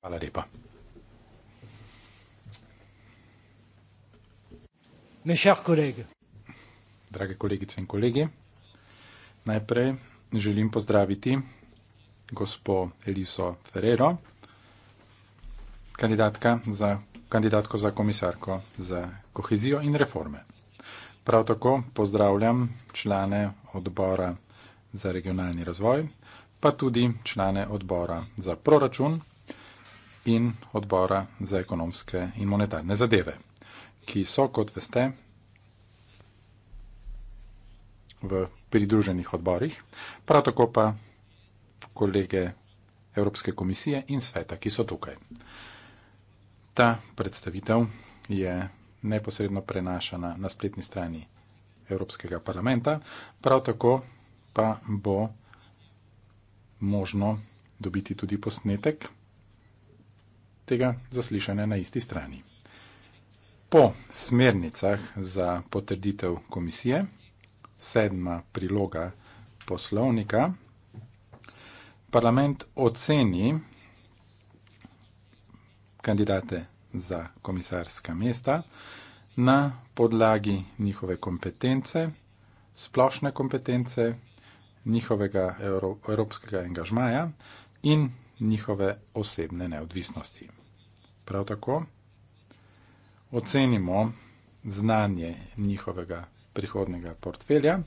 Hvala lepa. Drage kolegice in kolegi, najprej želim pozdraviti gospo Eliso Ferrero, za, kandidatko za komisarko za kohezijo in reforme. Prav tako pozdravljam člane odbora za regionalni razvoj, pa tudi člane odbora za proračun in odbora za ekonomske in monetarne zadeve, ki so, kot veste, v pridruženih odborih, prav tako pa kolege Evropske komisije in sveta, ki so tukaj. Ta predstavitev je neposredno prenašana na spletni strani Evropskega parlamenta, prav tako pa bo možno dobiti tudi posnetek tega zaslišanja na isti strani. Po smernicah za potrditev komisije, sedma priloga poslovnika, parlament oceni kandidate za komisarska mesta na podlagi njihove kompetence, splošne kompetence, njihovega evropskega angažmaja in njihove osebne neodvisnosti. Prav tako ocenimo znanje njihovega prihodnega portfelja,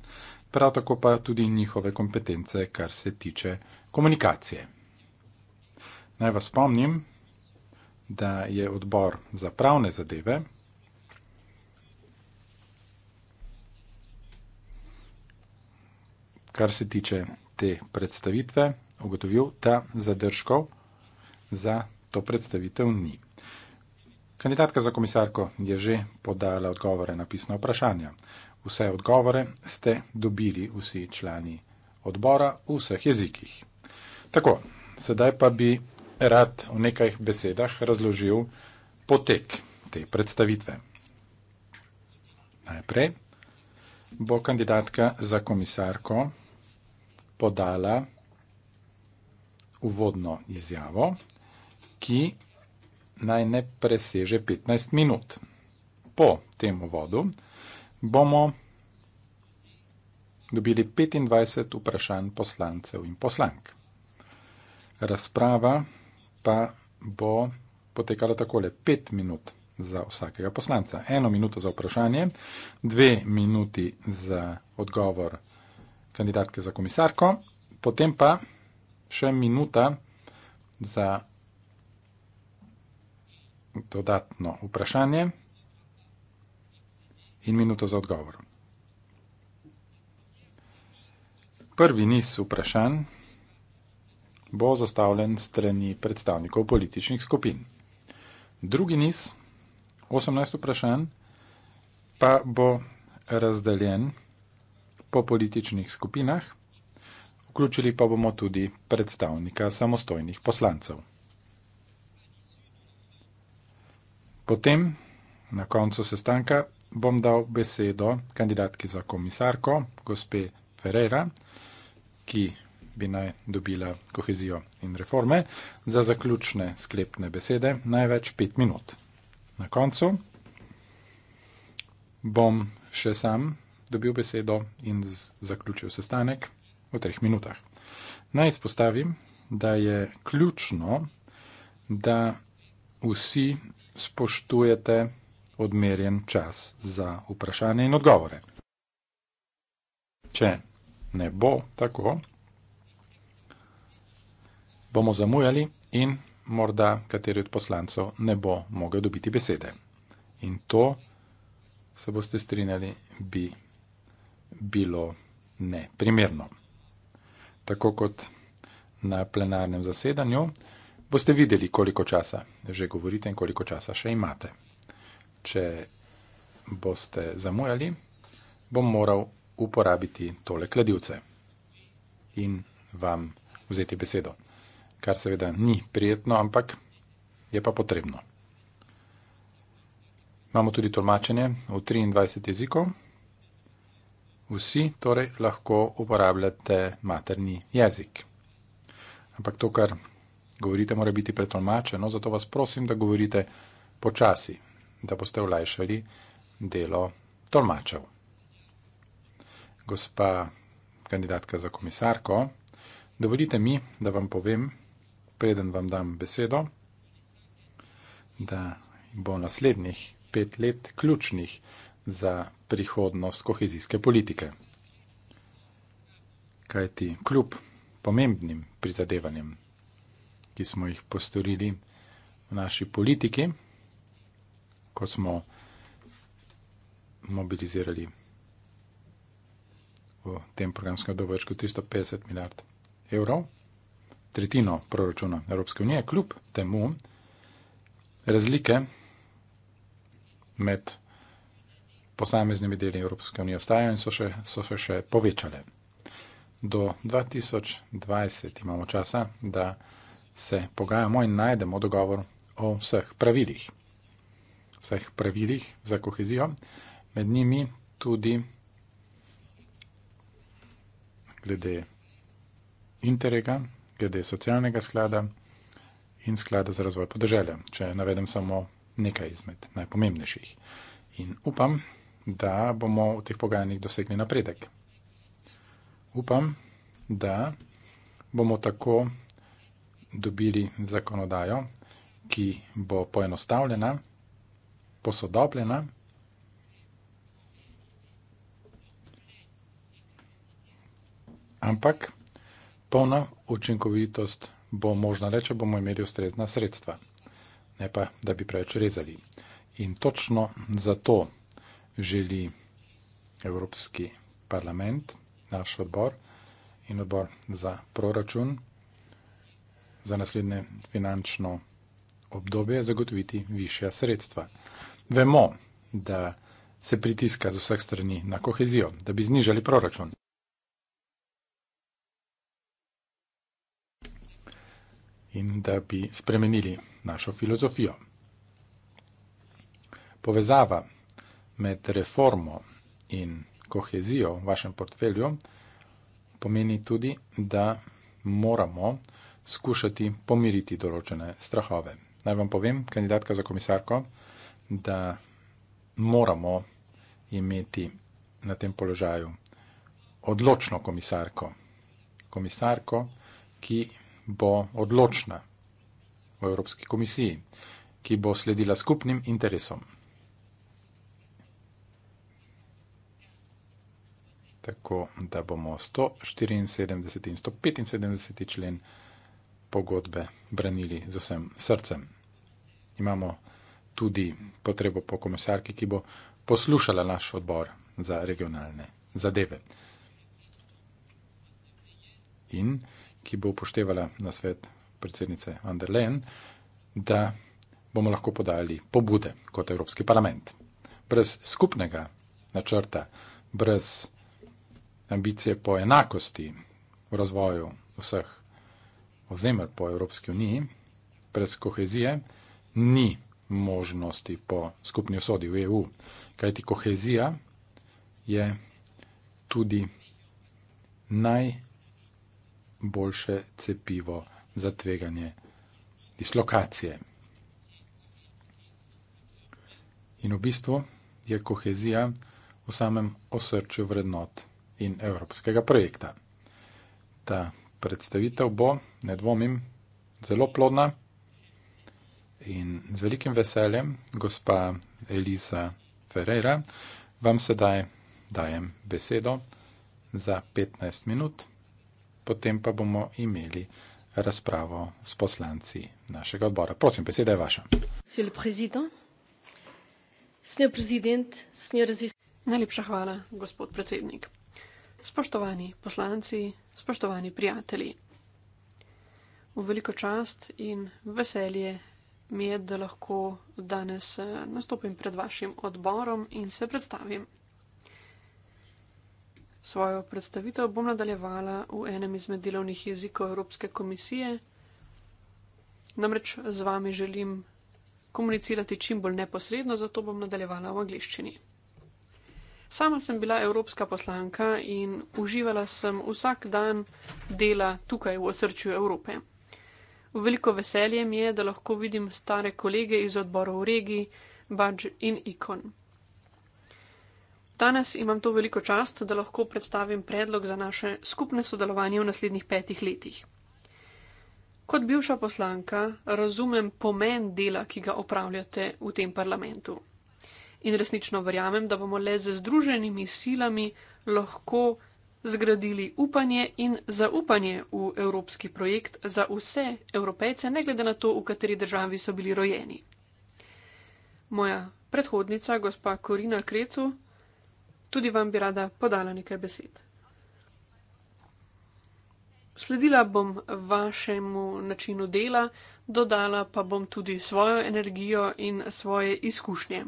prav tako pa tudi njihove kompetence, kar se tiče komunikacije. Naj vas spomnim, da je odbor za pravne zadeve kar se tiče te predstavitve, ugotovil, da zadržkov za to predstavitev ni. Kandidatka za komisarko je že podala odgovore na pisna vprašanja. Vse odgovore ste dobili vsi člani odbora v vseh jezikih. Tako, sedaj pa bi rad v nekaj besedah razložil potek te predstavitve. Najprej bo kandidatka za komisarko podala uvodno izjavo, ki naj ne preseže 15 minut. Po tem uvodu bomo dobili 25 vprašanj poslancev in poslank. Razprava pa bo potekala takole 5 minut za vsakega poslanca. Eno minuto za vprašanje, dve minuti za odgovor kandidatke za komisarko, potem pa še minuta za dodatno vprašanje in minuto za odgovor. Prvi niz vprašanj bo zastavljen strani predstavnikov političnih skupin. Drugi niz, 18 vprašanj, pa bo razdeljen po političnih skupinah, vključili pa bomo tudi predstavnika samostojnih poslancev. Potem, na koncu sestanka, bom dal besedo kandidatki za komisarko, gospe Ferreira, ki bi naj dobila kohezijo in reforme, za zaključne sklepne besede največ pet minut. Na koncu bom še sam dobil besedo in zaključil sestanek v treh minutah. Naj izpostavim, da je ključno, da vsi spoštujete odmerjen čas za vprašanje in odgovore. Če ne bo tako, bomo zamujali in morda kateri od poslancev ne bo mogel dobiti besede. In to, se boste strinjali, bi bilo neprimerno. Tako kot na plenarnem zasedanju, boste videli, koliko časa že govorite in koliko časa še imate. Če boste zamujali, bom moral uporabiti tole kladivce in vam vzeti besedo, kar seveda ni prijetno, ampak je pa potrebno. Imamo tudi tolmačenje v 23 jezikov. Vsi torej lahko uporabljate materni jezik. Ampak to, kar govorite mora biti pretolmačeno, zato vas prosim, da govorite počasi, da boste olajšali delo tolmačev. Gospa kandidatka za komisarko, dovolite mi, da vam povem, preden vam dam besedo, da bo naslednjih pet let ključnih za prihodnost kohezijske politike. Kajti kljub pomembnim prizadevanjem ki smo jih postorili v naši politiki, ko smo mobilizirali v tem programskem dobu več kot 350 milijard evrov, tretjino proračuna Evropske unije, kljub temu razlike med posameznimi deli Evropske unije ostajajo in so se še, še, še povečale. Do 2020 imamo časa, da se pogajamo in najdemo dogovor o vseh pravilih. Vseh pravilih za kohezijo, med njimi tudi glede interega, glede socialnega sklada in sklada za razvoj podeželja, če navedem samo nekaj izmed najpomembnejših. In upam, da bomo v teh pogajanjih dosegli napredek. Upam, da bomo tako dobili zakonodajo, ki bo poenostavljena, posodobljena, ampak polna učinkovitost bo možna le, če bomo imeli ustrezna sredstva, ne pa, da bi preveč rezali. In točno zato želi Evropski parlament, naš odbor in odbor za proračun, za naslednje finančno obdobje zagotoviti više sredstva. Vemo, da se pritiska z vseh strani na kohezijo, da bi znižali proračun. In da bi spremenili našo filozofijo. Povezava med reformo in kohezijo v vašem portfelju pomeni tudi, da moramo skušati pomiriti določene strahove. Naj vam povem, kandidatka za komisarko, da moramo imeti na tem položaju odločno komisarko. Komisarko, ki bo odločna v Evropski komisiji, ki bo sledila skupnim interesom. Tako da bomo 174 in 175 člen pogodbe branili z vsem srcem. Imamo tudi potrebo po komisarki, ki bo poslušala naš odbor za regionalne zadeve in ki bo upoštevala na svet predsednice Anderlejen, da bomo lahko podali pobude kot Evropski parlament. Brez skupnega načrta, brez ambicije po enakosti v razvoju vseh ozemelj po Evropski uniji, brez kohezije, ni možnosti po skupni osodi v EU. Kajti kohezija je tudi najboljše cepivo za tveganje dislokacije. In v bistvu je kohezija v samem osrčju vrednot in evropskega projekta. Ta predstavitev bo, ne dvomim, zelo plodna in z velikim veseljem, gospa Elisa Ferreira, vam sedaj dajem besedo za 15 minut, potem pa bomo imeli razpravo s poslanci našega odbora. Prosim, beseda je vaša. Najlepša hvala, gospod predsednik. Spoštovani poslanci, spoštovani prijatelji. V veliko čast in veselje mi je, da lahko danes eh, nastopim pred vašim odborom in se predstavim. Svojo predstavitev bom nadaljevala v enem izmed delovnih jezikov Evropske komisije. Namreč z vami želim komunicirati čim bolj neposredno, zato bom nadaljevala v angliščini. Sama sem bila evropska poslanka in uživala sem vsak dan dela tukaj v osrčju Evrope. Veliko veselje mi je, da lahko vidim stare kolege iz odborov regij, Bač in Ikon. Danes imam to veliko čast, da lahko predstavim predlog za naše skupne sodelovanje v naslednjih petih letih. Kot bivša poslanka razumem pomen dela, ki ga opravljate v tem parlamentu in resnično verjamem, da bomo le z združenimi silami lahko zgradili upanje in zaupanje v evropski projekt za vse evropejce, ne glede na to, v kateri državi so bili rojeni. Moja predhodnica, gospa Korina Krecu, tudi vam bi rada podala nekaj besed. Sledila bom vašemu načinu dela, dodala pa bom tudi svojo energijo in svoje izkušnje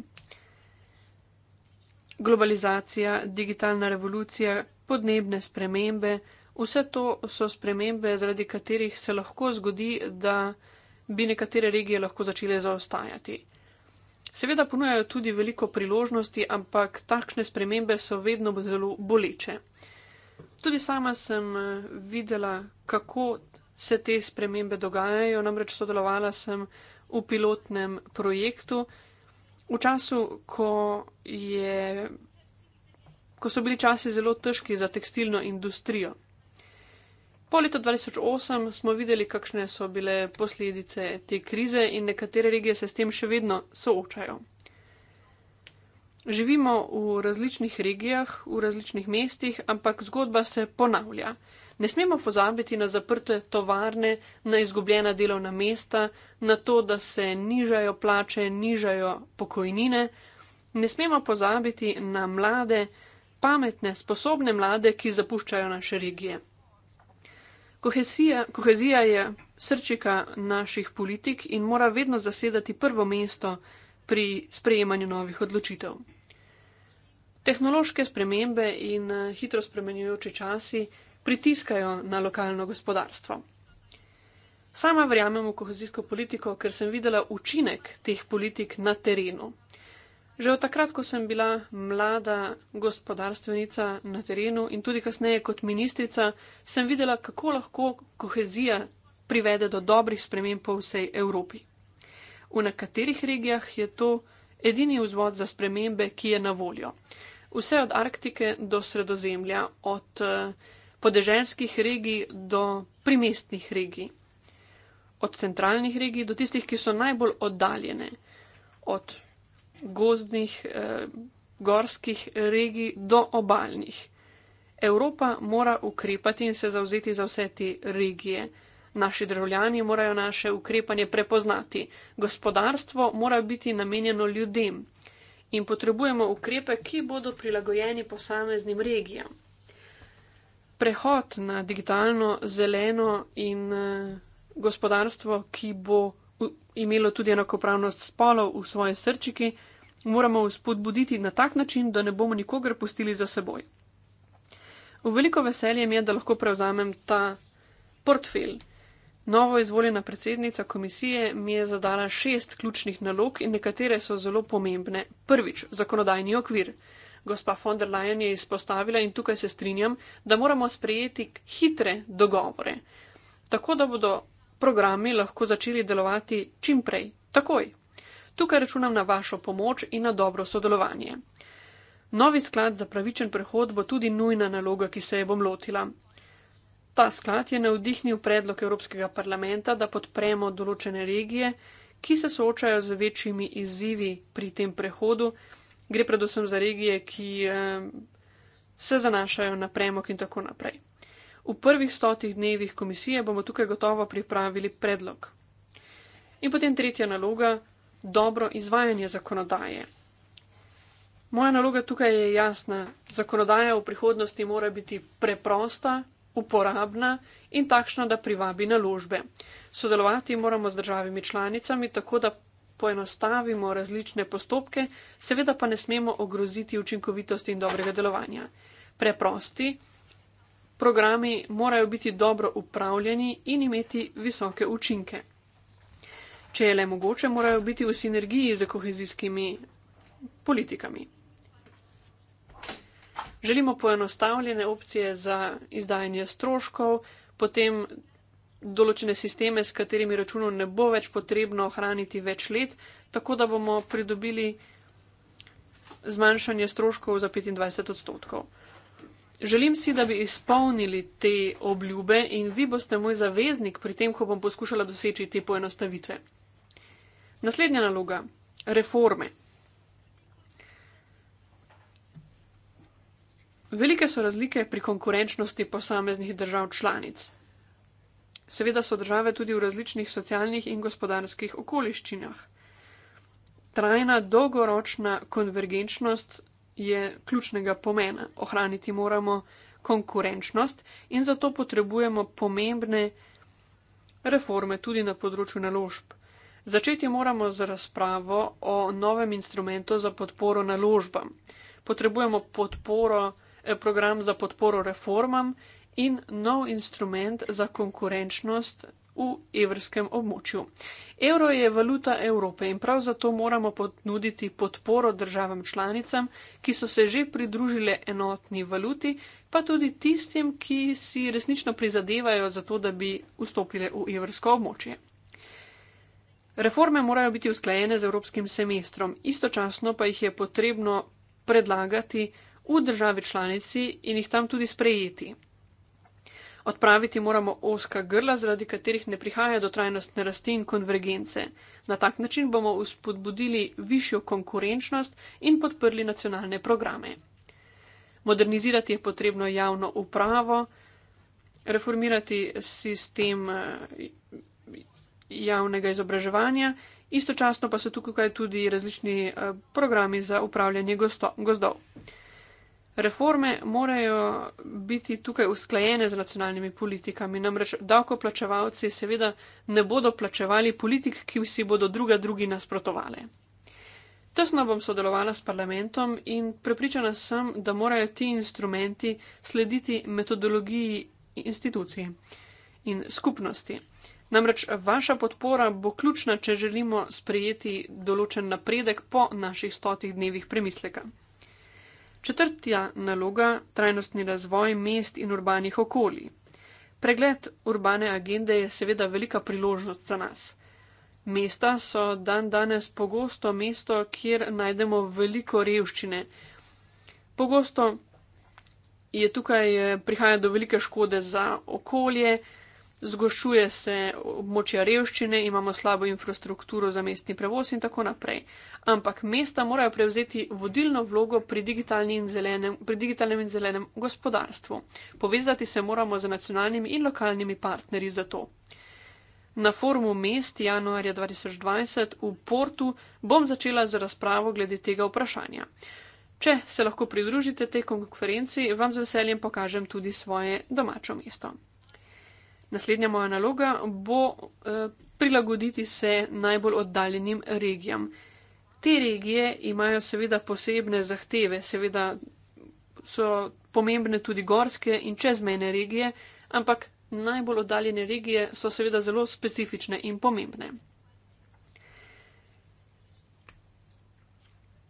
globalizacija, digitalna revolucija, podnebne spremembe, vse to so spremembe, zaradi katerih se lahko zgodi, da bi nekatere regije lahko začele zaostajati. Seveda ponujajo tudi veliko priložnosti, ampak takšne spremembe so vedno zelo boleče. Tudi sama sem eh, videla, kako se te spremembe dogajajo, namreč sodelovala sem v pilotnem projektu, v času, ko, je, ko so bili časi zelo težki za tekstilno industrijo. Po letu 2008 smo videli, kakšne so bile posledice te krize in nekatere regije se s tem še vedno soočajo. Živimo v različnih regijah, v različnih mestih, ampak zgodba se ponavlja. Ne smemo pozabiti na zaprte tovarne, na izgubljena delovna mesta, na to, da se nižajo plače, nižajo pokojnine. Ne smemo pozabiti na mlade, pametne, sposobne mlade, ki zapuščajo naše regije. Kohezija, kohezija je srčika naših politik in mora vedno zasedati prvo mesto pri sprejemanju novih odločitev. Tehnološke spremembe in eh, hitro spremenjujoči časi pritiskajo na lokalno gospodarstvo. Sama verjamem v kohezijsko politiko, ker sem videla učinek teh politik na terenu. Že od takrat, ko sem bila mlada gospodarstvenica na terenu in tudi kasneje kot ministrica, sem videla, kako lahko kohezija privede do dobrih sprememb po vsej Evropi. V nekaterih regijah je to edini vzvod za spremembe, ki je na voljo. Vse od Arktike do Sredozemlja, od uh, podeželskih regij do primestnih regij, od centralnih regij do tistih, ki so najbolj oddaljene, od gozdnih, eh, gorskih regij do obaljnih. Evropa mora ukrepati in se zauzeti za vse te regije. Naši državljani morajo naše ukrepanje prepoznati. Gospodarstvo mora biti namenjeno ljudem in potrebujemo ukrepe, ki bodo prilagojeni posameznim regijam prehod na digitalno, zeleno in eh, gospodarstvo, ki bo imelo tudi enakopravnost spolov v svoji srčiki, moramo spodbuditi na tak način, da ne bomo nikogar pustili za seboj. V veliko veselje mi je, da lahko prevzamem ta portfelj. Novo izvoljena predsednica komisije mi je zadala šest ključnih nalog in nekatere so zelo pomembne. Prvič, zakonodajni okvir gospa von der Leyen je izpostavila in tukaj se strinjam, da moramo sprejeti hitre dogovore, tako da bodo programi lahko začeli delovati čim prej, takoj. Tukaj računam na vašo pomoč in na dobro sodelovanje. Novi sklad za pravičen prehod bo tudi nujna naloga, ki se je bom lotila. Ta sklad je navdihnil predlog Evropskega parlamenta, da podpremo določene regije, ki se soočajo z večjimi izzivi pri tem prehodu gre predvsem za regije, ki eh, se zanašajo na premog in tako naprej. V prvih stotih dnevih komisije bomo tukaj gotovo pripravili predlog. In potem tretja naloga - dobro izvajanje zakonodaje. Moja naloga tukaj je jasna. Zakonodaja v prihodnosti mora biti preprosta, uporabna in takšna, da privabi naložbe. Sodelovati moramo z državami članicami tako, da poenostavimo različne postopke, seveda pa ne smemo ogroziti učinkovitosti in dobrega delovanja. Preprosti programi morajo biti dobro upravljeni in imeti visoke učinke. Če je le mogoče, morajo biti v sinergiji z kohezijskimi politikami. Želimo poenostavljene opcije za izdajanje stroškov, potem določene sisteme, s katerimi računov ne bo več potrebno hraniti več let, tako da bomo pridobili zmanjšanje stroškov za 25 odstotkov. Želim si, da bi izpolnili te obljube in vi boste moj zaveznik pri tem, ko bom poskušala doseči te poenostavitve. Naslednja naloga - reforme. Velike so razlike pri konkurenčnosti posameznih držav članic. Seveda so države tudi v različnih socialnih in gospodarskih okoliščinah. Trajna dolgoročna konvergenčnost je ključnega pomena. Ohraniti moramo konkurenčnost in zato potrebujemo pomembne reforme tudi na področju naložb. Začeti moramo z razpravo o novem instrumentu za podporo naložbam. Potrebujemo podporo, eh, program za podporo reformam, in nov instrument za konkurenčnost v evrskem območju. Evro je valuta Evrope in prav zato moramo ponuditi podporo državam članicam, ki so se že pridružile enotni valuti, pa tudi tistim, ki si resnično prizadevajo za to, da bi vstopile v evrsko območje. Reforme morajo biti usklajene z evropskim semestrom, istočasno pa jih je potrebno predlagati v državi članici in jih tam tudi sprejeti. Odpraviti moramo oska grla, zaradi katerih ne prihaja do trajnostne rasti in konvergence. Na tak način bomo uspodbudili višjo konkurenčnost in podprli nacionalne programe. Modernizirati je potrebno javno upravo, reformirati sistem eh, javnega izobraževanja, istočasno pa so tukaj tudi različni eh, programi za upravljanje gozdov. Reforme morajo biti tukaj usklajene z nacionalnimi politikami, namreč davkoplačevalci seveda ne bodo plačevali politik, ki si bodo druga drugi nasprotovali. Tesno bom sodelovala s parlamentom in prepričana sem, da morajo ti instrumenti slediti metodologiji institucij in skupnosti. Namreč vaša podpora bo ključna, če želimo sprejeti določen napredek po naših stotih dnevih premisleka. Četrta naloga - trajnostni razvoj mest in urbanih okolij. Pregled urbane agende je seveda velika priložnost za nas. Mesta so dan danes pogosto mesto, kjer najdemo veliko revščine. Pogosto je tukaj, eh, prihaja do velike škode za okolje, zgošuje se območja revščine, imamo slabo infrastrukturo za mestni prevoz in tako naprej. Ampak mesta morajo prevzeti vodilno vlogo pri, zelenem, pri digitalnem in zelenem gospodarstvu. Povezati se moramo z nacionalnimi in lokalnimi partnerji za to. Na forumu mest januarja 2020 v Portu bom začela z razpravo glede tega vprašanja. Če se lahko pridružite tej konferenci, vam z veseljem pokažem tudi svoje domačo mesto. Naslednja moja naloga bo eh, prilagoditi se najbolj oddaljenim regijam. Te regije imajo seveda posebne zahteve, seveda so pomembne tudi gorske in čezmejne regije, ampak najbolj oddaljene regije so seveda zelo specifične in pomembne.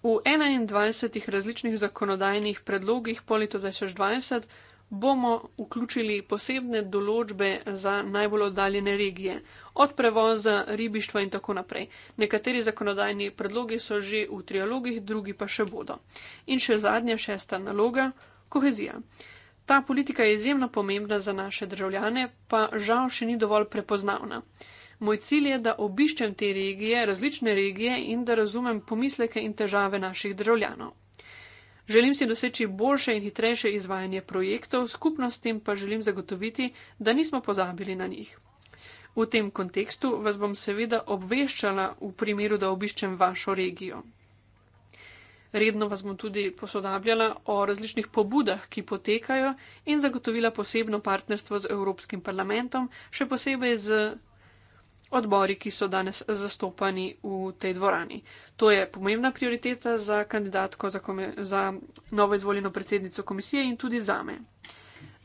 V 21 različnih zakonodajnih predlogih po letu 2020 bomo vključili posebne določbe za najbolj oddaljene regije, od prevoza, ribištva in tako naprej. Nekateri zakonodajni predlogi so že v trialogih, drugi pa še bodo. In še zadnja, šesta naloga - kohezija. Ta politika je izjemno pomembna za naše državljane, pa žal še ni dovolj prepoznavna. Moj cilj je, da obiščem te regije, različne regije in da razumem pomisleke in težave naših državljanov. Želim si doseči boljše in hitrejše izvajanje projektov, skupnostim pa želim zagotoviti, da nismo pozabili na njih. V tem kontekstu vas bom seveda obveščala v primeru, da obiščem vašo regijo. Redno vas bom tudi posodabljala o različnih pobudah, ki potekajo in zagotovila posebno partnerstvo z Evropskim parlamentom, še posebej z odbori, ki so danes zastopani v tej dvorani. To je pomembna prioriteta za kandidatko za, za novo izvoljeno predsednico komisije in tudi za me.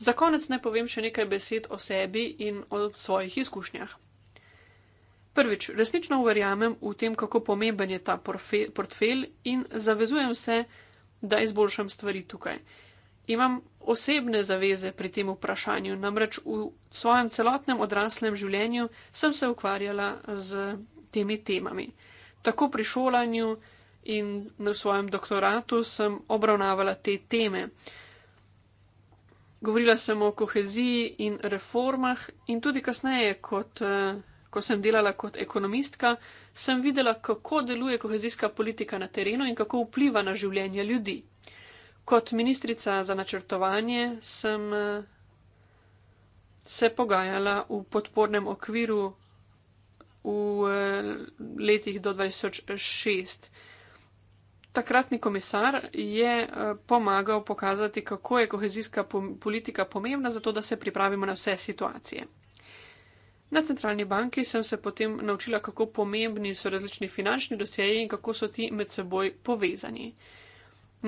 Za konec naj povem še nekaj besed o sebi in o svojih izkušnjah. Prvič, resnično verjamem v tem, kako pomemben je ta portfelj in zavezujem se, da izboljšam stvari tukaj. Imam osebne zaveze pri tem vprašanju, namreč v svojem celotnem odraslem življenju sem se ukvarjala z temi temami. Tako pri šolanju in v svojem doktoratu sem obravnavala te teme. Govorila sem o koheziji in reformah in tudi kasneje, kot, eh, ko sem delala kot ekonomistka, sem videla, kako deluje kohezijska politika na terenu in kako vpliva na življenje ljudi. Kot ministrica za načrtovanje sem eh, se pogajala v podpornem okviru v eh, letih do 2006. Takratni komisar je eh, pomagal pokazati, kako je kohezijska politika pomembna za to, da se pripravimo na vse situacije. Na centralni banki sem se potem naučila, kako pomembni so različni finančni dosjeji in kako so ti med seboj povezani.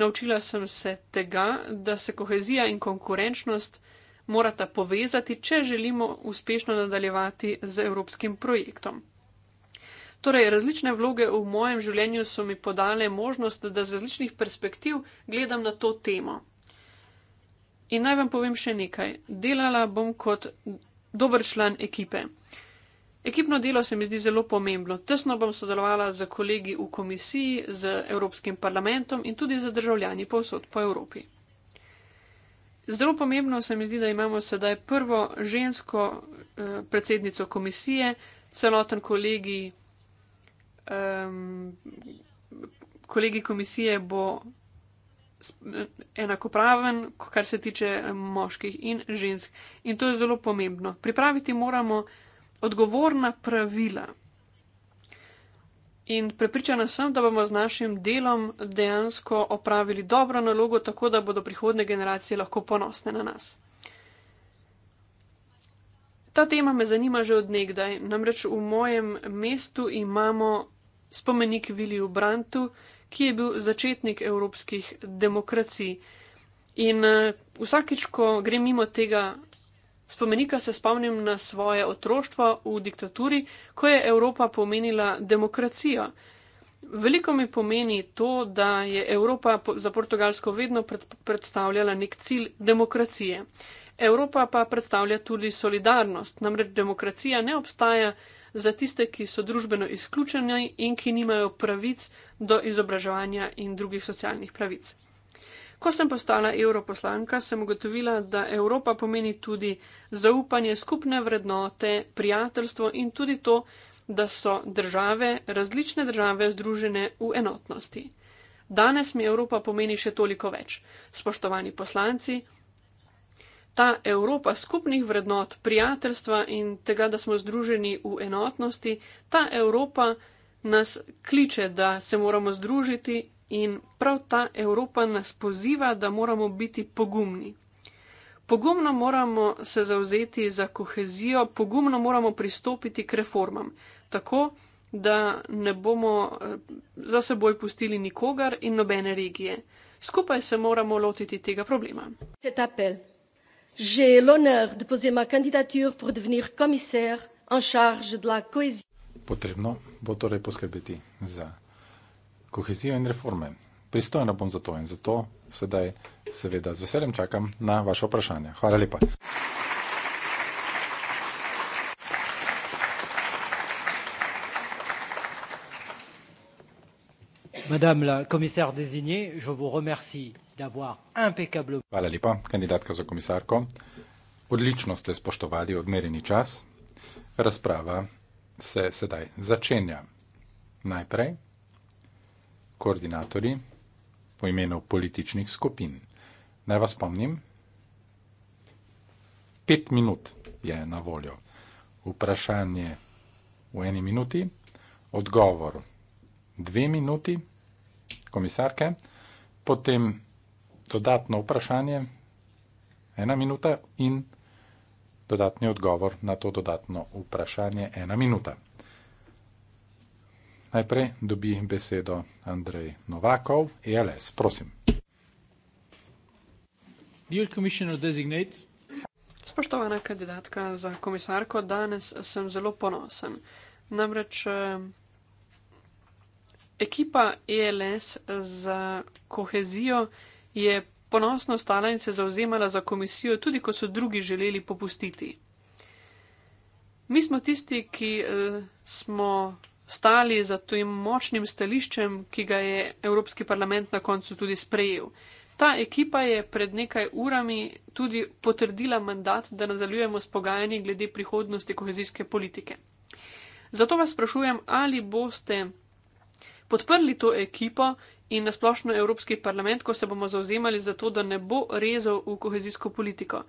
Naučila sem se tega, da se kohezija in konkurenčnost morata povezati, če želimo uspešno nadaljevati z evropskim projektom. Torej, različne vloge v mojem življenju so mi podale možnost, da z različnih perspektiv gledam na to temo. In naj vam povem še nekaj. Delala bom kot dober član ekipe. Ekipno delo se mi zdi zelo pomembno. Tesno bom sodelovala z kolegi v komisiji, z Evropskim parlamentom in tudi z državljani povsod po Evropi. Zelo pomembno se mi zdi, da imamo sedaj prvo žensko eh, predsednico komisije, celoten kolegi, eh, kolegi komisije bo enakopraven, kar se tiče moških in žensk. In to je zelo pomembno. Pripraviti moramo odgovorna pravila. In prepričana sem, da bomo z našim delom dejansko opravili dobro nalogo, tako da bodo prihodne generacije lahko ponosne na nas. Ta tema me zanima že odnegdaj, namreč v mojem mestu imamo spomenik Viliju Brantu, ki je bil začetnik evropskih demokracij. In eh, vsakič, ko grem mimo tega Spomenika se spomnim na svoje otroštvo v diktaturi, ko je Evropa pomenila demokracijo. Veliko mi pomeni to, da je Evropa za Portugalsko vedno pred, predstavljala nek cilj demokracije. Evropa pa predstavlja tudi solidarnost, namreč demokracija ne obstaja za tiste, ki so družbeno izključeni in ki nimajo pravic do izobraževanja in drugih socialnih pravic. Ko sem postala europoslanka, sem ugotovila, da Evropa pomeni tudi zaupanje, skupne vrednote, prijateljstvo in tudi to, da so države, različne države združene v enotnosti. Danes mi Evropa pomeni še toliko več. Spoštovani poslanci, ta Evropa skupnih vrednot, prijateljstva in tega, da smo združeni v enotnosti, ta Evropa nas kliče, da se moramo združiti In prav ta Evropa nas poziva, da moramo biti pogumni. Pogumno moramo se zauzeti za kohezijo, pogumno moramo pristopiti k reformam, tako da ne bomo eh, za seboj pustili nikogar in nobene regije. Skupaj se moramo lotiti tega problema. Potrebno bo torej poskrbeti za kohezijo in reforme. Pristojna bom za to in zato sedaj seveda z veseljem čakam na vaše vprašanje. Hvala lepa. Madame la commissaire désignée, je vous remercie d'avoir impeccablement. Hvala lepa, kandidatka za komisarko. Odlično ste spoštovali odmerjeni čas. Razprava se sedaj začenja. Najprej koordinatorji po imenu političnih skupin. Naj vas spomnim, pet minut je na voljo. Vprašanje v eni minuti, odgovor dve minuti, komisarke, potem dodatno vprašanje, ena minuta in dodatni odgovor na to dodatno vprašanje, ena minuta. Najprej dobi besedo Andrej Novakov, ELS, prosim. Spoštovana kandidatka za komisarko, danes sem zelo ponosen. Namreč eh, ekipa ELS za kohezijo je ponosno stala in se zauzemala za komisijo, tudi ko so drugi želeli popustiti. Mi smo tisti, ki eh, smo stali za tem močnim stališčem, ki ga je Evropski parlament na koncu tudi sprejel. Ta ekipa je pred nekaj urami tudi potrdila mandat, da nadaljujemo s pogajanji glede prihodnosti kohezijske politike. Zato vas sprašujem, ali boste podprli to ekipo in nasplošno Evropski parlament, ko se bomo zauzemali za to, da ne bo rezal v kohezijsko politiko.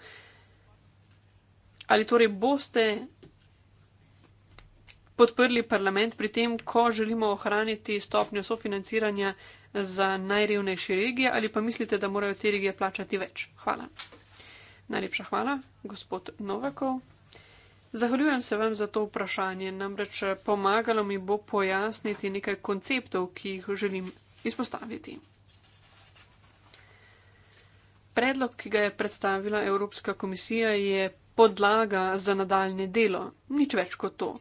Ali torej boste podprli parlament pri tem, ko želimo ohraniti stopnjo sofinanciranja za najrevnejše regije ali pa mislite, da morajo te regije plačati več? Hvala. Najlepša hvala, gospod Novakov. Zahvaljujem se vam za to vprašanje, namreč pomagalo mi bo pojasniti nekaj konceptov, ki jih želim izpostaviti. Predlog, ki ga je predstavila Evropska komisija, je podlaga za nadaljne delo, nič več kot to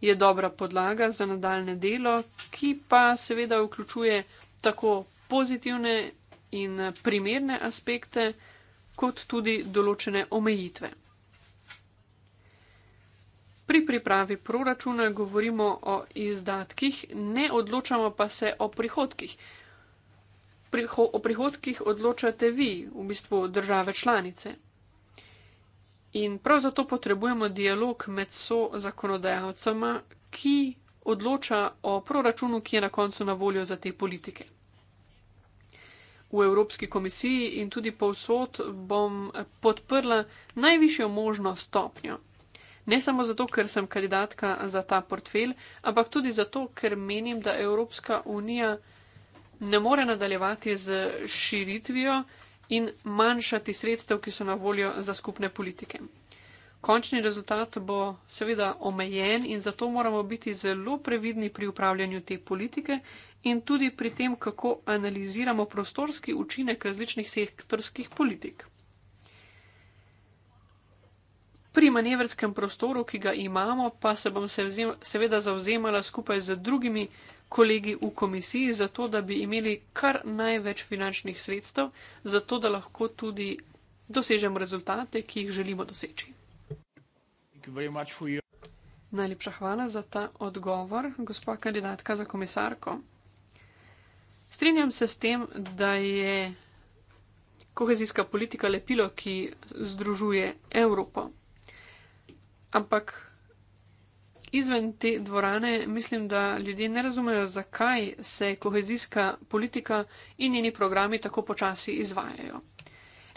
je dobra podlaga za nadaljne delo, ki pa seveda vključuje tako pozitivne in primerne aspekte, kot tudi določene omejitve. Pri pripravi proračuna govorimo o izdatkih, ne odločamo pa se o prihodkih. Priho o prihodkih odločate vi, v bistvu države članice. In prav zato potrebujemo dialog med so zakonodajalcema, ki odloča o proračunu, ki je na koncu na voljo za te politike. V Evropski komisiji in tudi povsod bom podprla najvišjo možno stopnjo. Ne samo zato, ker sem kandidatka za ta portfelj, ampak tudi zato, ker menim, da Evropska unija ne more nadaljevati z širitvijo, in manjšati sredstev, ki so na voljo za skupne politike. Končni rezultat bo seveda omejen in zato moramo biti zelo previdni pri upravljanju te politike in tudi pri tem, kako analiziramo prostorski učinek različnih sektorskih politik. Pri manevrskem prostoru, ki ga imamo, pa se bom seveda zauzemala skupaj z drugimi kolegi v komisiji, zato da bi imeli kar največ finančnih sredstev, zato da lahko tudi dosežemo rezultate, ki jih želimo doseči. Najlepša hvala za ta odgovor, gospa kandidatka za komisarko. Strinjam se s tem, da je kohezijska politika lepilo, ki združuje Evropo. Ampak izven te dvorane mislim, da ljudje ne razumejo, zakaj se kohezijska politika in njeni programi tako počasi izvajajo.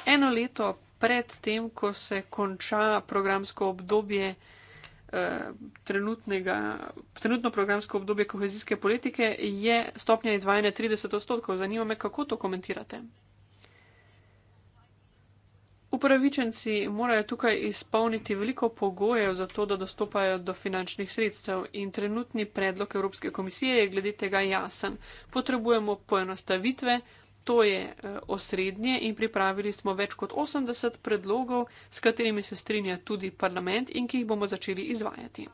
Eno leto pred tem, ko se konča programsko obdobje, eh, trenutno programsko obdobje kohezijske politike, je stopnja izvajanja 30 odstotkov. Zanima me, kako to komentirate. Upravičenci morajo tukaj izpolniti veliko pogojev za to, da dostopajo do finančnih sredstev in trenutni predlog Evropske komisije je glede tega jasen. Potrebujemo poenostavitve, to je eh, osrednje in pripravili smo več kot 80 predlogov, s katerimi se strinja tudi parlament in ki jih bomo začeli izvajati.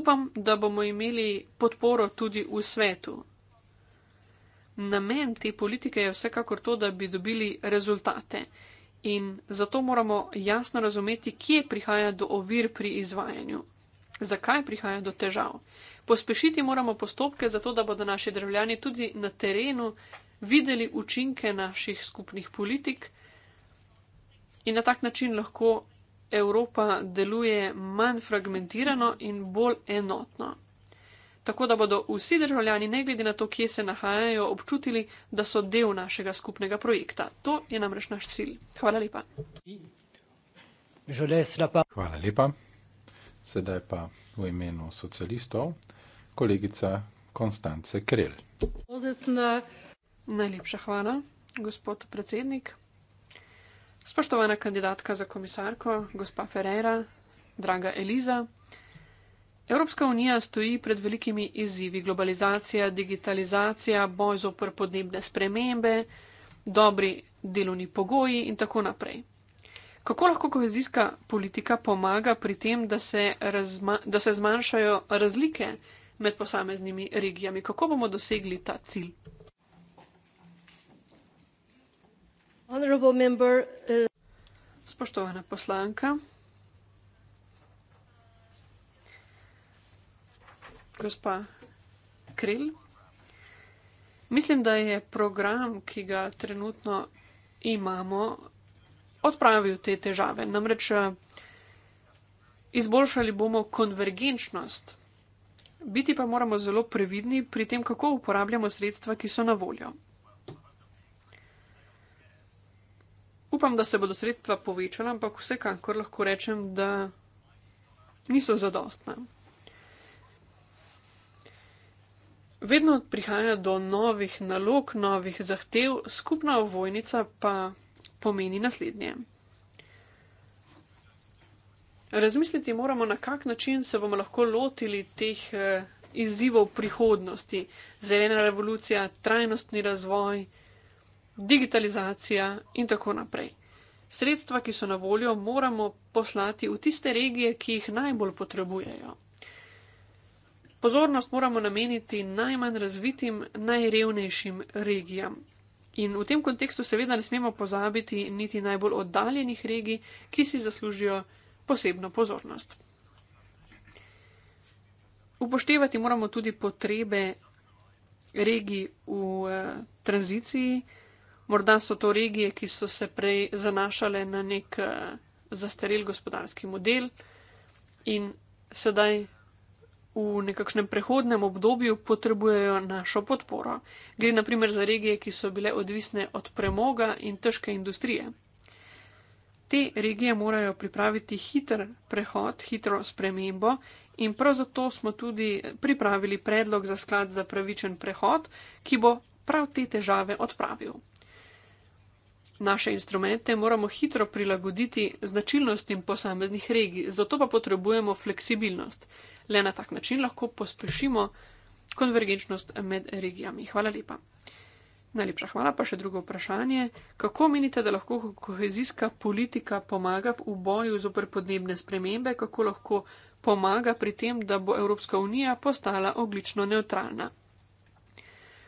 Upam, da bomo imeli podporo tudi v svetu namen te politike je vsekakor to, da bi dobili rezultate. In zato moramo jasno razumeti, kje prihaja do ovir pri izvajanju, zakaj prihaja do težav. Pospešiti moramo postopke, zato da bodo naši državljani tudi na terenu videli učinke naših skupnih politik in na tak način lahko Evropa deluje manj fragmentirano in bolj enotno tako da bodo vsi državljani, ne glede na to, kje se nahajajo, občutili, da so del našega skupnega projekta. To je namreč naš cilj. Hvala lepa. Hvala lepa. Sedaj pa v imenu socialistov kolegica Konstance Krel. Najlepša hvala, gospod predsednik. Spoštovana kandidatka za komisarko, gospa Ferreira, draga Eliza. Evropska unija stoji pred velikimi izzivi - globalizacija, digitalizacija, boj zoper podnebne spremembe, dobri delovni pogoji in tako naprej. Kako lahko kohezijska politika pomaga pri tem, da se, razma, da se zmanjšajo razlike med posameznimi regijami? Kako bomo dosegli ta cilj? Eh, Spoštovana poslanka. gospa Krill. Mislim, da je program, ki ga trenutno imamo, odpravil te težave. Namreč eh, izboljšali bomo konvergenčnost. Biti pa moramo zelo previdni pri tem, kako uporabljamo sredstva, ki so na voljo. Upam, da se bodo sredstva povečala, ampak vsekakor lahko rečem, da niso zadostna. Vedno prihaja do novih nalog, novih zahtev, skupna ovojnica pa pomeni naslednje. Razmisliti moramo, na kak način se bomo lahko lotili teh eh, izzivov prihodnosti. Zelena revolucija, trajnostni razvoj, digitalizacija in tako naprej. Sredstva, ki so na voljo, moramo poslati v tiste regije, ki jih najbolj potrebujejo pozornost moramo nameniti najmanj razvitim, najrevnejšim regijam. In v tem kontekstu seveda ne smemo pozabiti niti najbolj oddaljenih regij, ki si zaslužijo posebno pozornost. Upoštevati moramo tudi potrebe regij v eh, tranziciji. Morda so to regije, ki so se prej zanašale na nek eh, zastarel gospodarski model in sedaj v nekakšnem prehodnem obdobju potrebujejo našo podporo. Gre naprimer za regije, ki so bile odvisne od premoga in težke industrije. Te regije morajo pripraviti hiter prehod, hitro spremembo in prav zato smo tudi pripravili predlog za sklad za pravičen prehod, ki bo prav te težave odpravil. Naše instrumente moramo hitro prilagoditi značilnostim posameznih regij, zato pa potrebujemo fleksibilnost. Le na tak način lahko pospešimo konvergenčnost med regijami. Hvala lepa. Najlepša hvala pa še drugo vprašanje. Kako menite, da lahko kohezijska politika pomaga v boju z oprpodnebne spremembe, kako lahko pomaga pri tem, da bo Evropska unija postala oglično neutralna?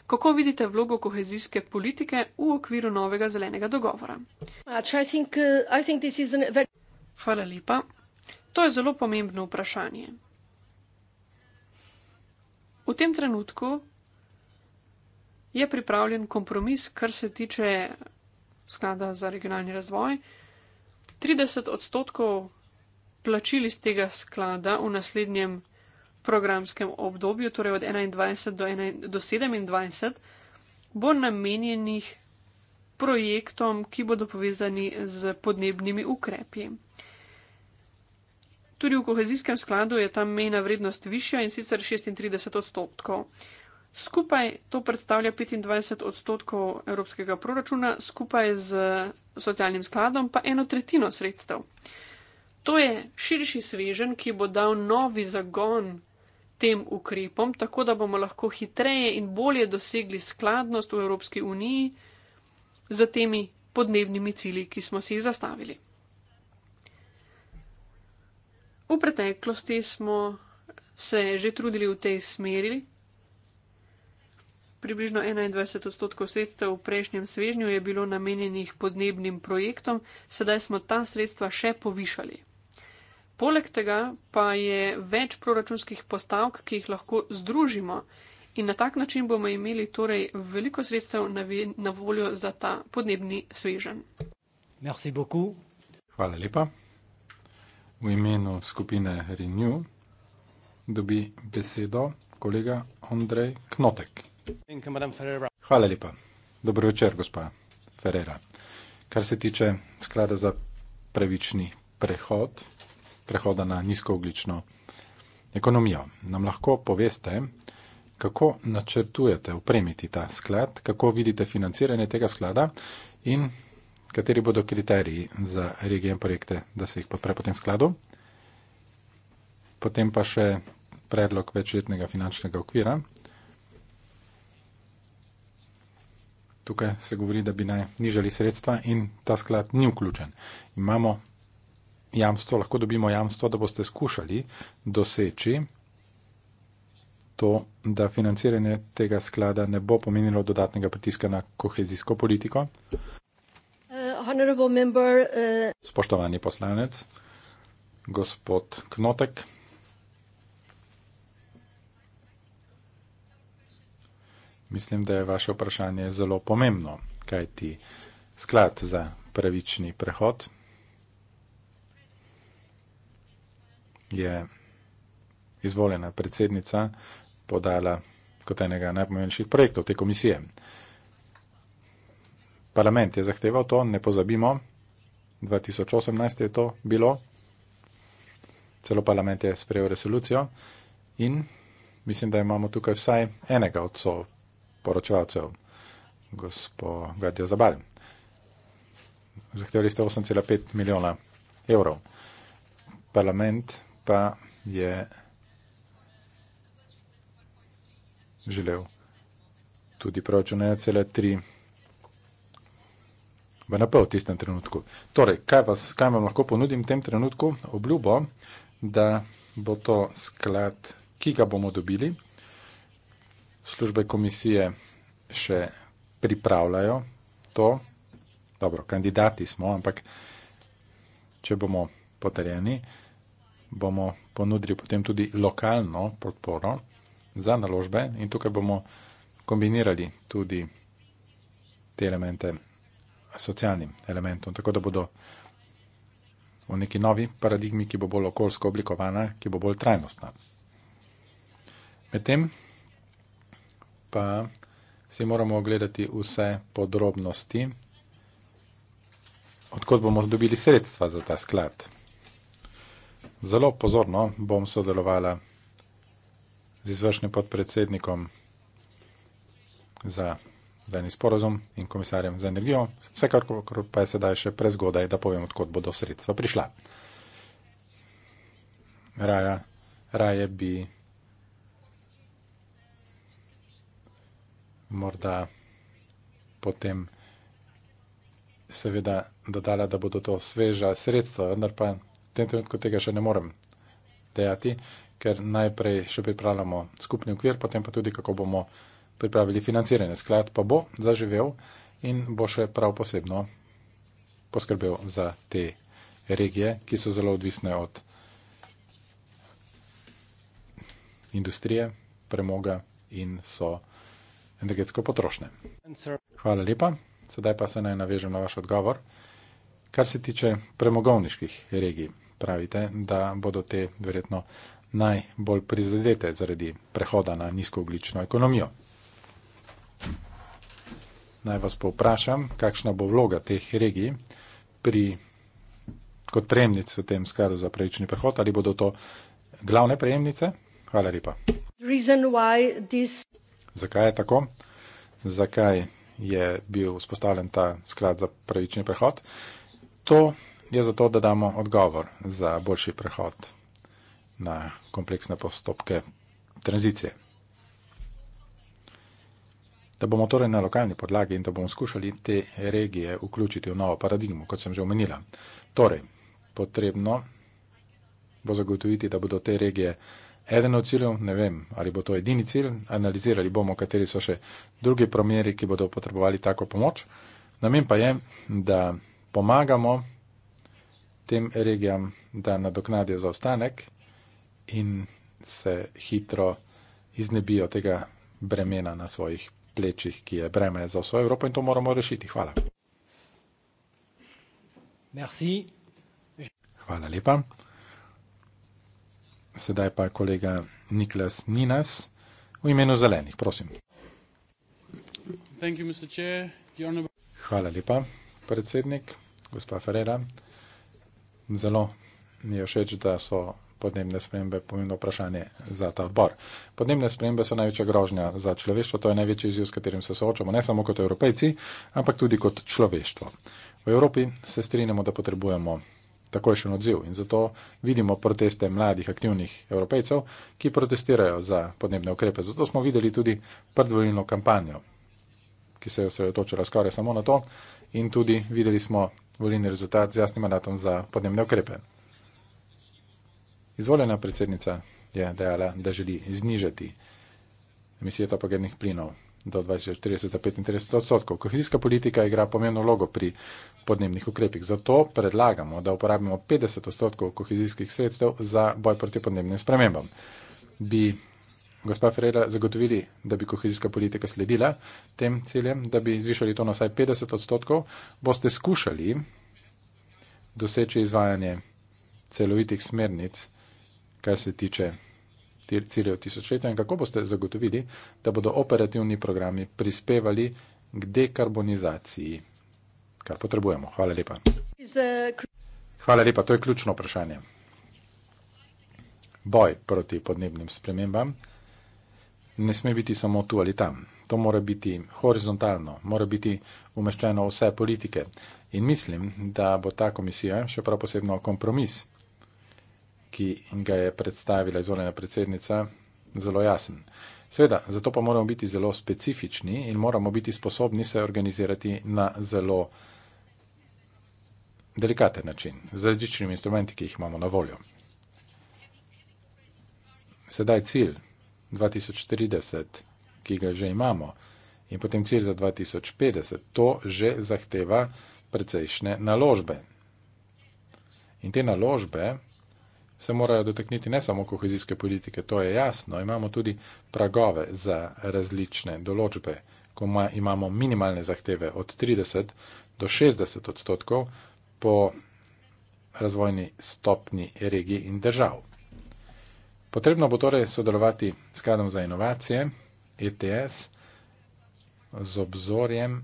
Kako vidite vlogo kohezijske politike v okviru novega zelenega dogovora? Uh, hvala lepa. To je zelo pomembno vprašanje. V tem trenutku je pripravljen kompromis, kar se tiče sklada za regionalni razvoj. 30 odstotkov plačil iz tega sklada v naslednjem programskem obdobju, torej od 21 do, 21 do 27, bo namenjenih projektom, ki bodo povezani z podnebnimi ukrepi. Tudi v kohezijskem skladu je ta mejna vrednost višja in sicer 36 odstotkov. Skupaj to predstavlja 25 odstotkov evropskega proračuna, skupaj z socialnim skladom pa eno tretjino sredstev. To je širši svežen, ki bo dal novi zagon tem ukrepom, tako da bomo lahko hitreje in bolje dosegli skladnost v Evropski uniji z temi podnebnimi cili, ki smo si jih zastavili. V preteklosti smo se že trudili v tej smeri. Približno 21 odstotkov sredstev v prejšnjem svežnju je bilo namenjenih podnebnim projektom, sedaj smo ta sredstva še povišali. Poleg tega pa je več proračunskih postavk, ki jih lahko združimo in na tak način bomo imeli torej veliko sredstev na, na voljo za ta podnebni svežen. Hvala lepa v imenu skupine Renew dobi besedo kolega Andrej Knotek. Hvala lepa. Dobro večer, gospa Ferreira. Kar se tiče sklada za pravični prehod, prehoda na nizkooglično ekonomijo, nam lahko poveste, kako načrtujete upremiti ta sklad, kako vidite financiranje tega sklada in kateri bodo kriteriji za regije in projekte, da se jih podpre potem v skladu. Potem pa še predlog večletnega finančnega okvira. Tukaj se govori, da bi naj nižali sredstva in ta sklad ni vključen. Imamo jamstvo, lahko dobimo jamstvo, da boste skušali doseči to, da financiranje tega sklada ne bo pomenilo dodatnega pritiska na kohezijsko politiko. Uh, Spoštovani poslanec, gospod Knotek. Mislim, da je vaše vprašanje zelo pomembno, kaj ti sklad za pravični prehod je izvoljena predsednica podala kot enega najpomembnejših projektov te komisije. Parlament je zahteval to, ne pozabimo, 2018 je to bilo, celo parlament je sprejel resolucijo in mislim, da imamo tukaj vsaj enega od so poročevalcev, gospo Gadja Zabal. Zahtevali ste 8,5 milijona evrov. Parlament pa je želel tudi proračun 1,3 milijona. BNP v tistem trenutku. Torej, kaj, vas, kaj vam lahko ponudim v tem trenutku? Obljubo, da bo to sklad, ki ga bomo dobili. Službe komisije še pripravljajo to. Dobro, kandidati smo, ampak če bomo potrjeni, bomo ponudili potem tudi lokalno podporo za naložbe in tukaj bomo kombinirali tudi te elemente socialnim elementom, tako da bodo v neki novi paradigmi, ki bo bolj okoljsko oblikovana, ki bo bolj trajnostna. Medtem pa si moramo ogledati vse podrobnosti, odkot bomo dobili sredstva za ta sklad. Zelo pozorno bom sodelovala z izvršnim podpredsednikom za zeleni sporozum in komisarjem za energijo, vsekakor pa je sedaj še prezgodaj, da povem, odkot bodo sredstva prišla. Raja, raje bi morda potem seveda dodala, da bodo to sveža sredstva, vendar pa v tem trenutku tega še ne morem dejati, ker najprej še pripravljamo skupni ukvir, potem pa tudi, kako bomo pripravili financiranje. Sklad pa bo zaživel in bo še prav posebno poskrbel za te regije, ki so zelo odvisne od industrije, premoga in so energetsko potrošne. Hvala lepa. Sedaj pa se naj navežem na vaš odgovor. Kar se tiče premogovniških regij, pravite, da bodo te verjetno najbolj prizadete zaradi prehoda na nizkooglično ekonomijo. Naj vas povprašam, kakšna bo vloga teh regij pri, kot prejemnic v tem skladu za pravični prehod, ali bodo to glavne prejemnice? Hvala lepa. This... Zakaj je tako? Zakaj je bil vzpostavljen ta sklad za pravični prehod? To je zato, da damo odgovor za boljši prehod na kompleksne postopke tranzicije da bomo torej na lokalni podlagi in da bomo skušali te regije vključiti v novo paradigmo, kot sem že omenila. Torej, potrebno bo zagotoviti, da bodo te regije eden od ciljev, ne vem, ali bo to edini cilj, analizirali bomo, kateri so še drugi promjeri, ki bodo potrebovali tako pomoč. Namen pa je, da pomagamo tem regijam, da nadoknadijo zaostanek in se hitro iznebijo tega bremena na svojih plečih, ki je breme za vso Evropo in to moramo rešiti. Hvala. Merci. Hvala lepa. Sedaj pa kolega Niklas Ninas v imenu zelenih, prosim. Thank you, Mr. Chair. Hvala lepa, predsednik, gospa Ferreira. Zelo mi je všeč, da so podnebne spremembe pomembno vprašanje za ta odbor. Podnebne spremembe so največja grožnja za človeštvo, to je največji izziv, s katerim se soočamo, ne samo kot evropejci, ampak tudi kot človeštvo. V Evropi se strinjamo, da potrebujemo takojšen odziv in zato vidimo proteste mladih aktivnih evropejcev, ki protestirajo za podnebne ukrepe. Zato smo videli tudi predvolilno kampanjo, ki se je osredotočila skoraj samo na to in tudi videli smo volilni rezultat z jasnim mandatom za podnebne ukrepe. Izvoljena predsednica je dejala, da želi znižati emisije topogenih plinov do 2030-35 odstotkov. Kohezijska politika igra pomembno vlogo pri podnebnih ukrepih. Zato predlagamo, da uporabimo 50 odstotkov kohezijskih sredstev za boj proti podnebnim spremembam. Bi gospa Ferreira zagotovili, da bi kohezijska politika sledila tem ciljem, da bi zvišali to na vsaj 50 odstotkov, boste skušali doseči izvajanje celovitih smernic 2030-2050 kar se tiče ciljev tisočletja in kako boste zagotovili, da bodo operativni programi prispevali k dekarbonizaciji, kar potrebujemo. Hvala lepa. Hvala lepa, to je ključno vprašanje. Boj proti podnebnim spremembam ne sme biti samo tu ali tam. To mora biti horizontalno, mora biti umeščeno vse politike. In mislim, da bo ta komisija, še prav posebno kompromis, ki ga je predstavila izvoljena predsednica, zelo jasen. Sveda, zato pa moramo biti zelo specifični in moramo biti sposobni se organizirati na zelo delikaten način, z različnimi instrumenti, ki jih imamo na voljo. Sedaj cilj 2030, ki ga že imamo, in potem cilj za 2050, to že zahteva precejšnje naložbe. In te naložbe se morajo dotakniti ne samo kohezijske politike, to je jasno, imamo tudi pragove za različne določbe. Ko imamo minimalne zahteve od 30 do 60 odstotkov po razvojni stopni regij in držav. Potrebno bo torej sodelovati s skladom za inovacije, ETS, z obzorjem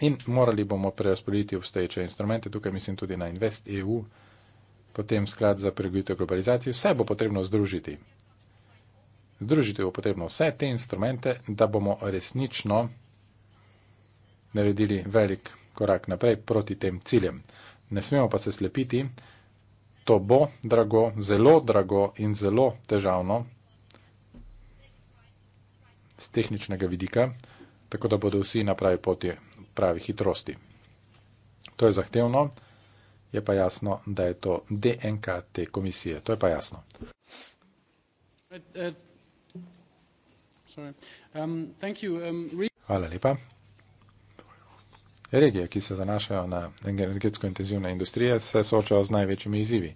in morali bomo preraspoliti obstoječe instrumente, tukaj mislim tudi na Invest EU, potem sklad za pregovitev globalizacije, vse bo potrebno združiti. Združiti bo potrebno vse te instrumente, da bomo resnično naredili velik korak naprej proti tem ciljem. Ne smemo pa se slepiti, to bo drago, zelo drago in zelo težavno z tehničnega vidika, tako da bodo vsi na pravi poti, pravi hitrosti. To je zahtevno je pa jasno, da je to DNK te komisije. To je pa jasno. Eh, eh, um, um, Hvala lepa. Regije, ki se zanašajo na energetsko intenzivne industrije, se soočajo z največjimi izzivi,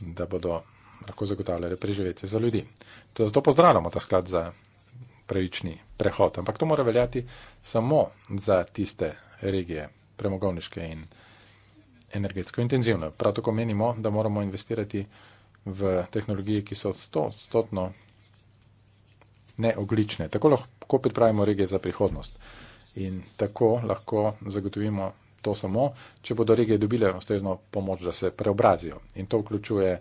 da bodo lahko zagotavljali preživetje za ljudi. Zato pozdravljamo ta sklad za pravični prehod, ampak to mora veljati samo za tiste regije, premogovniške in industrije energetsko intenzivno. Prav tako menimo, da moramo investirati v tehnologije, ki so stotno neoglične. Tako lahko pripravimo regije za prihodnost in tako lahko zagotovimo to samo, če bodo regije dobile ustrezno pomoč, da se preobrazijo. In to vključuje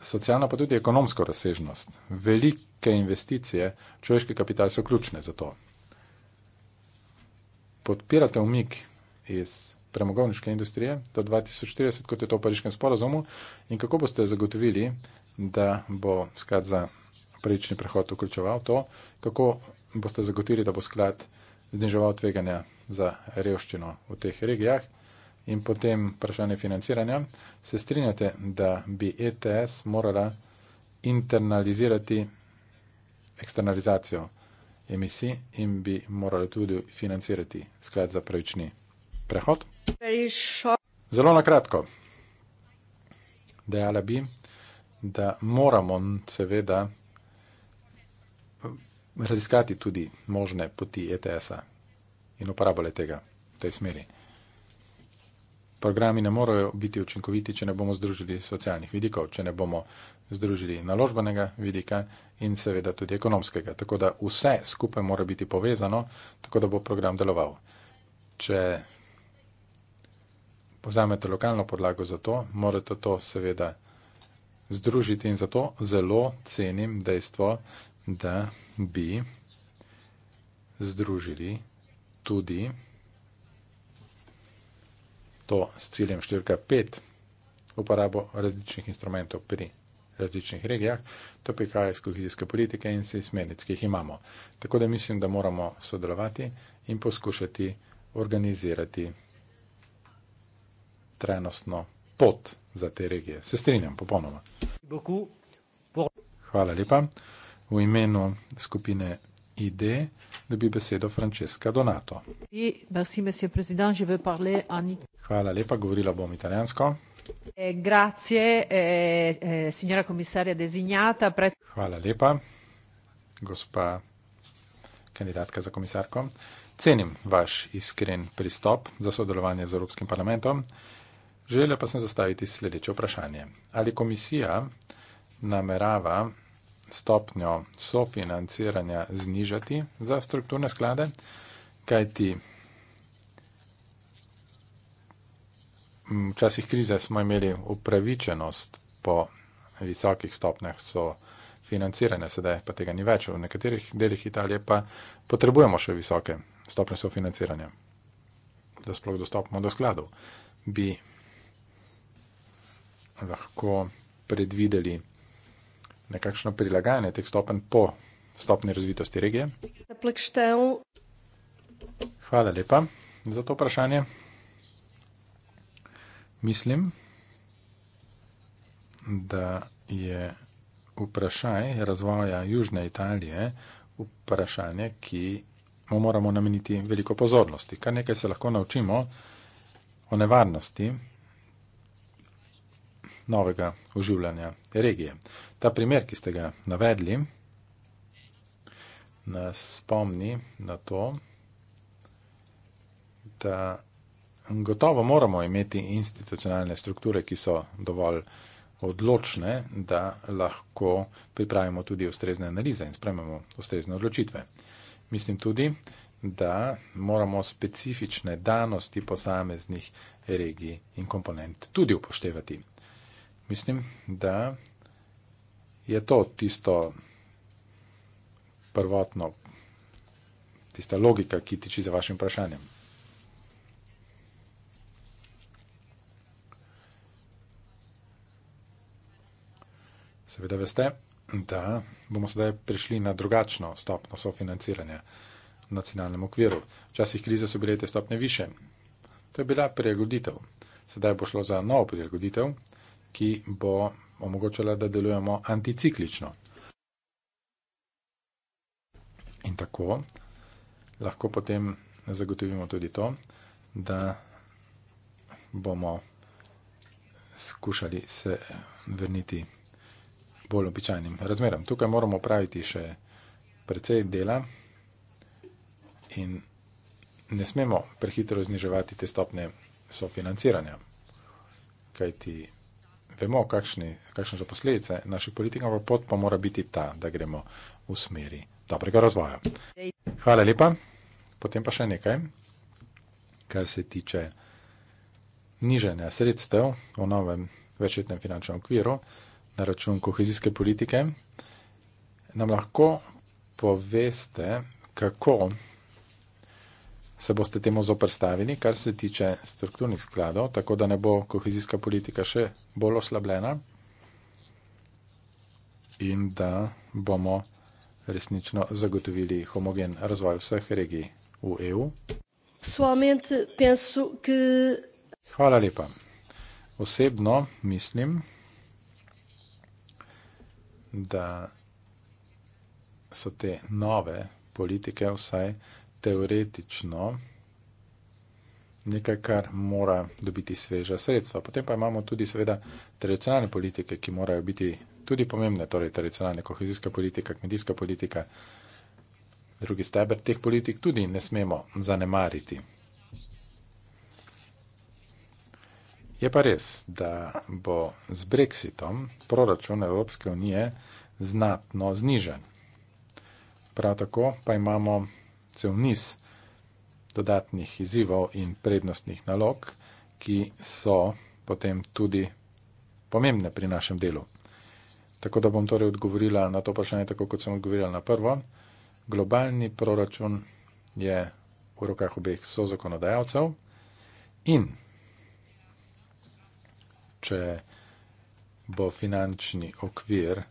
socialno, pa tudi ekonomsko razsežnost. Velike investicije, človeški kapital so ključne za to. Podpirate umik iz premogovniške industrije do 2030, kot je to v pariškem sporazumu, in kako boste zagotovili, da bo sklad za prejični prehod vključeval to, kako boste zagotovili, da bo sklad zniževal tveganja za revščino v teh regijah. In potem vprašanje financiranja. Se strinjate, da bi ETS morala internalizirati eksternalizacijo emisij in bi morala tudi financirati sklad za pravični prehod? Prehod. Zelo na kratko. Dejala bi, da moramo seveda raziskati tudi možne poti ETS-a in uporabljati tega v tej smeri. Programi ne morejo biti učinkoviti, če ne bomo združili socialnih vidikov, če ne bomo združili naložbenega vidika in seveda tudi ekonomskega. Tako da vse skupaj mora biti povezano, tako da bo program deloval. Če vzamete lokalno podlago za to, morate to seveda združiti in zato zelo cenim dejstvo, da bi združili tudi to s ciljem številka 5, uporabo različnih instrumentov pri različnih regijah, to prihaja iz kohezijske politike in se iz smernic, ki jih imamo. Tako da mislim, da moramo sodelovati in poskušati organizirati trenostno pot za te regije. Se strinjam, popolnoma. Hvala lepa. V imenu skupine ID dobi besedo Francesca Donato. Hvala lepa, govorila bom italijansko. Eh, eh, eh, Hvala lepa, gospa kandidatka za komisarko. Cenim vaš iskren pristop za sodelovanje z Evropskim parlamentom. Želela pa sem zastaviti sledeče vprašanje. Ali komisija namerava stopnjo sofinanciranja znižati za strukturne sklade, kajti v časih krize smo imeli upravičenost po visokih stopnjah sofinanciranja, sedaj pa tega ni več, v nekaterih delih Italije pa potrebujemo še visoke stopnje sofinanciranja, da sploh dostopimo do skladov. Bi lahko predvideli nekakšno prilagajanje teh stopenj po stopni razvitosti regije? Hvala lepa za to vprašanje. Mislim, da je vprašanje razvoja Južne Italije vprašanje, ki mu moramo nameniti veliko pozornosti. Kar nekaj se lahko naučimo o nevarnosti novega oživljanja regije. Ta primer, ki ste ga navedli, nas spomni na to, da gotovo moramo imeti institucionalne strukture, ki so dovolj odločne, da lahko pripravimo tudi ustrezne analize in sprememo ustrezne odločitve. Mislim tudi, da moramo specifične danosti posameznih regij in komponent tudi upoštevati mislim, da je to tisto prvotno, tista logika, ki tiči za vašim vprašanjem. Seveda veste, da bomo sedaj prišli na drugačno stopno sofinanciranja v nacionalnem okviru. Včasih krize so bile te stopne više. To je bila prilagoditev. Sedaj bo šlo za novo prilagoditev, ki bo omogočala, da delujemo anticiklično. In tako lahko potem zagotovimo tudi to, da bomo skušali se vrniti bolj običajnim razmeram. Tukaj moramo praviti še precej dela in ne smemo prehitro zniževati te stopne sofinanciranja, kajti ti vemo, kakšni, kakšne so posledice naših politik, ampak pot pa mora biti ta, da gremo v smeri dobrega razvoja. Hvala lepa. Potem pa še nekaj, kar se tiče niženja sredstev v novem večletnem finančnem okviru na račun kohezijske politike. Nam lahko poveste, kako se boste temu zoprstavili, kar se tiče strukturnih skladov, tako da ne bo kohezijska politika še bolj oslabljena in da bomo resnično zagotovili homogen razvoj vseh regij v EU. Penso, que... Hvala lepa. Osebno mislim, da so te nove politike vsaj teoretično nekaj, kar mora dobiti sveža sredstva. Potem pa imamo tudi seveda tradicionalne politike, ki morajo biti tudi pomembne, torej tradicionalne kohezijska politika, kmetijska politika, drugi steber teh politik tudi ne smemo zanemariti. Je pa res, da bo z Brexitom proračun Evropske unije znatno znižen. Prav tako pa imamo cel niz dodatnih izzivov in prednostnih nalog, ki so potem tudi pomembne pri našem delu. Tako da bom torej odgovorila na to vprašanje, tako kot sem odgovorila na prvo. Globalni proračun je v rokah obeh sozakonodajalcev in če bo finančni okvir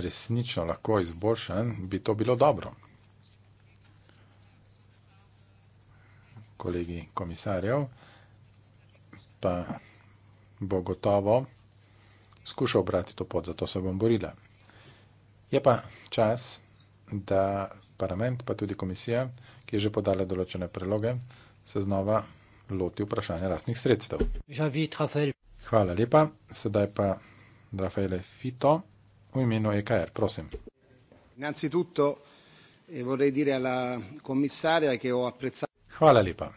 resnično lahko izboljšan, bi to bilo dobro. kolegi komisarjev, pa bo gotovo skušal obrati to pot, zato se bom borila. Je pa čas, da parlament, pa tudi komisija, ki je že podala določene preloge, se znova loti vprašanja rastnih sredstev. Hvala lepa, sedaj pa Rafaele Fito v imenu EKR, prosim. Innanzitutto eh, vorrei dire alla commissaria che ho apprezzato. Hvala lepa.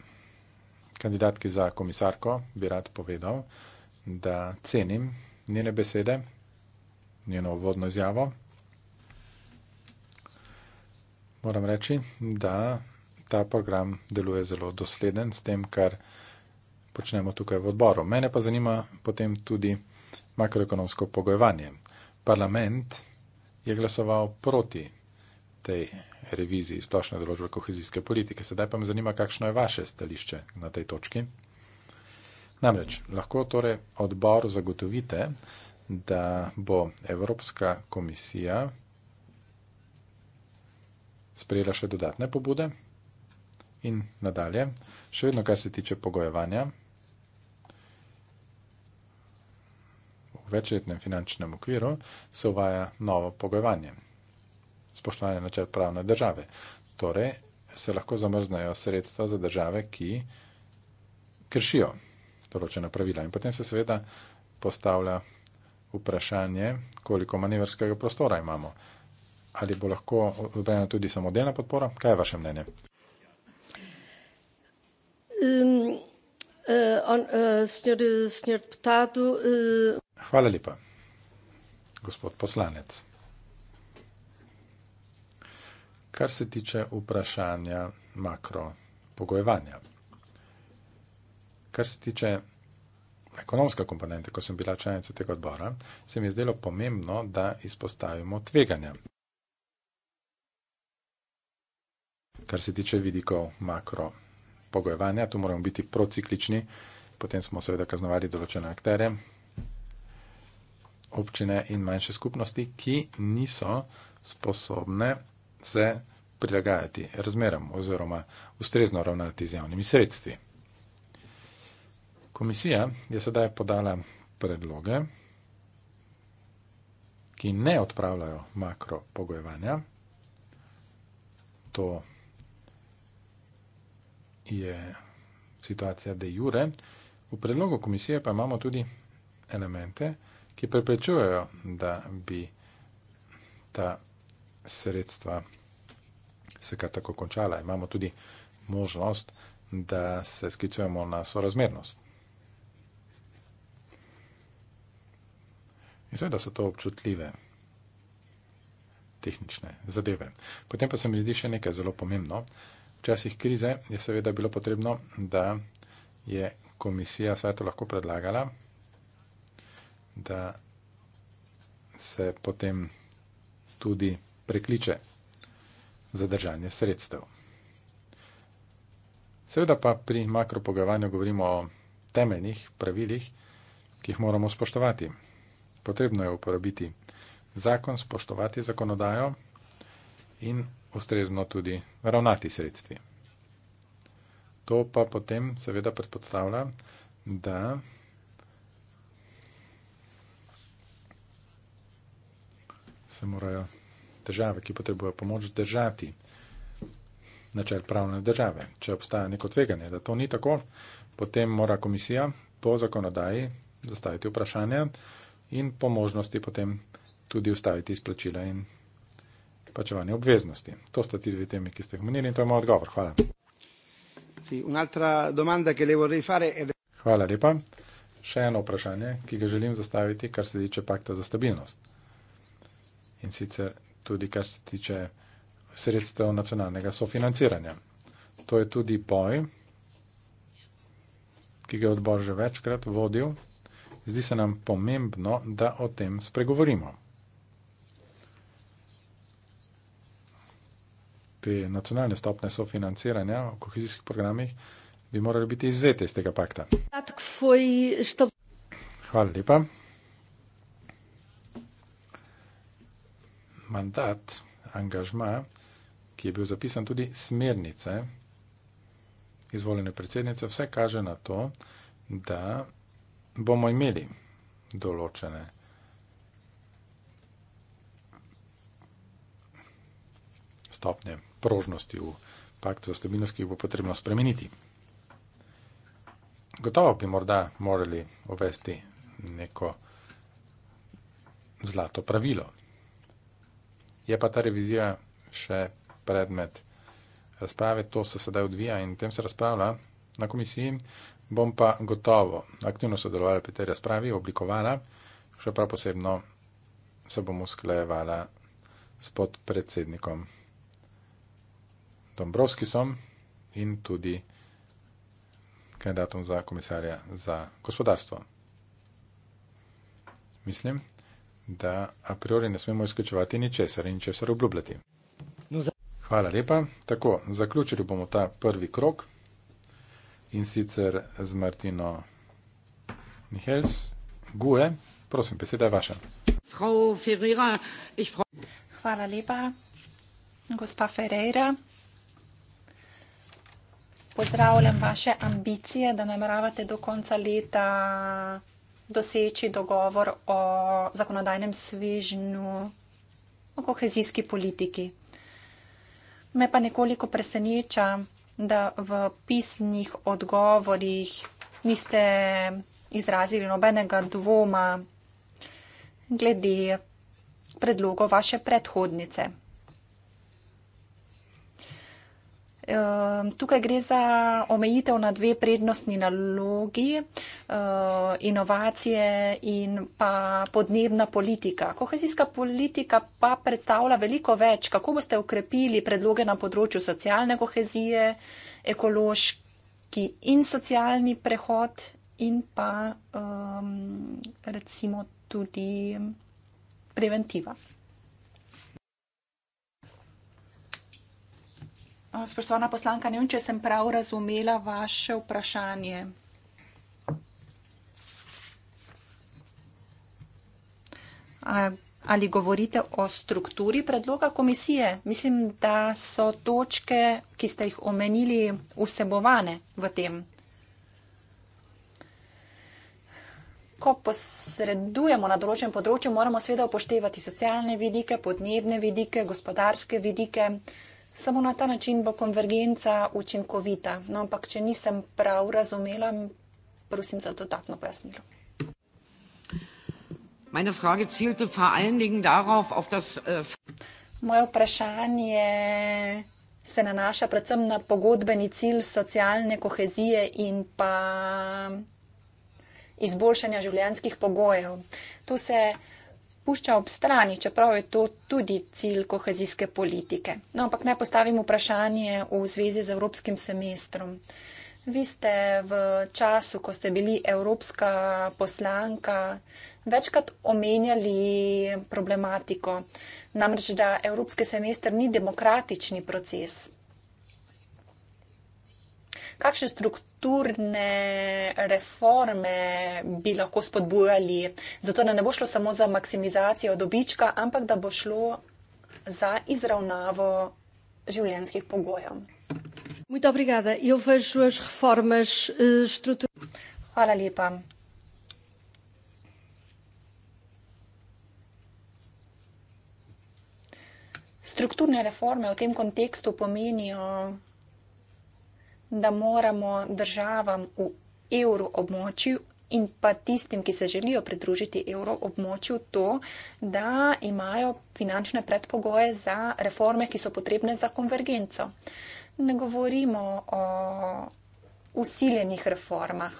Kandidatki za komisarko bi rad povedal, da cenim njene besede, njeno vodno izjavo. Moram reči, da ta program deluje zelo dosleden s tem, kar počnemo tukaj v odboru. Mene pa zanima potem tudi makroekonomsko pogojevanje. Parlament je glasoval proti tej reviziji splošne določbe kohezijske politike. Sedaj pa me zanima, kakšno je vaše stališče na tej točki. Namreč, lahko torej odbor zagotovite, da bo Evropska komisija sprejela še dodatne pobude in nadalje, še vedno kar se tiče pogojevanja v večletnem finančnem okviru, se uvaja novo pogojevanje spoštovanje načrt pravne države. Torej, se lahko zamrznajo sredstva za države, ki kršijo določena pravila. In potem se seveda postavlja vprašanje, koliko manevrskega prostora imamo. Ali bo lahko odobrena tudi samodelna podpora? Kaj je vaše mnenje? Um, uh, uh, uh, Hvala lepa, gospod poslanec kar se tiče vprašanja makropogojevanja. Kar se tiče ekonomske komponente, ko sem bila članica tega odbora, se mi je zdelo pomembno, da izpostavimo tveganja. Kar se tiče vidikov makropogojevanja, tu moramo biti prociklični, potem smo seveda kaznovali določene akterje, občine in manjše skupnosti, ki niso sposobne se prilagajati razmeram oziroma ustrezno ravnati z javnimi sredstvi. Komisija je sedaj podala predloge, ki ne odpravljajo makropogojevanja. To je situacija de jure. V predlogu komisije pa imamo tudi elemente, ki preprečujejo, da bi ta sredstva odpravljala se kar tako končala. Imamo tudi možnost, da se sklicujemo na sorazmernost. In seveda so to občutljive tehnične zadeve. Potem pa se mi zdi še nekaj zelo pomembno. Včasih krize je seveda bilo potrebno, da je komisija svetu lahko predlagala, da se potem tudi prekliče zadržanje sredstev. Seveda pa pri makropogajanju govorimo o temeljnih pravilih, ki jih moramo spoštovati. Potrebno je uporabiti zakon, spoštovati zakonodajo in ustrezno tudi ravnati sredstvi. To pa potem seveda predpostavlja, da se morajo države, ki potrebujejo pomoč, držati načel pravne države. Če obstaja neko tveganje, da to ni tako, potem mora komisija po zakonodaji zastaviti vprašanje in po možnosti potem tudi ustaviti izplačila in pačevanje obveznosti. To sta ti dve temi, ki ste jih omenili in to je moj odgovor. Hvala. Si, domanda, fare... Hvala lepa. Še eno vprašanje, ki ga želim zastaviti, kar se tiče pakta za stabilnost. In sicer, tudi kar se tiče sredstev nacionalnega sofinanciranja. To je tudi boj, ki ga je odbor že večkrat vodil. Zdi se nam pomembno, da o tem spregovorimo. Te nacionalne stopne sofinanciranja v kohezijskih programih bi morali biti izvete iz tega pakta. Hvala lepa. mandat, angažma, ki je bil zapisan tudi smernice izvoljene predsednice, vse kaže na to, da bomo imeli določene stopnje prožnosti v paktu za stabilnost, ki jih bo potrebno spremeniti. Gotovo bi morda morali uvesti neko zlato pravilo. Je pa ta revizija še predmet razprave, to se sedaj odvija in tem se razpravlja na komisiji. Bom pa gotovo aktivno sodelovala pri tej razpravi, oblikovala, še prav posebno se bom usklajevala s podpredsednikom Dombrovskisom in tudi kandidatom za komisarja za gospodarstvo. Mislim da a priori ne smemo izključevati ničesar in česar obljubljati. No, Hvala lepa. Tako, zaključili bomo ta prvi krok in sicer z Martino Mihels Gue. Prosim, beseda je vaša. Hvala lepa, gospa Ferreira. Pozdravljam vaše ambicije, da nameravate do konca leta doseči dogovor o zakonodajnem svežnju, o kohezijski politiki. Me pa nekoliko preseneča, da v pisnih odgovorih niste izrazili nobenega dvoma glede predlogov vaše predhodnice. Tukaj gre za omejitev na dve prednostni nalogi, eh, inovacije in pa podnebna politika. Kohezijska politika pa predstavlja veliko več, kako boste ukrepili predloge na področju socialne kohezije, ekološki in socialni prehod in pa recimo tudi preventiva. Spoštovana poslanka, ne vem, če sem prav razumela vaše vprašanje. Ali govorite o strukturi predloga komisije? Mislim, da so točke, ki ste jih omenili, vsebovane v tem. Ko posredujemo na določen področju, moramo seveda upoštevati socialne vidike, podnebne vidike, gospodarske vidike. Samo na ta način bo konvergenca učinkovita. No, ampak, če nisem prav razumela, prosim za dodatno pojasnilo. Darauf, das, äh... Moje vprašanje se nanaša predvsem na pogodbeni cilj socialne kohezije in pa izboljšanja življenjskih pogojev. Tu se pušča ob strani, čeprav je to tudi cilj kohezijske politike. No, ampak naj postavim vprašanje v zvezi z evropskim semestrom. Vi ste v času, ko ste bili evropska poslanka, večkrat omenjali problematiko, namreč da evropski semester ni demokratični proces. Kakšne strukture? strukturne reforme bi lahko spodbujali, zato da ne bo šlo samo za maksimizacijo dobička, ampak da bo šlo za izravnavo življenjskih pogojev. Eh, Hvala lepa. Strukturne reforme v tem kontekstu pomenijo da moramo državam v evroobmočju in pa tistim, ki se želijo pridružiti evroobmočju, to, da imajo finančne predpogoje za reforme, ki so potrebne za konvergenco. Ne govorimo o usiljenih reformah.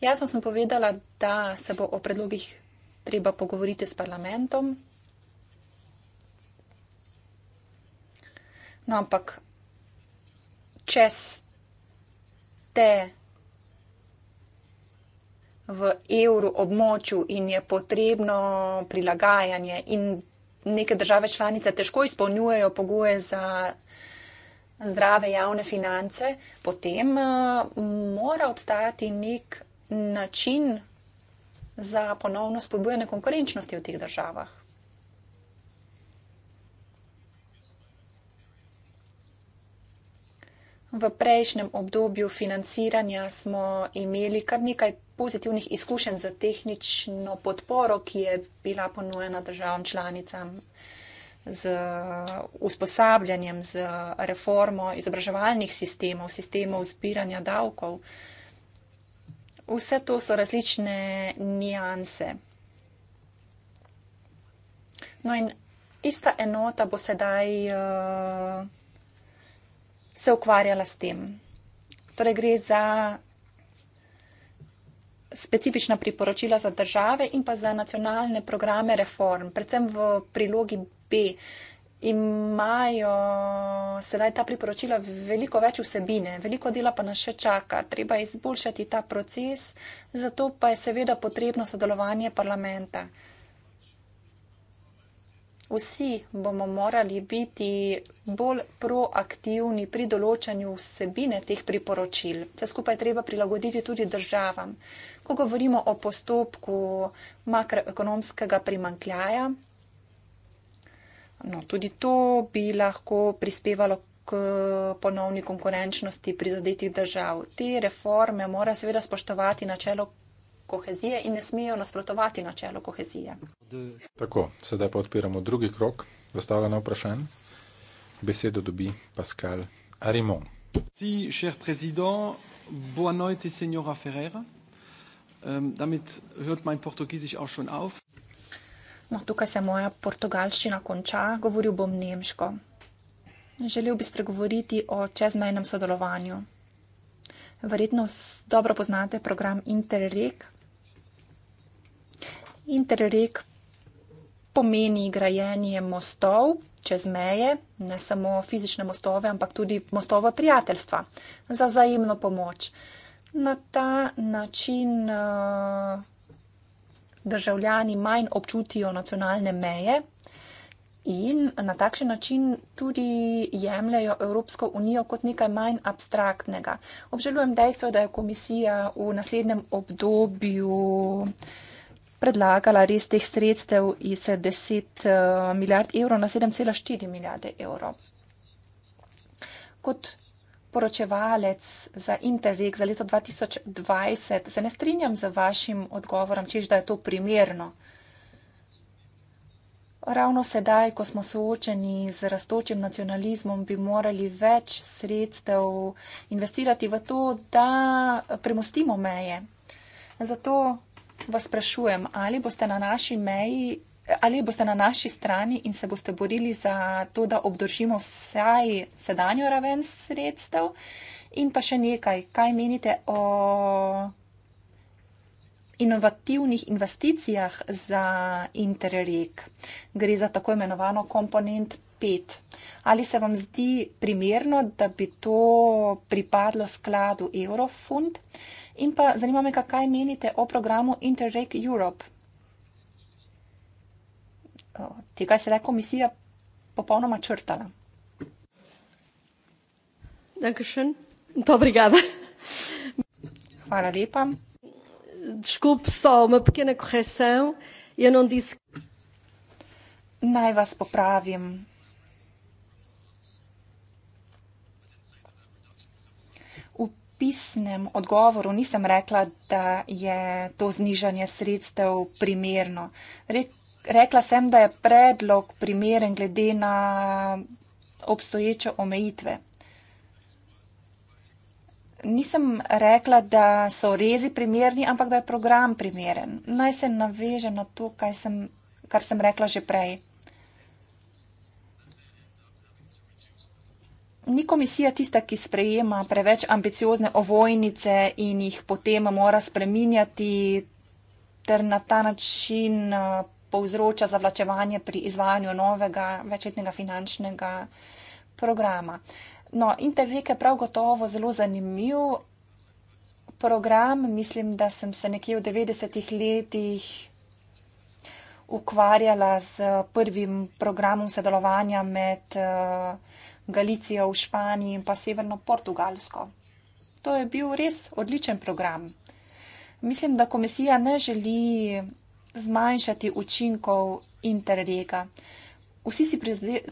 Jasno sem povedala, da se bo o predlogih treba pogovoriti s parlamentom, No, ampak če ste v evru območju in je potrebno prilagajanje in neke države članice težko izpolnjujejo pogoje za zdrave javne finance, potem eh, mora obstajati nek način za ponovno spodbujanje konkurenčnosti v teh državah. V prejšnjem obdobju financiranja smo imeli kar nekaj pozitivnih izkušenj za tehnično podporo, ki je bila ponujena državam članicam z usposabljanjem, z reformo izobraževalnih sistemov, sistemov zbiranja davkov. Vse to so različne nijanse. No in ista enota bo sedaj. Uh, se ukvarjala s tem. Torej, gre za specifična priporočila za države in pa za nacionalne programe reform, predvsem v prilogi B. Imajo sedaj ta priporočila veliko več vsebine, veliko dela pa nas še čaka. Treba izboljšati ta proces, zato pa je seveda potrebno sodelovanje parlamenta. Vsi bomo morali biti bolj proaktivni pri določanju vsebine teh priporočil. Vse skupaj treba prilagoditi tudi državam. Ko govorimo o postopku makroekonomskega primankljaja, no, tudi to bi lahko prispevalo k ponovni konkurenčnosti prizadetih držav. Te reforme mora seveda spoštovati načelo kohezije in ne smejo nasprotovati načelu kohezije. Tako, sedaj pa odpiramo drugi krok zastavljena vprašanj. Besedo dobi Pascal Arimon. Si, cher président, boa noite, senjora Ferreira. Um, damit hört mein portugiesisch auch schon auf. No, tukaj se moja portugalščina konča, govoril bom nemško. Želel bi spregovoriti o čezmejnem sodelovanju. Verjetno dobro poznate program Interreg, Interreg pomeni grajenje mostov čez meje, ne samo fizične mostove, ampak tudi mostove prijateljstva za vzajemno pomoč. Na ta način eh, državljani manj občutijo nacionalne meje in na takšen način tudi jemljajo Evropsko unijo kot nekaj manj abstraktnega. Obžalujem dejstvo, da je komisija v naslednjem obdobju uh, predlagala res teh sredstev iz 10 eh, milijard evrov na 7,4 milijarde evrov. Kot poročevalec za Interreg za leto 2020 se ne strinjam z vašim odgovorom, čež da je to primerno. Ravno sedaj, ko smo soočeni z raztočim nacionalizmom, bi morali več sredstev investirati v to, da premostimo meje. Zato vas sprašujem, ali boste na naši meji, ali boste na naši strani in se boste borili za to, da obdržimo vsaj sedanjo raven sredstev. In pa še nekaj, kaj menite o inovativnih investicijah za Interreg? Gre za tako imenovano komponent 5. Ali se vam zdi primerno, da bi to pripadlo skladu Eurofund? Uh, In pa zanima me, kaj menite o programu Interreg Europe. Tega je sedaj komisija popolnoma črtala. Hvala lepa. Naj vas popravim. pisnem odgovoru nisem rekla, da je to znižanje sredstev primerno. Rekla sem, da je predlog primeren glede na obstoječe omejitve. Nisem rekla, da so rezi primerni, ampak da je program primeren. Naj se navežem na to, sem, kar sem rekla že prej. ni komisija tista, ki sprejema preveč ambiciozne ovojnice in jih potem mora spreminjati ter na ta način eh, povzroča zavlačevanje pri izvajanju novega večletnega finančnega programa. No, Interreg je prav gotovo zelo zanimiv program. Mislim, da sem se nekje v 90-ih letih ukvarjala z prvim programom sodelovanja med uh, Galicijo v Španiji in pa severno Portugalsko. To je bil res odličen program. Mislim, da komisija ne želi zmanjšati učinkov interrega. Vsi si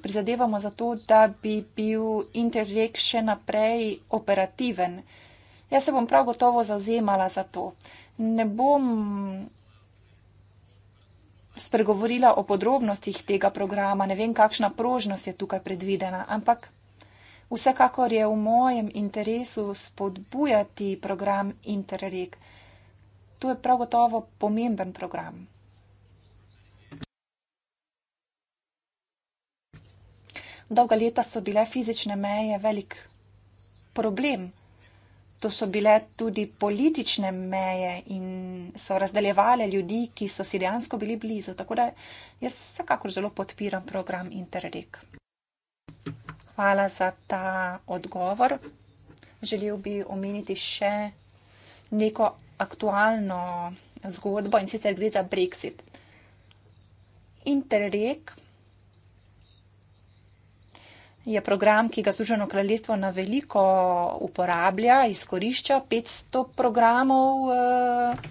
prizadevamo za to, da bi bil interreg še naprej operativen. Jaz se bom prav gotovo zauzemala za to. Ne bom spregovorila o podrobnostih tega programa, ne vem, kakšna prožnost je tukaj predvidena, ampak vsekakor je v mojem interesu spodbujati program Interreg. To je prav gotovo pomemben program. Dolga leta so bile fizične meje velik problem to so bile tudi politične meje in so razdeljevale ljudi, ki so si dejansko bili blizu. Tako da jaz vsekakor zelo podpiram program Interreg. Hvala za ta odgovor. Želel bi omeniti še neko aktualno zgodbo in sicer gre za Brexit. Interreg je program, ki ga Združeno kraljestvo na veliko uporablja, izkorišča. 500 programov eh,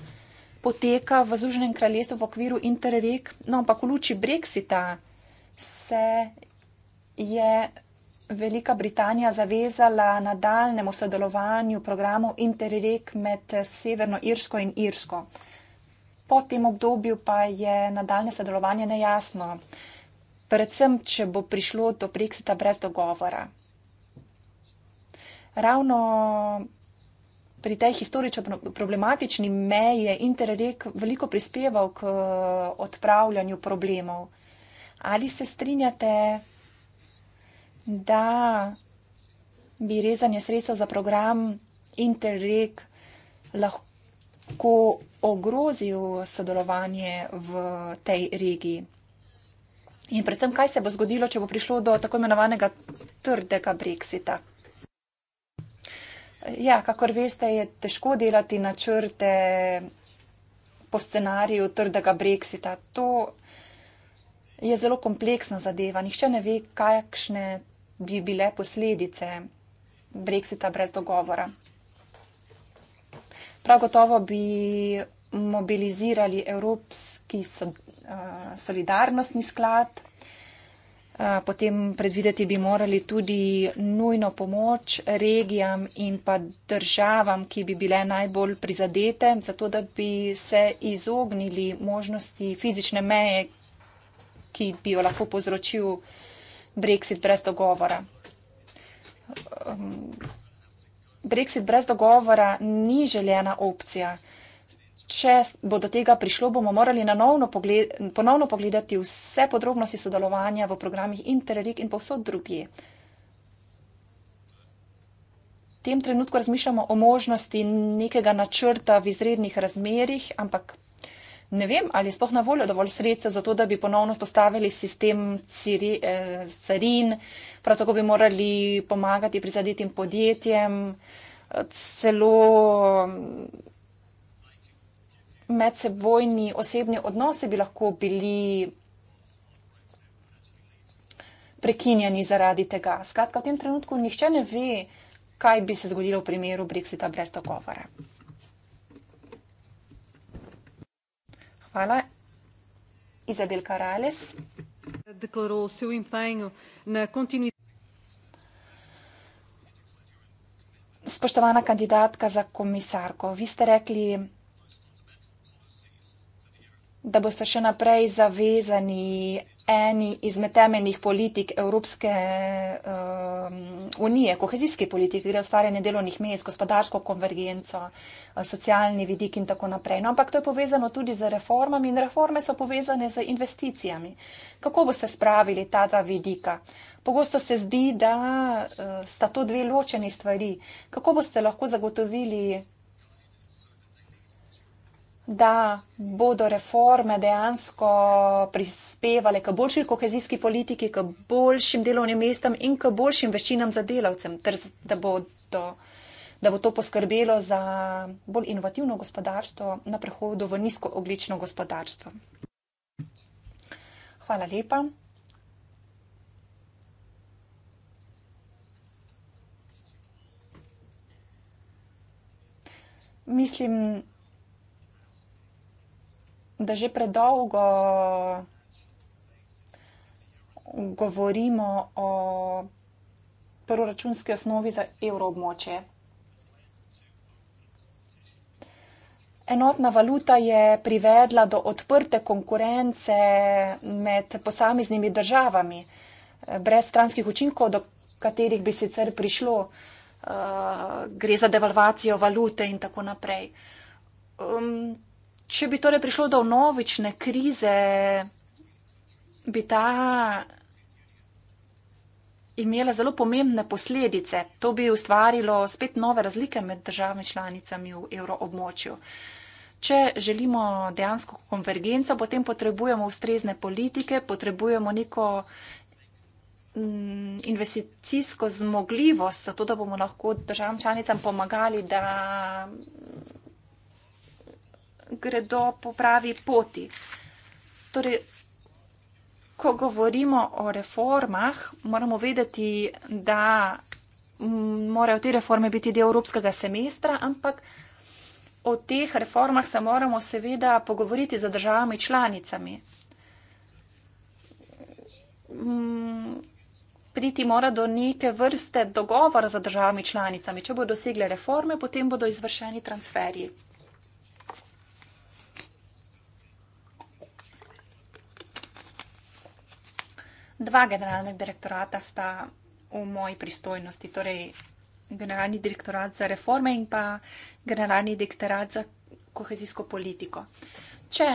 poteka v Združenem kraljestvu v okviru Interreg. No, ampak v luči Brexita se je Velika Britanija zavezala nadaljnemu sodelovanju programov Interreg med Severno Irsko in Irsko. Po tem obdobju pa je nadaljne sodelovanje nejasno predvsem, če bo prišlo do Brexita brez dogovora. Ravno pri tej historično problematični meji je Interreg veliko prispeval k odpravljanju problemov. Ali se strinjate, da bi rezanje sredstev za program Interreg lahko ogrozil sodelovanje v tej regiji? In predvsem, kaj se bo zgodilo, če bo prišlo do tako imenovanega trdega Brexita. Ja, kakor veste, je težko delati načrte po scenariju trdega Brexita. To je zelo kompleksna zadeva. Nihče ne ve, kakšne bi bile posledice Brexita brez dogovora. Prav gotovo bi mobilizirali Evropski eh, solidarnostni sklad, eh, potem predvideti bi morali tudi nujno pomoč regijam in pa državam, ki bi bile najbolj prizadete, zato da bi se izognili možnosti fizične meje, ki bi jo lahko povzročil Brexit brez dogovora. Ehm, Brexit brez dogovora ni željena opcija če bo do tega prišlo, bomo morali pogled, ponovno pogledati vse podrobnosti sodelovanja v programih Interreg in povsod drugje. V tem trenutku razmišljamo o možnosti nekega načrta v izrednih razmerih, ampak ne vem, ali je sploh na voljo dovolj sredstev za to, da bi ponovno postavili sistem ciri, eh, carin, prav tako bi morali pomagati prizadetim podjetjem, celo medsebojni osebni odnosi bi lahko bili prekinjeni zaradi tega. Skratka, v tem trenutku nihče ne ve, kaj bi se zgodilo v primeru Brexita brez dogovora. Hvala. Izabel Karales. Spoštovana kandidatka za komisarko, vi ste rekli, da boste še naprej zavezani eni izmed temeljnih politik Evropske um, unije, kohezijske politike, gre ustvarjanje delovnih mest, gospodarsko konvergenco, uh, socialni vidik in tako naprej. No, ampak to je povezano tudi z reformami in reforme so povezane z investicijami. Kako boste spravili ta dva vidika? Pogosto se zdi, da uh, sta to dve ločeni stvari. Kako boste lahko zagotovili da bodo reforme dejansko prispevale k boljši kohezijski politiki, k boljšim delovnim mestam in k boljšim veščinam za delavcem, ter da bo, do, da bo to poskrbelo za bolj inovativno gospodarstvo na prehodu v nizkooglično gospodarstvo. Hvala lepa. Mislim, da že predolgo govorimo o proračunski osnovi za evroobmočje. Enotna valuta je privedla do odprte konkurence med posameznimi državami, brez stranskih učinkov, do katerih bi sicer prišlo. Uh, gre za devalvacijo valute in tako naprej. Um, če bi torej prišlo do novične krize, bi ta imela zelo pomembne posledice. To bi ustvarilo spet nove razlike med državami članicami v evroobmočju. Če želimo dejansko konvergenco, potem potrebujemo ustrezne politike, potrebujemo neko mm, investicijsko zmogljivost, zato da bomo lahko državam članicam pomagali, da gredo po pravi poti. Torej, ko govorimo o reformah, moramo vedeti, da morajo te reforme biti del evropskega semestra, ampak o teh reformah se moramo seveda pogovoriti z državami članicami. Priti mora do neke vrste dogovora z državami članicami. Če bodo dosegle reforme, potem bodo izvršeni transferji. dva generalna direktorata sta v moji pristojnosti, torej generalni direktorat za reforme in pa generalni direktorat za kohezijsko politiko. Če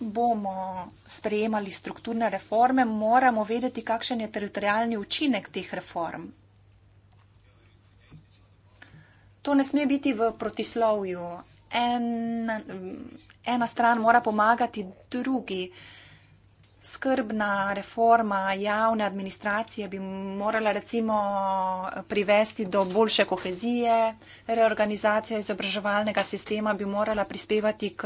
bomo sprejemali strukturne reforme, moramo vedeti, kakšen je teritorijalni učinek teh reform. To ne sme biti v protislovju. En, ena stran mora pomagati drugi. Uh, skrbna reforma javne administracije bi morala recimo privesti do boljše kohezije, reorganizacija izobraževalnega sistema bi morala prispevati k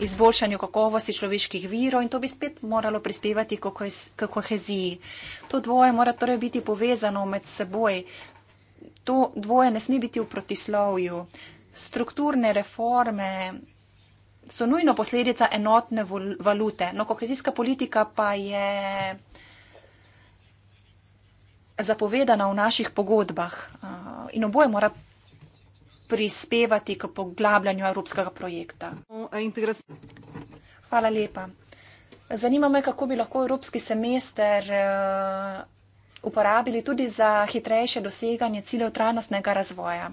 izboljšanju kakovosti človeških virov in to bi spet moralo prispevati k koheziji. To dvoje mora torej biti povezano med seboj. To dvoje ne sme biti v protislovju. Strukturne reforme so nujno posledica enotne valute. No, kohezijska politika pa je zapovedana v naših pogodbah uh, in oboje mora prispevati k poglabljanju evropskega projekta. Hvala lepa. Zanima me, kako bi lahko evropski semester uh, uporabili tudi za hitrejše doseganje ciljev trajnostnega razvoja.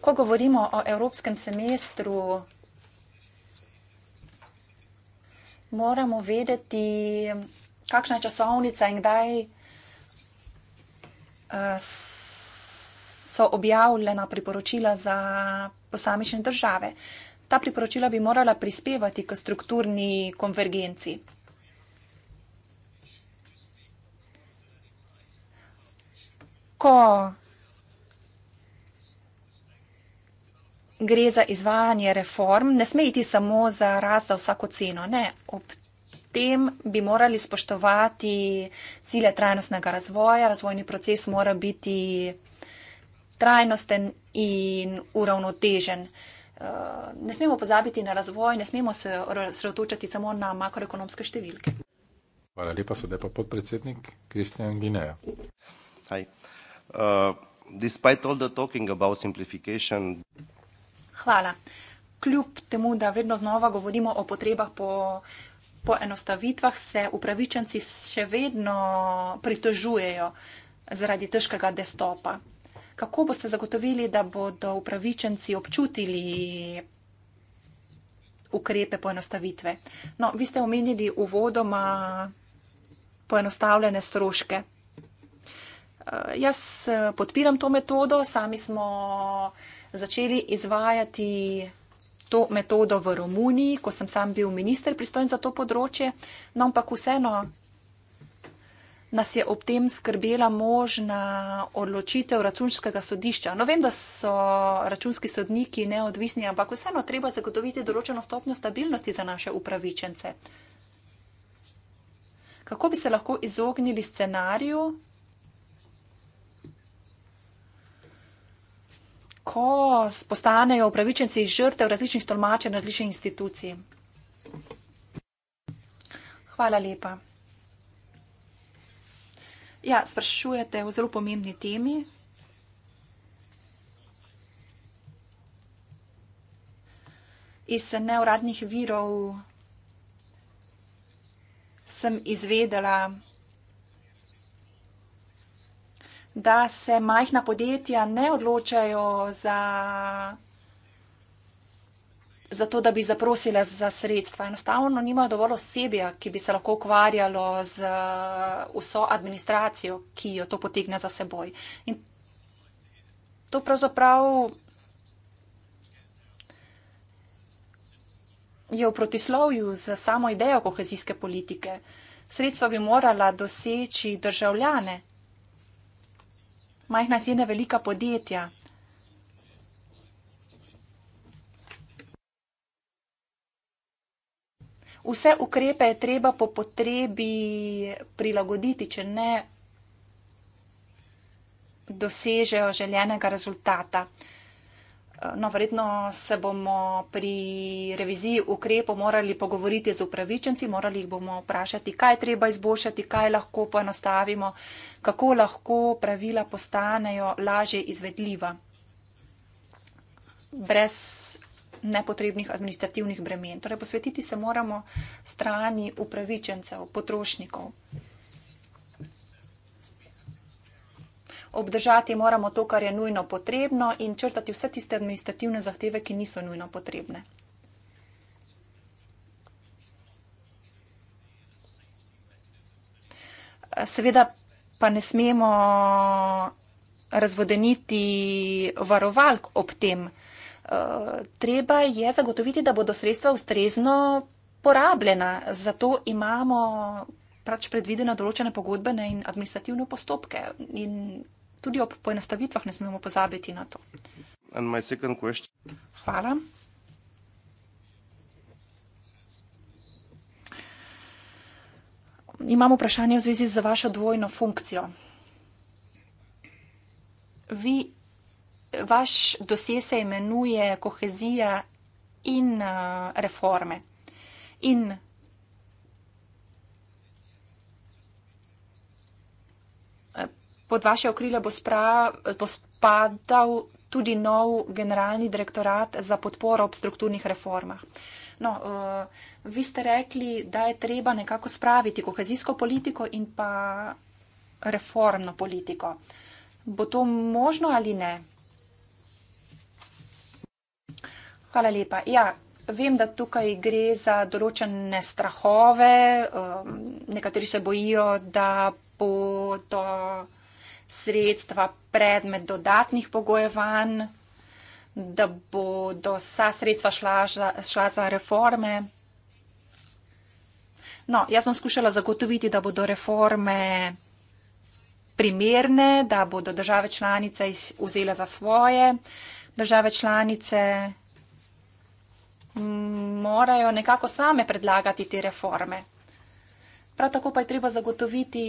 Ko govorimo o evropskem semestru, moramo vedeti, kakšna je časovnica in kdaj eh, so objavljena priporočila za posamične države. Ta priporočila bi morala prispevati k strukturni konvergenci. Ko gre za izvajanje reform, ne sme iti samo za rast za vsako ceno. Ne. Ob tem bi morali spoštovati cilje trajnostnega razvoja, razvojni proces mora biti trajnosten in uravnotežen. Eh, ne smemo pozabiti na razvoj, ne smemo se sredotočati samo na makroekonomske številke. Hvala lepa, sedaj pa podpredsednik Kristjan Gineja. Uh, despite all the talking about simplification, Hvala. Kljub temu, da vedno znova govorimo o potrebah po, po enostavitvah, se upravičenci še vedno pritožujejo zaradi težkega destopa. Kako boste zagotovili, da bodo upravičenci občutili ukrepe poenostavitve? No, vi ste omenili uvodoma poenostavljene stroške. Eh, jaz eh, podpiram to metodo, sami smo začeli izvajati to metodo v Romuniji, ko sem sam bil minister pristojen za to področje. No, ampak vseeno nas je ob tem skrbela možna odločitev računskega sodišča. No, vem, da so računski sodniki neodvisni, ampak vseeno treba zagotoviti določeno stopnjo stabilnosti za naše upravičence. Kako bi se lahko izognili scenariju, ko postanejo upravičenci žrtev različnih tolmačenj različnih institucij. Hvala lepa. Ja, sprašujete o zelo pomembni temi. Iz neuradnih virov sem izvedela, da je da se majhna podjetja ne odločajo za, za to, da bi zaprosila za sredstva. Enostavno nimajo dovolj osebja, ki bi se lahko ukvarjalo z uh, vso administracijo, ki jo to potegne za seboj. In to pravzaprav je v protislovju z samo idejo kohezijske politike. Sredstva bi morala doseči državljane, majhna sjena velika podjetja. Vse ukrepe je treba po potrebi prilagoditi, če ne dosežejo željenega rezultata. No, verjetno se bomo pri reviziji ukrepov morali pogovoriti z upravičenci, morali jih bomo vprašati, kaj treba izboljšati, kaj lahko poenostavimo, kako lahko pravila postanejo lažje izvedljiva, brez nepotrebnih administrativnih bremen. Torej, posvetiti se moramo strani upravičencev, potrošnikov. obdržati moramo to, kar je nujno potrebno in črtati vse tiste administrativne zahteve, ki niso nujno potrebne. Seveda pa ne smemo razvodeniti varovalk ob tem. Eh, treba je zagotoviti, da bodo sredstva ustrezno porabljena. Zato imamo pač predvidene določene pogodbene in administrativne postopke. In Tudi ob poenostavitvah ne smemo pozabiti na to. Hvala. Imamo vprašanje v zvezi z vašo dvojno funkcijo. Vi, vaš dosje se imenuje kohezija in uh, reforme. In pod vaše okrilje bo, bo spadal tudi nov generalni direktorat za podporo ob strukturnih reformah. No, uh, vi ste rekli, da je treba nekako spraviti kohezijsko politiko in pa reformno politiko. Bo to možno ali ne? Hvala lepa. Ja, vem, da tukaj gre za določene strahove. Um, nekateri se bojijo, da bo to sredstva predmet dodatnih pogojevanj, da bodo vsa sredstva šla za, šla za reforme. No, jaz sem skušala zagotoviti, da bodo reforme primerne, da bodo države članice vzele za svoje. Države članice morajo nekako same predlagati te reforme. Prav tako pa je treba zagotoviti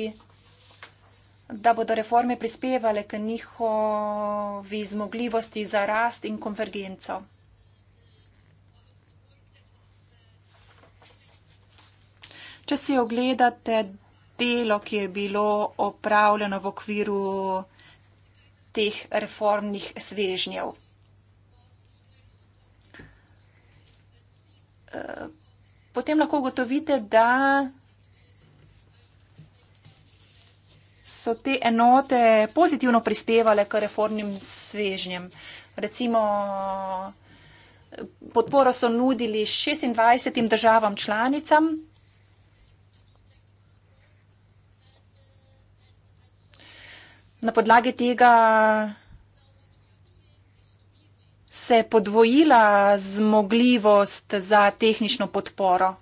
da bodo reforme prispevale k njihovi zmogljivosti za rast in konvergenco. Če si ogledate delo, ki je bilo opravljeno v okviru teh reformnih svežnjev, eh, potem lahko ugotovite, da so te enote pozitivno prispevale k reformnim svežnjem. Recimo podporo so nudili 26 državam članicam. Na podlagi tega se je podvojila zmogljivost za tehnično podporo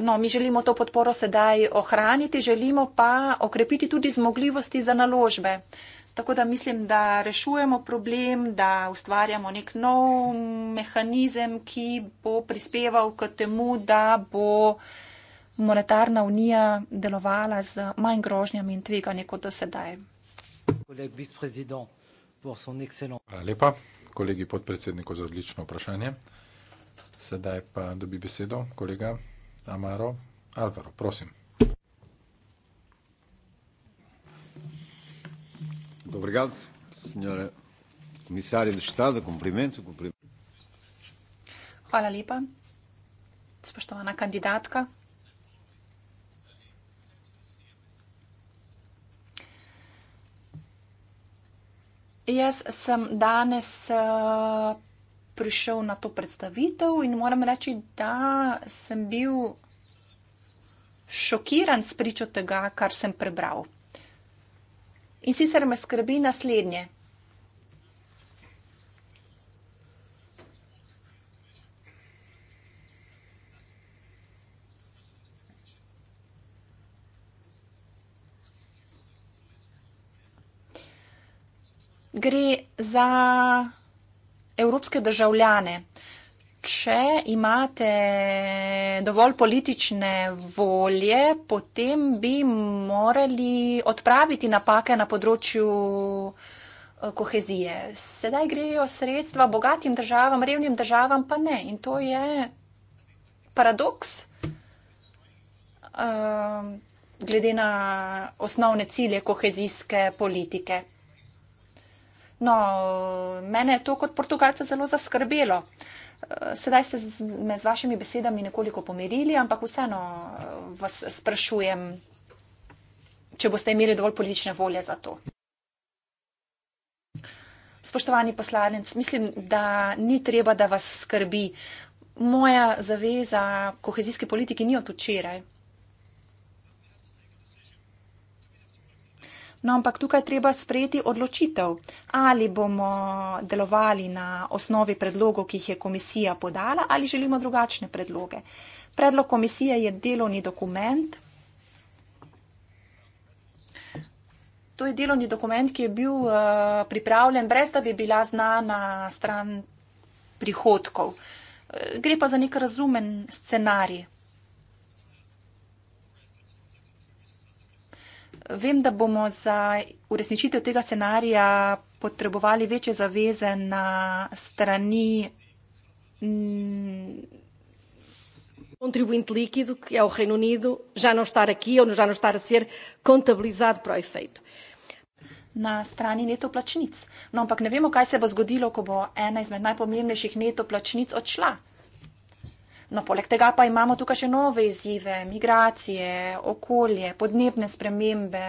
no, mi želimo to podporo sedaj ohraniti, želimo pa okrepiti tudi zmogljivosti za naložbe. Tako da mislim, da rešujemo problem, da ustvarjamo nek nov mehanizem, ki bo prispeval k temu, da bo monetarna unija delovala z manj grožnjami in tveganji kot do sedaj. Hvala lepa, kolegi podpredsedniku, za odlično vprašanje. Sedaj pa dobi besedo kolega Amaro Alvaro, prosim. Obrigado, senhora comissária do Estado, cumprimento. cumprimento. Hvala lepa, spoštovana kandidatka. Jaz sem danes uh, prišel na to predstavitev in moram reči, da sem bil šokiran s pričo tega, kar sem prebral. In sicer me skrbi naslednje. Gre za evropske državljane. Če imate dovolj politične volje, potem bi morali odpraviti napake na področju eh, kohezije. Sedaj grejo sredstva bogatim državam, revnim državam pa ne. In to je paradoks eh, glede na osnovne cilje kohezijske politike. No, mene je to kot portugalca zelo zaskrbelo. Eh, sedaj ste me z vašimi besedami nekoliko pomirili, ampak vseeno eh, vas sprašujem, če boste imeli dovolj politične volje za to. Spoštovani poslanec, mislim, da ni treba, da vas skrbi. Moja zaveza kohezijske politike ni od včeraj. No, ampak tukaj treba sprejeti odločitev, ali bomo delovali na osnovi predlogov, ki jih je komisija podala, ali želimo drugačne predloge. Predlog komisije je delovni dokument. To je delovni dokument, ki je bil uh, pripravljen, brez da bi bila znana stran prihodkov. Eh, gre pa za nek razumen scenarij. Vem, da bomo za uresničitev tega scenarija potrebovali večje zaveze na strani. Mm, Contribuinte líquido, que é o Reino Unido, já não estar aqui ou já não estar a ser contabilizado para o efeito. Na strani neto plačnic. No, ampak ne vemo, kaj se bo zgodilo, ko bo ena izmed najpomembnejših neto plačnic odšla. No, poleg tega pa imamo tukaj še nove izzive, migracije, okolje, podnebne spremembe,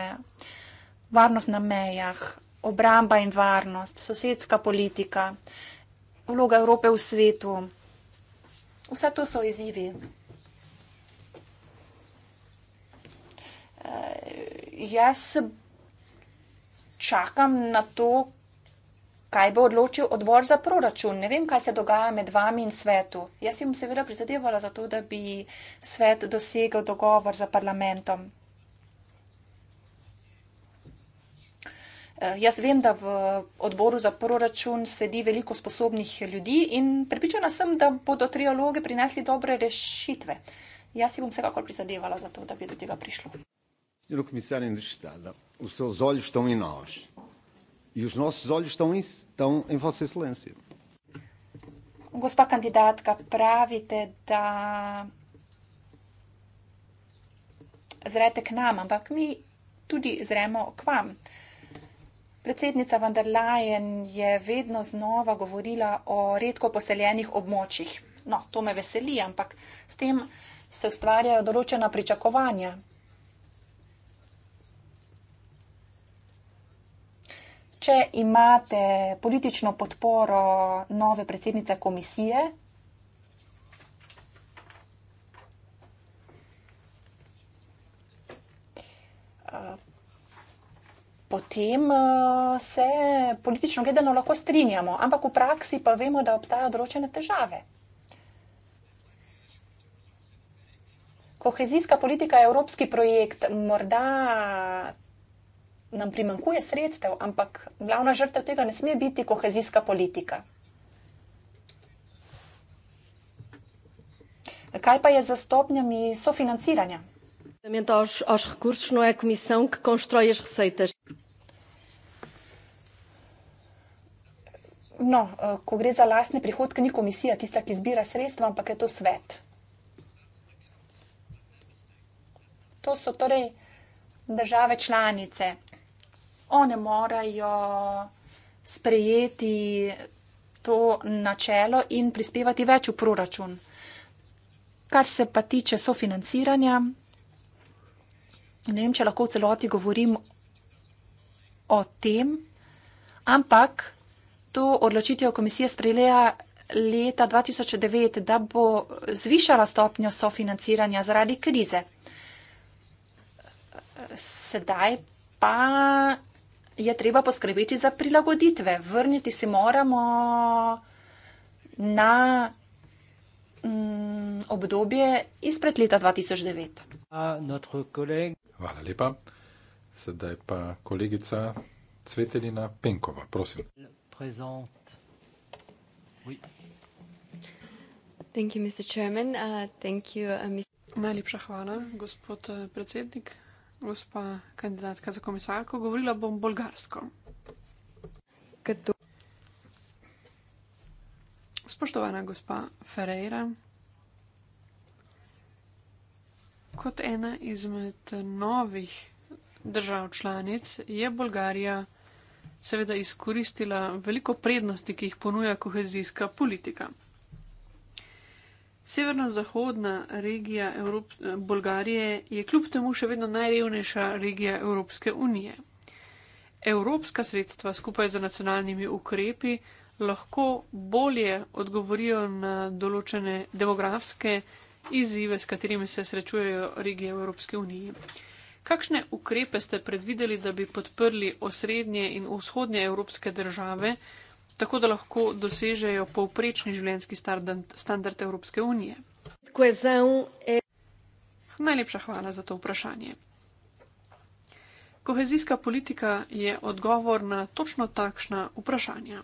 varnost na mejah, obramba in varnost, sosedska politika, vloga Evrope v svetu. Vse to so izzivi. Uh, jaz čakam na to, kaj bo odločil odbor za proračun. Ne vem, kaj se dogaja med vami in svetu. Jaz jim seveda prizadevala za to, da bi svet dosegel dogovor za parlamentom. Eh, jaz vem, da v odboru za proračun sedi veliko sposobnih ljudi in prepričana sem, da bodo trialoge prinesli dobre rešitve. Jaz si bom vsekakor prizadevala za to, da bi do tega prišlo. Drugi misel je, da vse ozoliš, to mi naoš. E os nossos olhos estão em, estão em Vossa Excelência. Gospa candidatka, pravite, da zrete k nam, ampak mi tudi zremo k vam. Predsednica von der Leyen je vedno znova govorila o redko poseljenih območjih. No, to me veseli, ampak s tem se ustvarjajo določena pričakovanja. če imate politično podporo nove predsednice komisije. Potem eh, se politično gledano lahko strinjamo, ampak v praksi pa vemo, da obstajajo določene težave. Kohezijska politika je evropski projekt, morda nam primankuje sredstev, ampak glavna žrtev tega ne sme biti kohezijska politika. Kaj pa je za stopnjami sofinanciranja? No, eh, ko gre za lastne prihodke, ni komisija tista, ki zbira sredstva, ampak je to svet. To so torej države članice, one morajo sprejeti to načelo in prispevati več v proračun. Kar se pa tiče sofinanciranja, ne vem, če lahko v celoti govorim o tem, ampak to odločitev komisije sprejela leta 2009, da bo zvišala stopnjo sofinanciranja zaradi krize. Sedaj pa je treba poskrbeti za prilagoditve. Vrniti se moramo na mm, obdobje izpred leta 2009. Hvala lepa. Sedaj pa kolegica Cvetelina Penkova, prosim. Uh, uh, Najlepša hvala, gospod eh, predsednik gospa kandidatka za komisarko, govorila bom bolgarsko. Spoštovana gospa Ferreira, kot ena izmed novih držav članic je Bolgarija seveda izkoristila veliko prednosti, ki jih ponuja kohezijska politika. Severno-zahodna regija Evrop Bolgarije je kljub temu še vedno najrevnejša regija Evropske unije. Evropska sredstva skupaj z nacionalnimi ukrepi lahko bolje odgovorijo na določene demografske izzive, s katerimi se srečujejo regije v Evropske unije. Kakšne ukrepe ste predvideli, da bi podprli osrednje in vzhodnje evropske države? tako da lahko dosežejo povprečni življenjski standard Evropske unije. Najlepša hvala za to vprašanje. Kohezijska politika je odgovor na točno takšna vprašanja.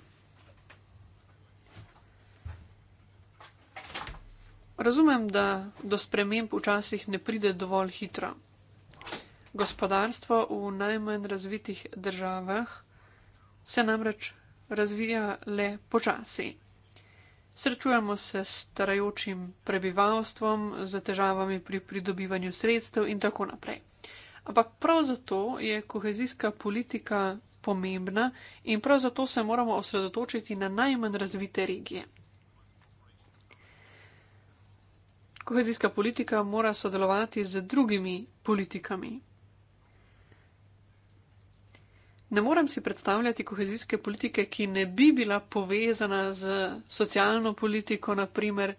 Razumem, da do sprememb včasih ne pride dovolj hitro. Gospodarstvo v najmanj razvitih državah se namreč razvija le počasi. Srečujemo se s starajočim prebivalstvom, z težavami pri pridobivanju sredstev in tako naprej. Ampak prav zato je kohezijska politika pomembna in prav zato se moramo osredotočiti na najmanj razvite regije. Kohezijska politika mora sodelovati z drugimi politikami, Ne morem si predstavljati kohezijske politike, ki ne bi bila povezana z socialno politiko, naprimer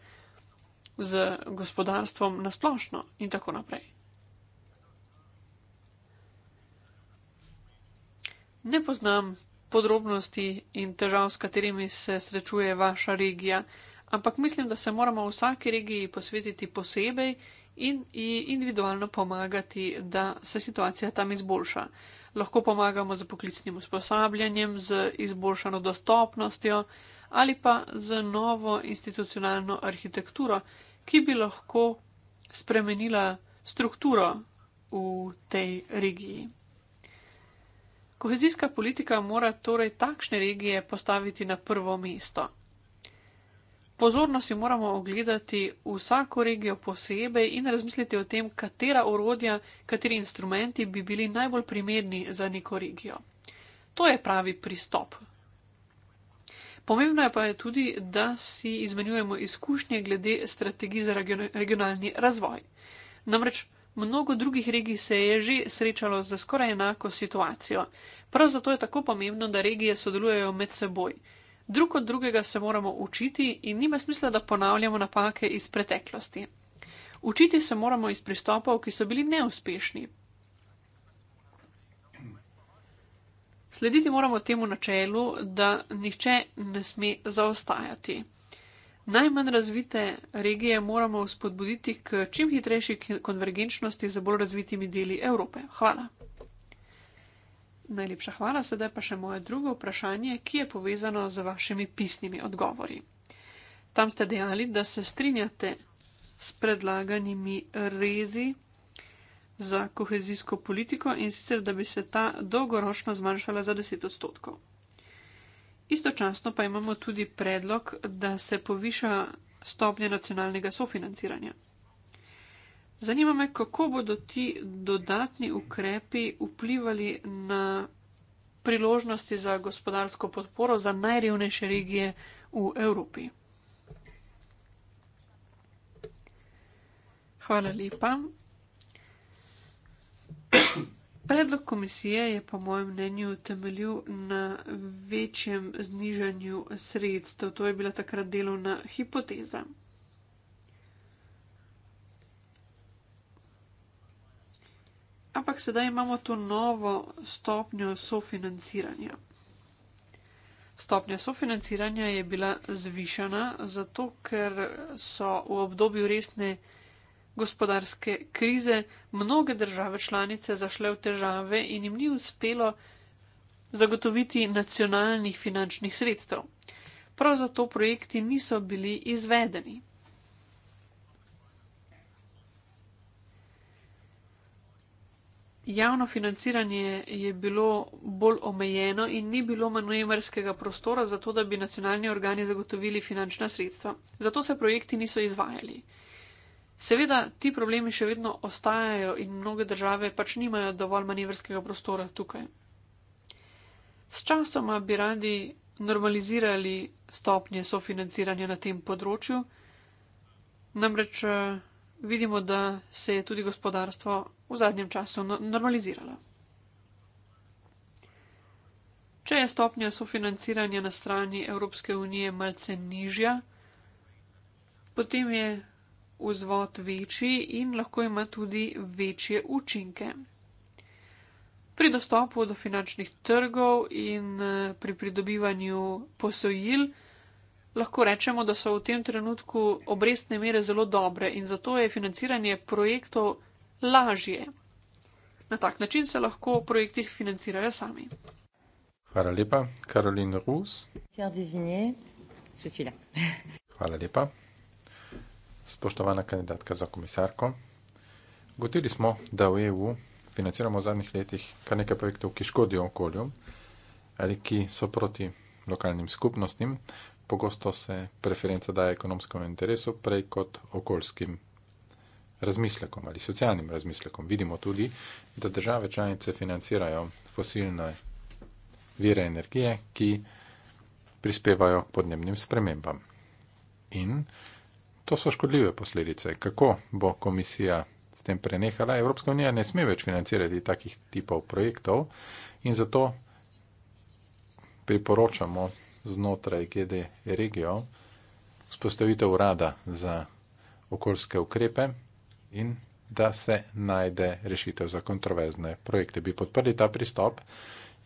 z gospodarstvom na splošno in tako naprej. Ne poznam podrobnosti in težav, s katerimi se srečuje vaša regija, ampak mislim, da se moramo vsaki regiji posvetiti posebej in individualno pomagati, da se situacija tam izboljša lahko pomagamo z poklicnim usposabljanjem, z izboljšano dostopnostjo ali pa z novo institucionalno arhitekturo, ki bi lahko spremenila strukturo v tej regiji. Kohezijska politika mora torej takšne regije postaviti na prvo mesto. Pozorno si moramo ogledati vsako regijo posebej in razmisliti o tem, katera orodja, kateri instrumenti bi bili najbolj primerni za neko regijo. To je pravi pristop. Pomembno je pa je tudi, da si izmenjujemo izkušnje glede strategij za regionalni razvoj. Namreč mnogo drugih regij se je že srečalo za skoraj enako situacijo. Prav zato je tako pomembno, da regije sodelujejo med seboj. Drugo od drugega se moramo učiti in nima smisla, da ponavljamo napake iz preteklosti. Učiti se moramo iz pristopov, ki so bili neuspešni. Slediti moramo temu načelu, da nihče ne sme zaostajati. Najmanj razvite regije moramo spodbuditi k čim hitrejši konvergenčnosti z bolj razvitimi deli Evrope. Hvala. Najlepša hvala, sedaj pa še moje drugo vprašanje, ki je povezano z vašimi pisnimi odgovori. Tam ste dejali, da se strinjate s predlaganimi rezi za kohezijsko politiko in sicer, da bi se ta dolgoročno zmanjšala za 10 odstotkov. Istočasno pa imamo tudi predlog, da se poviša stopnje nacionalnega sofinanciranja. Zanima me, kako bodo ti dodatni ukrepi vplivali na priložnosti za gospodarsko podporo za najrevnejše regije v Evropi. Hvala lepa. Predlog komisije je po mojem mnenju temeljil na večjem znižanju sredstev. To je bila takrat delovna hipoteza. ampak sedaj imamo to novo stopnjo sofinanciranja. Stopnja sofinanciranja je bila zvišana zato, ker so v obdobju resne gospodarske krize mnoge države članice zašle v težave in jim ni uspelo zagotoviti nacionalnih finančnih sredstev. Prav zato projekti niso bili izvedeni. Javno financiranje je bilo bolj omejeno in ni bilo manevrskega prostora za to, da bi nacionalni organi zagotovili finančna sredstva. Zato se projekti niso izvajali. Seveda, ti problemi še vedno ostajajo in mnoge države pač nimajo dovolj manevrskega prostora tukaj. S časoma bi radi normalizirali stopnje sofinanciranja na tem področju, namreč eh, vidimo, da se je tudi gospodarstvo v zadnjem času no- normaliziralo. Če je stopnja sofinanciranja na strani Evropske unije malce nižja, potem je vzvod večji in lahko ima tudi večje učinke. Pri dostopu do finančnih trgov in eh, pri pridobivanju posojil lahko rečemo, da so v tem trenutku obrestne mere zelo dobre in zato je financiranje projektov lažje. Na tak način se lahko projekti financirajo sami. Hvala lepa, Karolina Rus. Hvala lepa. Spoštovana kandidatka za komisarko, gotili smo, da v EU financiramo v zadnjih letih kar nekaj projektov, ki škodijo okolju ali ki so proti lokalnim skupnostim, pogosto se preference daje ekonomskemu interesu prej kot okoljskim razmislekom ali socialnim razmislekom. Vidimo tudi, da države članice financirajo fosilne vire energije, ki prispevajo k podnebnim spremembam. In to so škodljive posledice. Kako bo komisija s tem prenehala? Evropska unija ne sme več financirati takih tipov projektov in zato priporočamo znotraj GD regijo, spostavitev urada za okoljske ukrepe in da se najde rešitev za kontroverzne projekte. Bi podprli ta pristop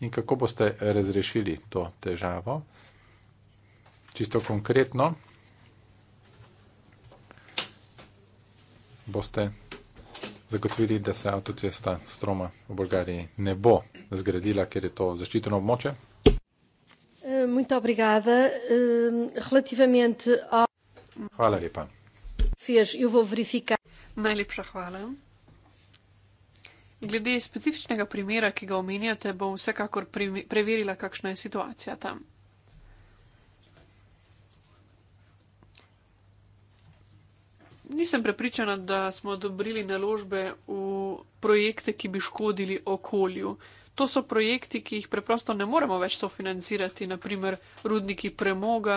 in kako boste razrešili to težavo? Čisto konkretno boste zagotovili, da se avtocesta stroma v Bolgariji ne bo zgradila, ker je to zaščiteno območje muito obrigada. Ehm, relativamente ao. Hvala lepa. Fez, eu vou verificar. Najlepša hvala. Glede specifičnega primera, ki ga omenjate, bom vsekakor preverila, kakšna je situacija tam. Nisem prepričana, da smo odobrili naložbe v projekte, ki bi škodili okolju. Uh, to so projekti, ki jih preprosto ne moremo več sofinancirati, naprimer rudniki premoga,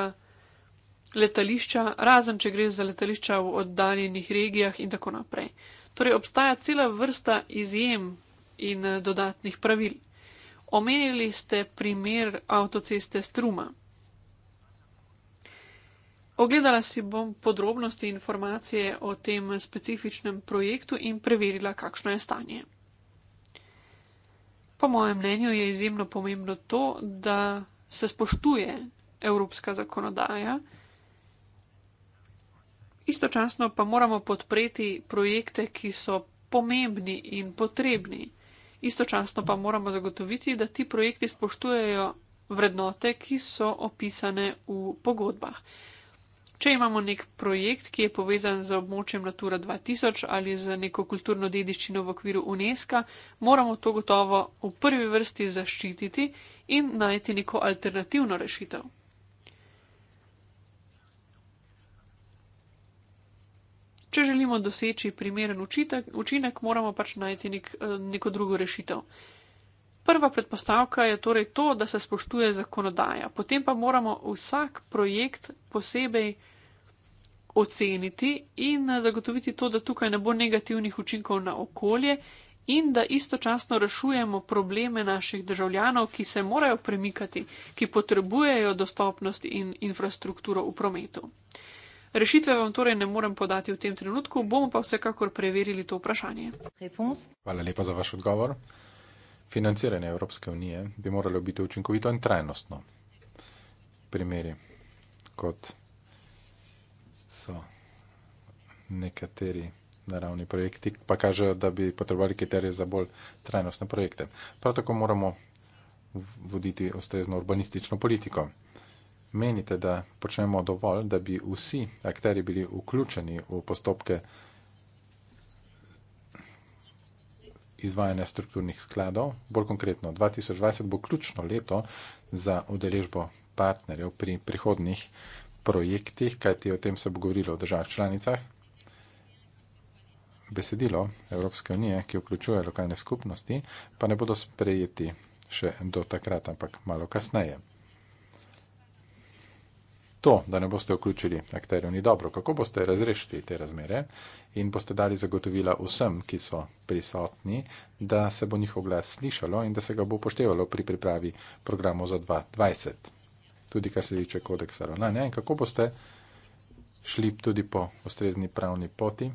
letališča, razen če gre za letališča v oddaljenih regijah in tako naprej. Torej obstaja cela vrsta izjem in eh, dodatnih pravil. Omenili ste primer avtoceste Struma. Ogledala si bom podrobnosti informacije o tem specifičnem projektu in preverila, kakšno je stanje. Po mojem mnenju je izjemno pomembno to, da se spoštuje evropska zakonodaja. Istočasno pa moramo podpreti projekte, ki so pomembni in potrebni. Istočasno pa moramo zagotoviti, da ti projekti spoštujejo vrednote, ki so opisane v pogodbah. Če imamo nek projekt, ki je povezan z območjem Natura 2000 ali z neko kulturno dediščino v okviru UNESCO, moramo to gotovo v prvi vrsti zaščititi in najti neko alternativno rešitev. Če želimo doseči primeren učitek, učinek, moramo pač najti nek, eh, neko drugo rešitev. Prva predpostavka je torej to, da se spoštuje zakonodaja. Potem pa moramo vsak projekt posebej oceniti in zagotoviti to, da tukaj ne bo negativnih učinkov na okolje in da istočasno rešujemo probleme naših državljanov, ki se morajo premikati, ki potrebujejo dostopnost in infrastrukturo v prometu. Rešitve vam torej ne morem podati v tem trenutku, bomo pa vsekakor preverili to vprašanje. Hvala lepa za vaš odgovor financiranje Evropske unije bi moralo biti učinkovito in trajnostno. Primeri, kot so nekateri naravni projekti, pa kažejo, da bi potrebovali kriterije za bolj trajnostne projekte. Prav tako moramo voditi ustrezno urbanistično politiko. Menite, da počnemo dovolj, da bi vsi akteri bili vključeni v postopke izvajanja strukturnih skladov. Bolj konkretno, 2020 bo ključno leto za udeležbo partnerjev pri prihodnih projektih, kajti o tem se bo govorilo v državah članicah. Besedilo Evropske unije, ki vključuje lokalne skupnosti, pa ne bodo sprejeti še do takrat, ampak malo kasneje. To, da ne boste vključili akterjev, ni dobro. Kako boste razrešili te razmere in boste dali zagotovila vsem, ki so prisotni, da se bo njihov glas slišalo in da se ga bo upoštevalo pri pripravi programov za 2020, tudi kar se tiče kodeksa ravnanja in kako boste šli tudi po ustrezni pravni poti,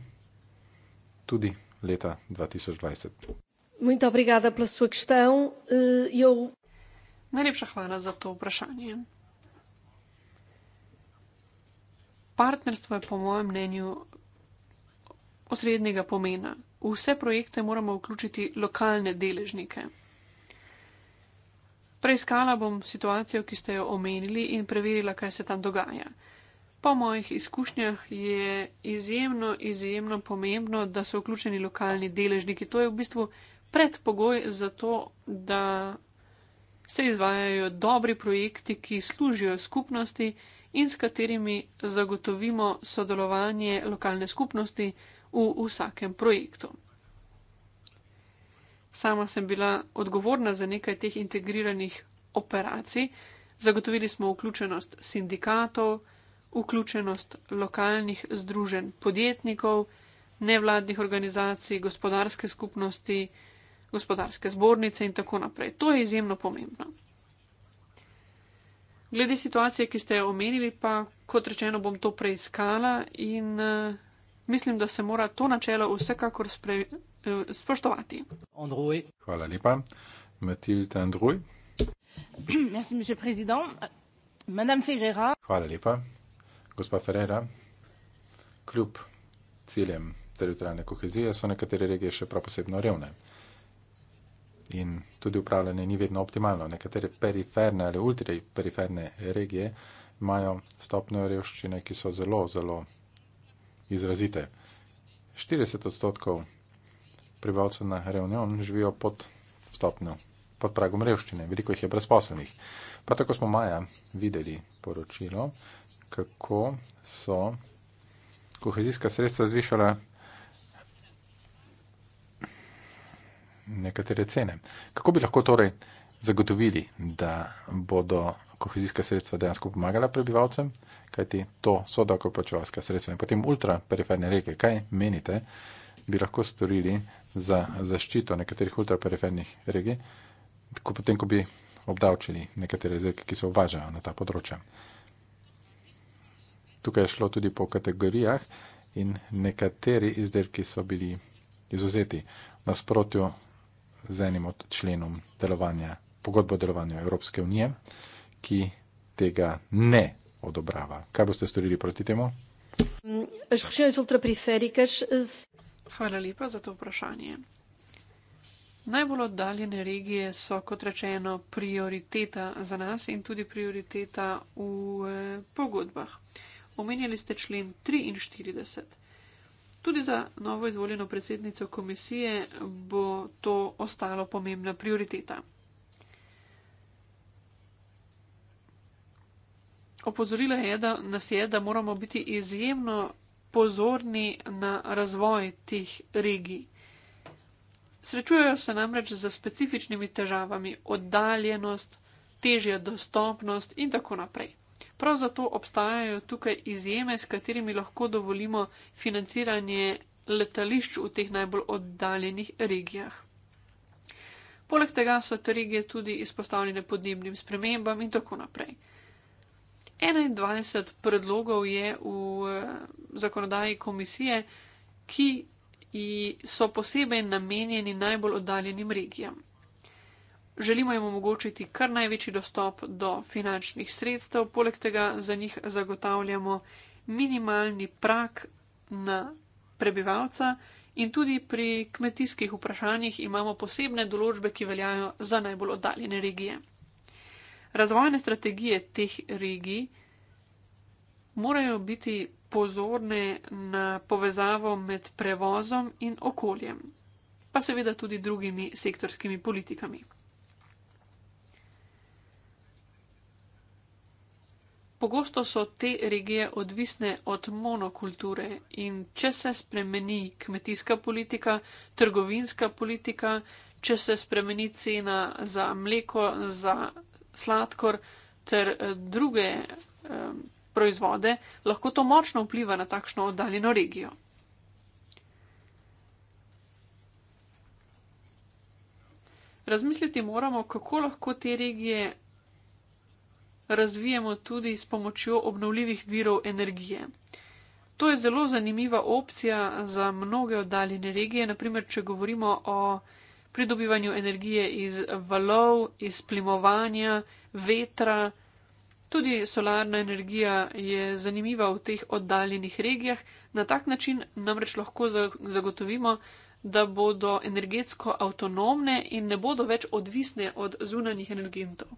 tudi leta 2020. Muito obrigada pela sua questão. Eh, eu... Najlepša hvala za to vprašanje. Partnerstvo je po mojem mnenju osrednjega pomena. V vse projekte moramo vključiti lokalne deležnike. Preiskala bom situacijo, ki ste jo omenili in preverila, kaj se tam dogaja. Po mojih izkušnjah je izjemno, izjemno pomembno, da so vključeni lokalni deležniki. To je v bistvu predpogoj za to, da se izvajajo dobri projekti, ki služijo skupnosti in s katerimi zagotovimo sodelovanje lokalne skupnosti v vsakem projektu. Sama sem bila odgovorna za nekaj teh integriranih operacij. Zagotovili smo vključenost sindikatov, vključenost lokalnih združenj podjetnikov, nevladnih organizacij, gospodarske skupnosti, gospodarske zbornice in tako naprej. To je izjemno pomembno. Glede situacije, ki ste jo omenili, pa kot rečeno bom to preiskala in uh, mislim, da se mora to načelo vsekakor spre, uh, spoštovati. Andruj. Hvala lepa. Matilda Andruj. Merci, monsieur président. Madame Ferreira. Hvala lepa. Gospa Ferreira, kljub ciljem teritorijalne kohezije so nekatere regije še prav posebno revne in tudi upravljanje ni vedno optimalno. Nekatere periferne ali ultraperiferne regije imajo stopnjo revščine, ki so zelo, zelo izrazite. 40 odstotkov prebivalcev na Reunion živijo pod stopnjo, pod pragom revščine, veliko jih je brezposobnih. Pa tako smo maja videli poročilo, kako so kohezijska sredstva zvišala nekatere cene. Kako bi lahko torej zagotovili, da bodo kohezijska sredstva dejansko pomagala prebivalcem, kajti to so davkoplačevalska sredstva in potem ultraperiferne reke, kaj menite, bi lahko storili za zaščito nekaterih ultraperifernih regij, tako potem, ko bi obdavčili nekatere reke, ki se uvažajo na ta področja. Tukaj je šlo tudi po kategorijah in nekateri izdelki so bili izuzeti. Nasprotju z enim od členom delovanja, pogodbo o delovanju Evropske unije, ki tega ne odobrava. Kaj boste storili proti temu? Hvala lepa za to vprašanje. Najbolj oddaljene regije so, kot rečeno, prioriteta za nas in tudi prioriteta v eh, pogodbah. Omenjali ste člen 43. Tudi za novo izvoljeno predsednico komisije bo to ostalo pomembna prioriteta. Opozorila je, da nas je, da moramo biti izjemno pozorni na razvoj teh regij. Srečujejo se namreč z specifičnimi težavami, oddaljenost, težja dostopnost in tako naprej. Prav zato obstajajo tukaj izjeme, s katerimi lahko dovolimo financiranje letališč v teh najbolj oddaljenih regijah. Poleg tega so te regije tudi izpostavljene podnebnim spremembam in tako naprej. 21 predlogov je v eh, zakonodaji komisije, ki so posebej namenjeni najbolj oddaljenim regijam. Želimo jim omogočiti kar največji dostop do finančnih sredstev, poleg tega za njih zagotavljamo minimalni prak na prebivalca in tudi pri kmetijskih vprašanjih imamo posebne določbe, ki veljajo za najbolj oddaljene regije. Razvojne strategije teh regij morajo biti pozorne na povezavo med prevozom in okoljem, pa seveda tudi drugimi sektorskimi politikami. Pogosto so te regije odvisne od monokulture in če se spremeni kmetijska politika, trgovinska politika, če se spremeni cena za mleko, za sladkor ter eh, druge eh, proizvode, lahko to močno vpliva na takšno oddaljeno regijo. Razmisliti moramo, kako lahko te regije razvijamo tudi s pomočjo obnovljivih virov energije. To je zelo zanimiva opcija za mnoge oddaljene regije, naprimer, če govorimo o pridobivanju energije iz valov, iz plimovanja, vetra. Tudi solarna energija je zanimiva v teh oddaljenih regijah. Na tak način namreč lahko zagotovimo, da bodo energetsko avtonomne in ne bodo več odvisne od zunanjih energentov.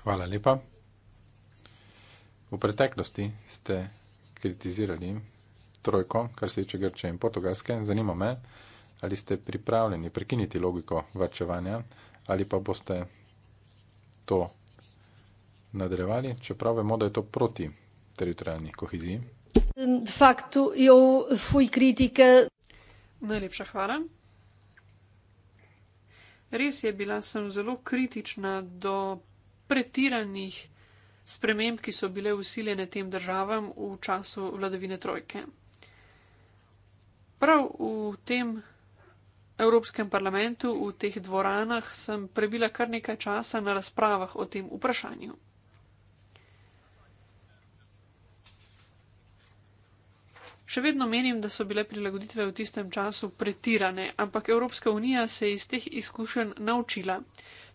Hvala lepa. V preteklosti ste kritizirali trojko, kar se tiče Grče in Portugalske. Zanima me, ali ste pripravljeni prekiniti logiko vrčevanja ali pa boste to nadrevali, čeprav vemo, da je to proti teritorijalni koheziji. De facto, jo fui kritike. Najlepša hvala. Res je, bila sem zelo kritična do pretiranih sprememb, ki so bile usiljene tem državam v času vladavine trojke. Prav v tem Evropskem parlamentu, v teh dvoranah, sem prebila kar nekaj časa na razpravah o tem vprašanju. Še vedno menim, da so bile prilagoditve v tistem času pretirane, ampak Evropska unija se je iz teh izkušenj naučila.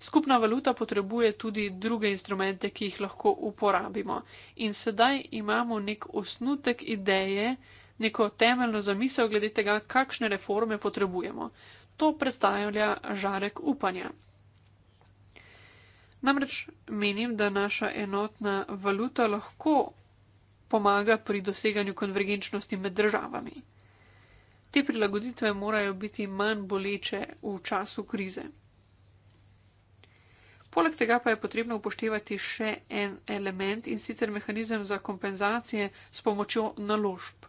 Skupna valuta potrebuje tudi druge instrumente, ki jih lahko uporabimo. In sedaj imamo nek osnutek ideje, neko temeljno zamisel glede tega, kakšne reforme potrebujemo. To predstavlja žarek upanja. Namreč menim, da naša enotna valuta lahko pomaga pri doseganju konvergenčnosti med državami. Te prilagoditve morajo biti manj boleče v času krize. Poleg tega pa je potrebno upoštevati še en element in sicer mehanizem za kompenzacije s pomočjo naložb.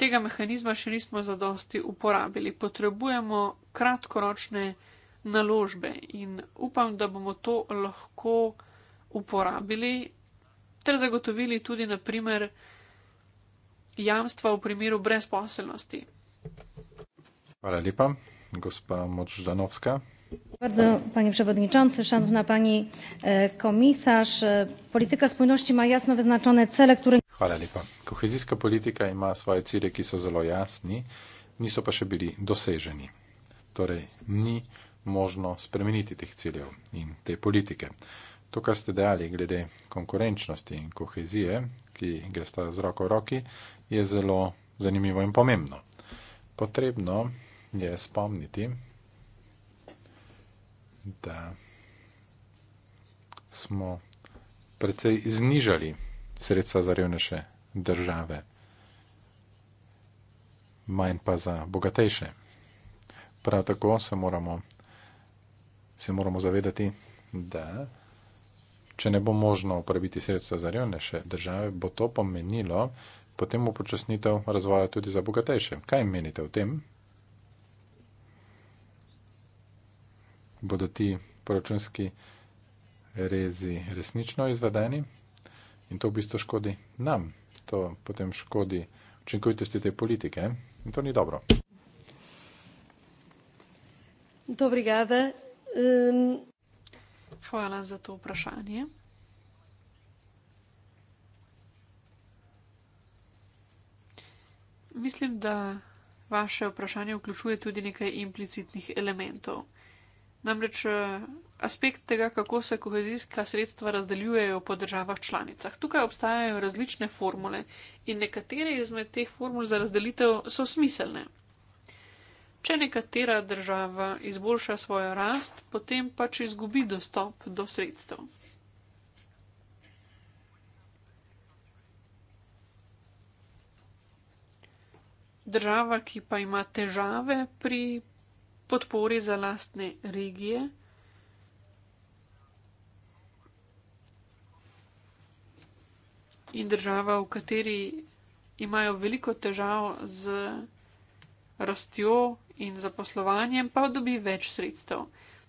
Tega mehanizma še nismo zadosti uporabili. Potrebujemo kratkoročne naložbe in upam, da bomo to lahko uporabili, ter zagotovili tudi, naprimer, jamstva v primeru brezposelnosti. Hvala lepa, gospa Močdanovska. Bardzo panie przewodniczący, szanowna pani e, komisarz, e, polityka spójności ma jasno wyznaczone cele, które Hvala lepa. Kohezijska politika ima svoje cilje, ki so zelo jasni, niso pa še bili doseženi. Torej, ni možno spremeniti teh ciljev in te politike to, kar ste dejali glede konkurenčnosti in kohezije, ki gre sta z roko v roki, je zelo zanimivo in pomembno. Potrebno je spomniti, da smo precej znižali sredstva za revnejše države, manj pa za bogatejše. Prav tako se moramo, se moramo zavedati, da če ne bo možno uporabiti sredstva za revnejše države, bo to pomenilo potem upočasnitev razvoja tudi za bogatejše. Kaj menite o tem? Bodo ti proračunski rezi resnično izvedeni in to v bistvu škodi nam, to potem škodi učinkovitosti te politike in to ni dobro. Dobrigada. Um... Hvala za to vprašanje. Mislim, da vaše vprašanje vključuje tudi nekaj implicitnih elementov. Namreč eh, aspekt tega, kako se kohezijska sredstva razdeljujejo po državah članicah. Tukaj obstajajo različne formule in nekatere izmed teh formul za razdelitev so smiselne. Če nekatera država izboljša svojo rast, potem pač izgubi dostop do sredstev. Država, ki pa ima težave pri podpori za lastne regije, in država, v kateri imajo veliko težav z rastjo in zaposlovanjem, pa dobi več sredstev.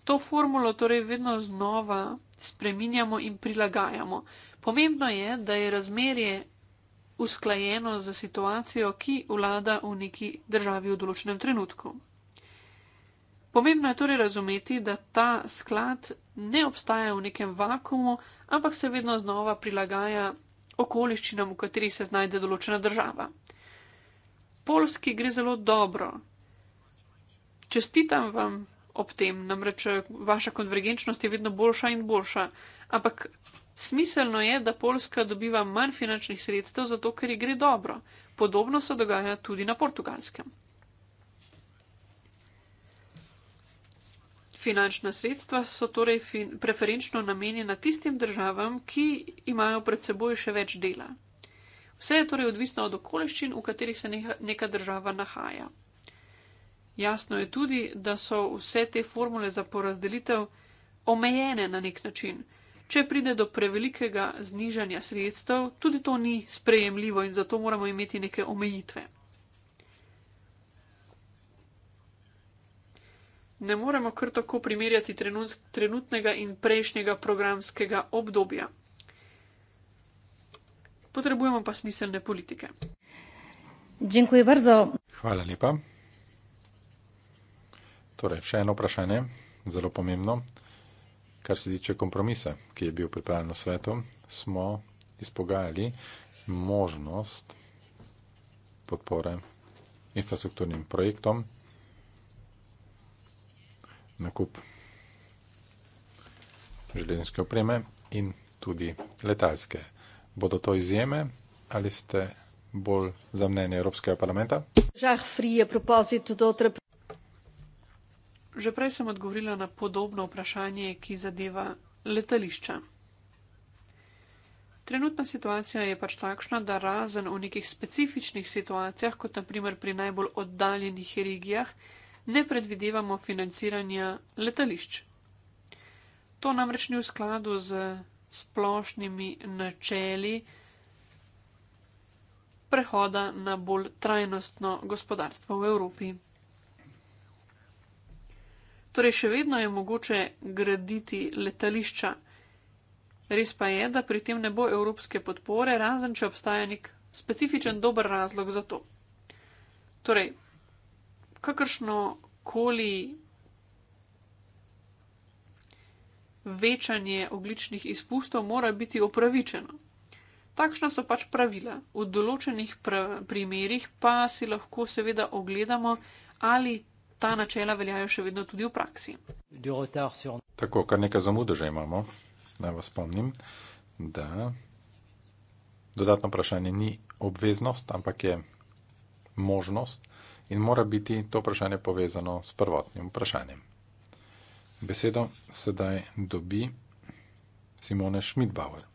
To formulo torej vedno znova spreminjamo in prilagajamo. Pomembno je, da je razmerje usklajeno z situacijo, ki vlada v neki državi v določenem trenutku. Pomembno je torej razumeti, da ta sklad ne obstaja v nekem vakumu, ampak se vedno znova prilagaja okoliščinam, v kateri se znajde določena država. Polski gre zelo dobro, čestitam vam ob tem, namreč eh, vaša konvergenčnost je vedno boljša in boljša. Ampak smiselno je, da Poljska dobiva manj finančnih sredstev, zato ker ji gre dobro. Podobno se dogaja tudi na portugalskem. Finančna sredstva so torej preferenčno namenjena tistim državam, ki imajo pred seboj še več dela. Vse je torej odvisno od okoliščin, v katerih se neka država nahaja. Jasno je tudi, da so vse te formule za porazdelitev omejene na nek način. Če pride do prevelikega znižanja sredstev, tudi to ni sprejemljivo in zato moramo imeti neke omejitve. Ne moremo kar tako primerjati trenutnega in prejšnjega programskega obdobja. Potrebujemo pa smiselne politike. Dziękuję bardzo. Chwala lipa. Torej, še eno vprašanje, zelo pomembno, kar se tiče kompromisa, ki je bil pripravljen na svetu, smo izpogajali možnost podpore infrastrukturnim projektom, nakup železniške opreme in tudi letalske. Bodo to izjeme ali ste bolj za mnenje Evropskega parlamenta? Že prej sem odgovorila na podobno vprašanje, ki zadeva letališča. Trenutna situacija je pač takšna, da razen v nekih specifičnih situacijah, kot naprimer pri najbolj oddaljenih regijah, ne predvidevamo financiranja letališč. To namreč ni v skladu z splošnimi načeli prehoda na bolj trajnostno gospodarstvo v Evropi. Torej, še vedno je mogoče graditi letališča. Res pa je, da pri tem ne bo evropske podpore, razen če obstaja nek specifičen dober razlog za to. Torej, kakršno koli večanje ogličnih izpustov mora biti opravičeno. Takšna so pač pravila. V določenih pr primerjih pa si lahko seveda ogledamo, ali ta načela veljajo še vedno tudi v praksi. Tako, kar nekaj zamude že imamo, naj vas spomnim, da dodatno vprašanje ni obveznost, ampak je možnost in mora biti to vprašanje povezano s prvotnim vprašanjem. Besedo sedaj dobi Simone Schmidbauer.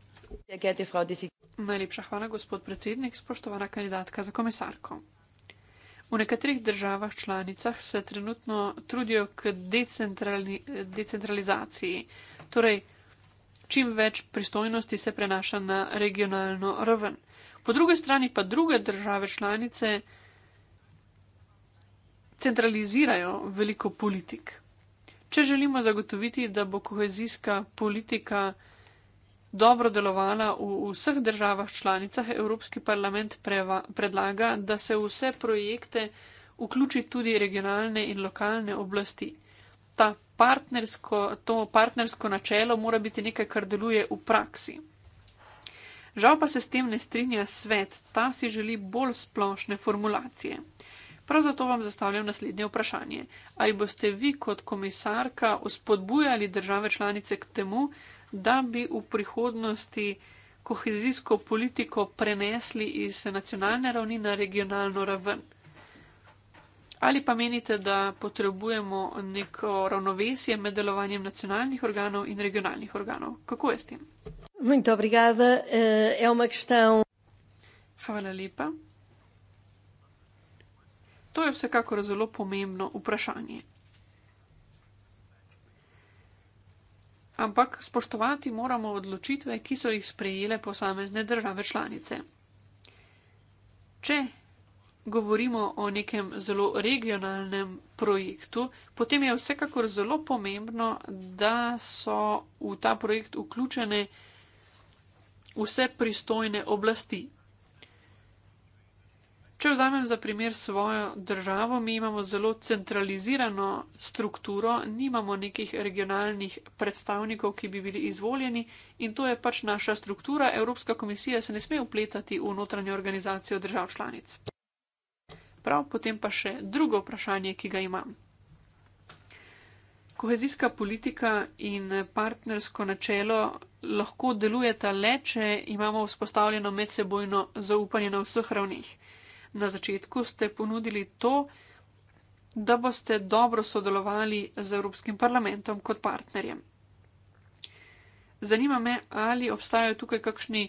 Najlepša hvala, gospod predsednik, spoštovana kandidatka za komisarko. V nekaterih državah članicah se trenutno trudijo k decentrali, decentralizaciji, torej čim več pristojnosti se prenaša na regionalno raven. Po drugi strani pa druge države članice centralizirajo veliko politik. Če želimo zagotoviti, da bo kohezijska politika dobro delovala v vseh državah članicah, Evropski parlament preva, predlaga, da se v vse projekte vključi tudi regionalne in lokalne oblasti. Partnersko, to partnersko načelo mora biti nekaj, kar deluje v praksi. Žal pa se s tem ne strinja svet, ta si želi bolj splošne formulacije. Prav zato vam zastavljam naslednje vprašanje. Ali boste vi kot komisarka uspodbujali države članice k temu, da bi v prihodnosti kohezijsko politiko prenesli iz nacionalne ravni na regionalno raven. Ali pa menite, da potrebujemo neko ravnovesje med delovanjem nacionalnih organov in regionalnih organov? Kako je s tem? Eh, Hvala lepa. To je vsekakor zelo pomembno vprašanje. ampak spoštovati moramo odločitve, ki so jih sprejele posamezne države članice. Če govorimo o nekem zelo regionalnem projektu, potem je vsekakor zelo pomembno, da so v ta projekt vključene vse pristojne oblasti, Če vzamem za primer svojo državo, mi imamo zelo centralizirano strukturo, nimamo nekih regionalnih predstavnikov, ki bi bili izvoljeni in to je pač naša struktura. Evropska komisija se ne sme upletati v notranjo organizacijo držav članic. Prav potem pa še drugo vprašanje, ki ga imam. Kohezijska politika in partnersko načelo lahko delujeta le, če imamo vzpostavljeno medsebojno zaupanje na vseh ravnih. Na začetku ste ponudili to, da boste dobro sodelovali z Evropskim parlamentom kot partnerjem. Zanima me, ali obstajajo tukaj kakšni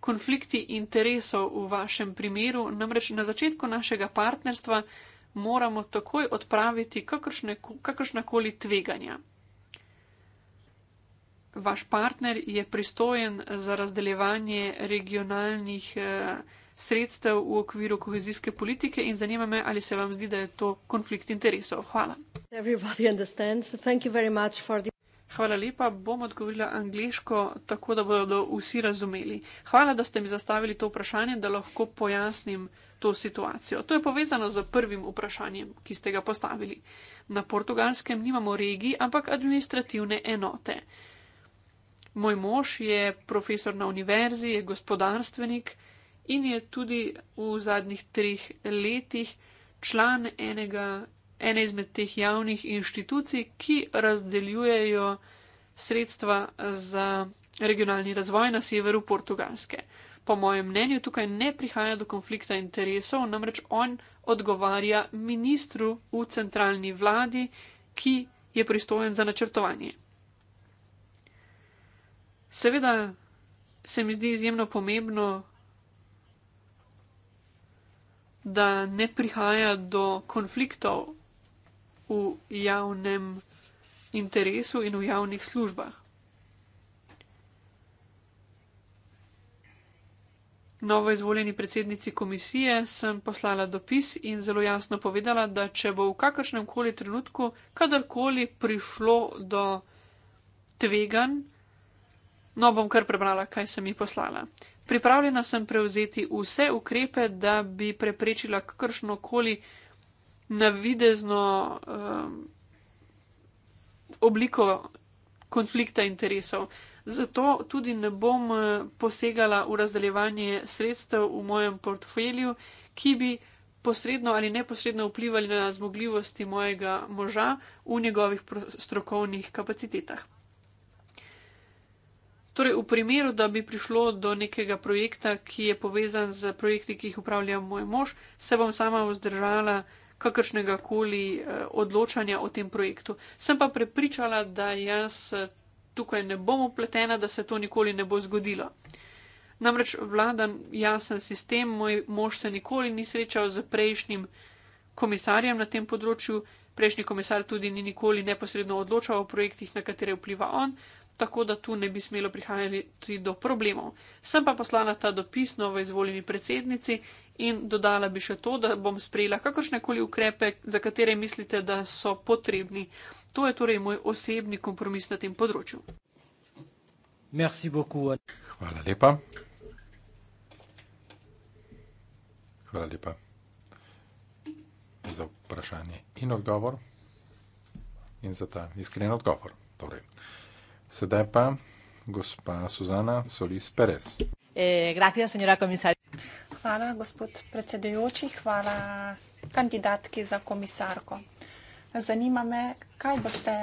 konflikti interesov v vašem primeru. Namreč na začetku našega partnerstva moramo takoj odpraviti kakršne, kakršnakoli tveganja. Vaš partner je pristojen za razdeljevanje regionalnih eh, sredstev v okviru kohezijske politike in zanima me, ali se vam zdi, da je to konflikt interesov. Hvala. Hvala lepa, bom odgovorila angliško, tako da bodo vsi razumeli. Hvala, da ste mi zastavili to vprašanje, da lahko pojasnim to situacijo. To je povezano z prvim vprašanjem, ki ste ga postavili. Na portugalskem nimamo regij, ampak administrativne enote. Moj mož je profesor na univerzi, je gospodarstvenik in je tudi v zadnjih treh letih član enega, ene izmed teh javnih inštitucij, ki razdeljujejo sredstva za regionalni razvoj na severu Portugalske. Po mojem mnenju tukaj ne prihaja do konflikta interesov, namreč on odgovarja ministru v centralni vladi, ki je pristojen za načrtovanje. Seveda se mi zdi izjemno pomembno, da ne prihaja do konfliktov v javnem interesu in v javnih službah. Novo izvoljeni predsednici komisije sem poslala dopis in zelo jasno povedala, da če bo v kakršnem koli trenutku, kadarkoli prišlo do tveganj, no bom kar prebrala, kaj sem ji poslala pripravljena sem prevzeti vse ukrepe, da bi preprečila kakršno koli navidezno um, obliko konflikta interesov. Zato tudi ne bom eh, posegala v razdeljevanje sredstev v mojem portfelju, ki bi posredno ali neposredno vplivali na zmogljivosti mojega moža v njegovih strokovnih kapacitetah. Torej, v primeru, da bi prišlo do nekega projekta, ki je povezan z projekti, ki jih upravlja moj mož, se bom sama vzdržala kakršnega koli eh, odločanja o tem projektu. Sem pa prepričala, da jaz eh, tukaj ne bom upletena, da se to nikoli ne bo zgodilo. Namreč vladan jasen sistem, moj mož se nikoli ni srečal z prejšnjim komisarjem na tem področju, prejšnji komisar tudi ni nikoli neposredno odločal o projektih, na katere vpliva on, tako da tu ne bi smelo prihajati do problemov. Sem pa poslala ta dopis novo izvoljeni predsednici in dodala bi še to, da bom sprejela kakršnekoli ukrepe, za katere mislite, da so potrebni. To je torej moj osebni kompromis na tem področju. Hvala lepa. Hvala lepa za vprašanje in odgovor in za ta iskren odgovor. Torej. Sedaj pa gospa Suzana Solis Perez. Eh, hvala, gospod predsedujoči, hvala kandidatki za komisarko. Zanima me, kaj boste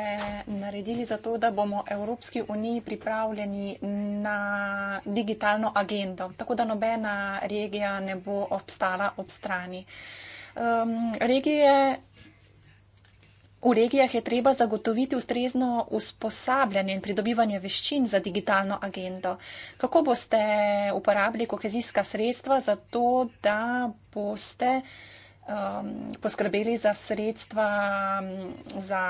naredili za to, da bomo Evropski uniji pripravljeni na digitalno agendo, tako da nobena regija ne bo obstala ob strani. Um, regije V regijah je treba zagotoviti ustrezno usposabljanje in pridobivanje veščin za digitalno agendo. Kako boste uporabili kohezijska sredstva za to, da boste um, poskrbeli za sredstva um, za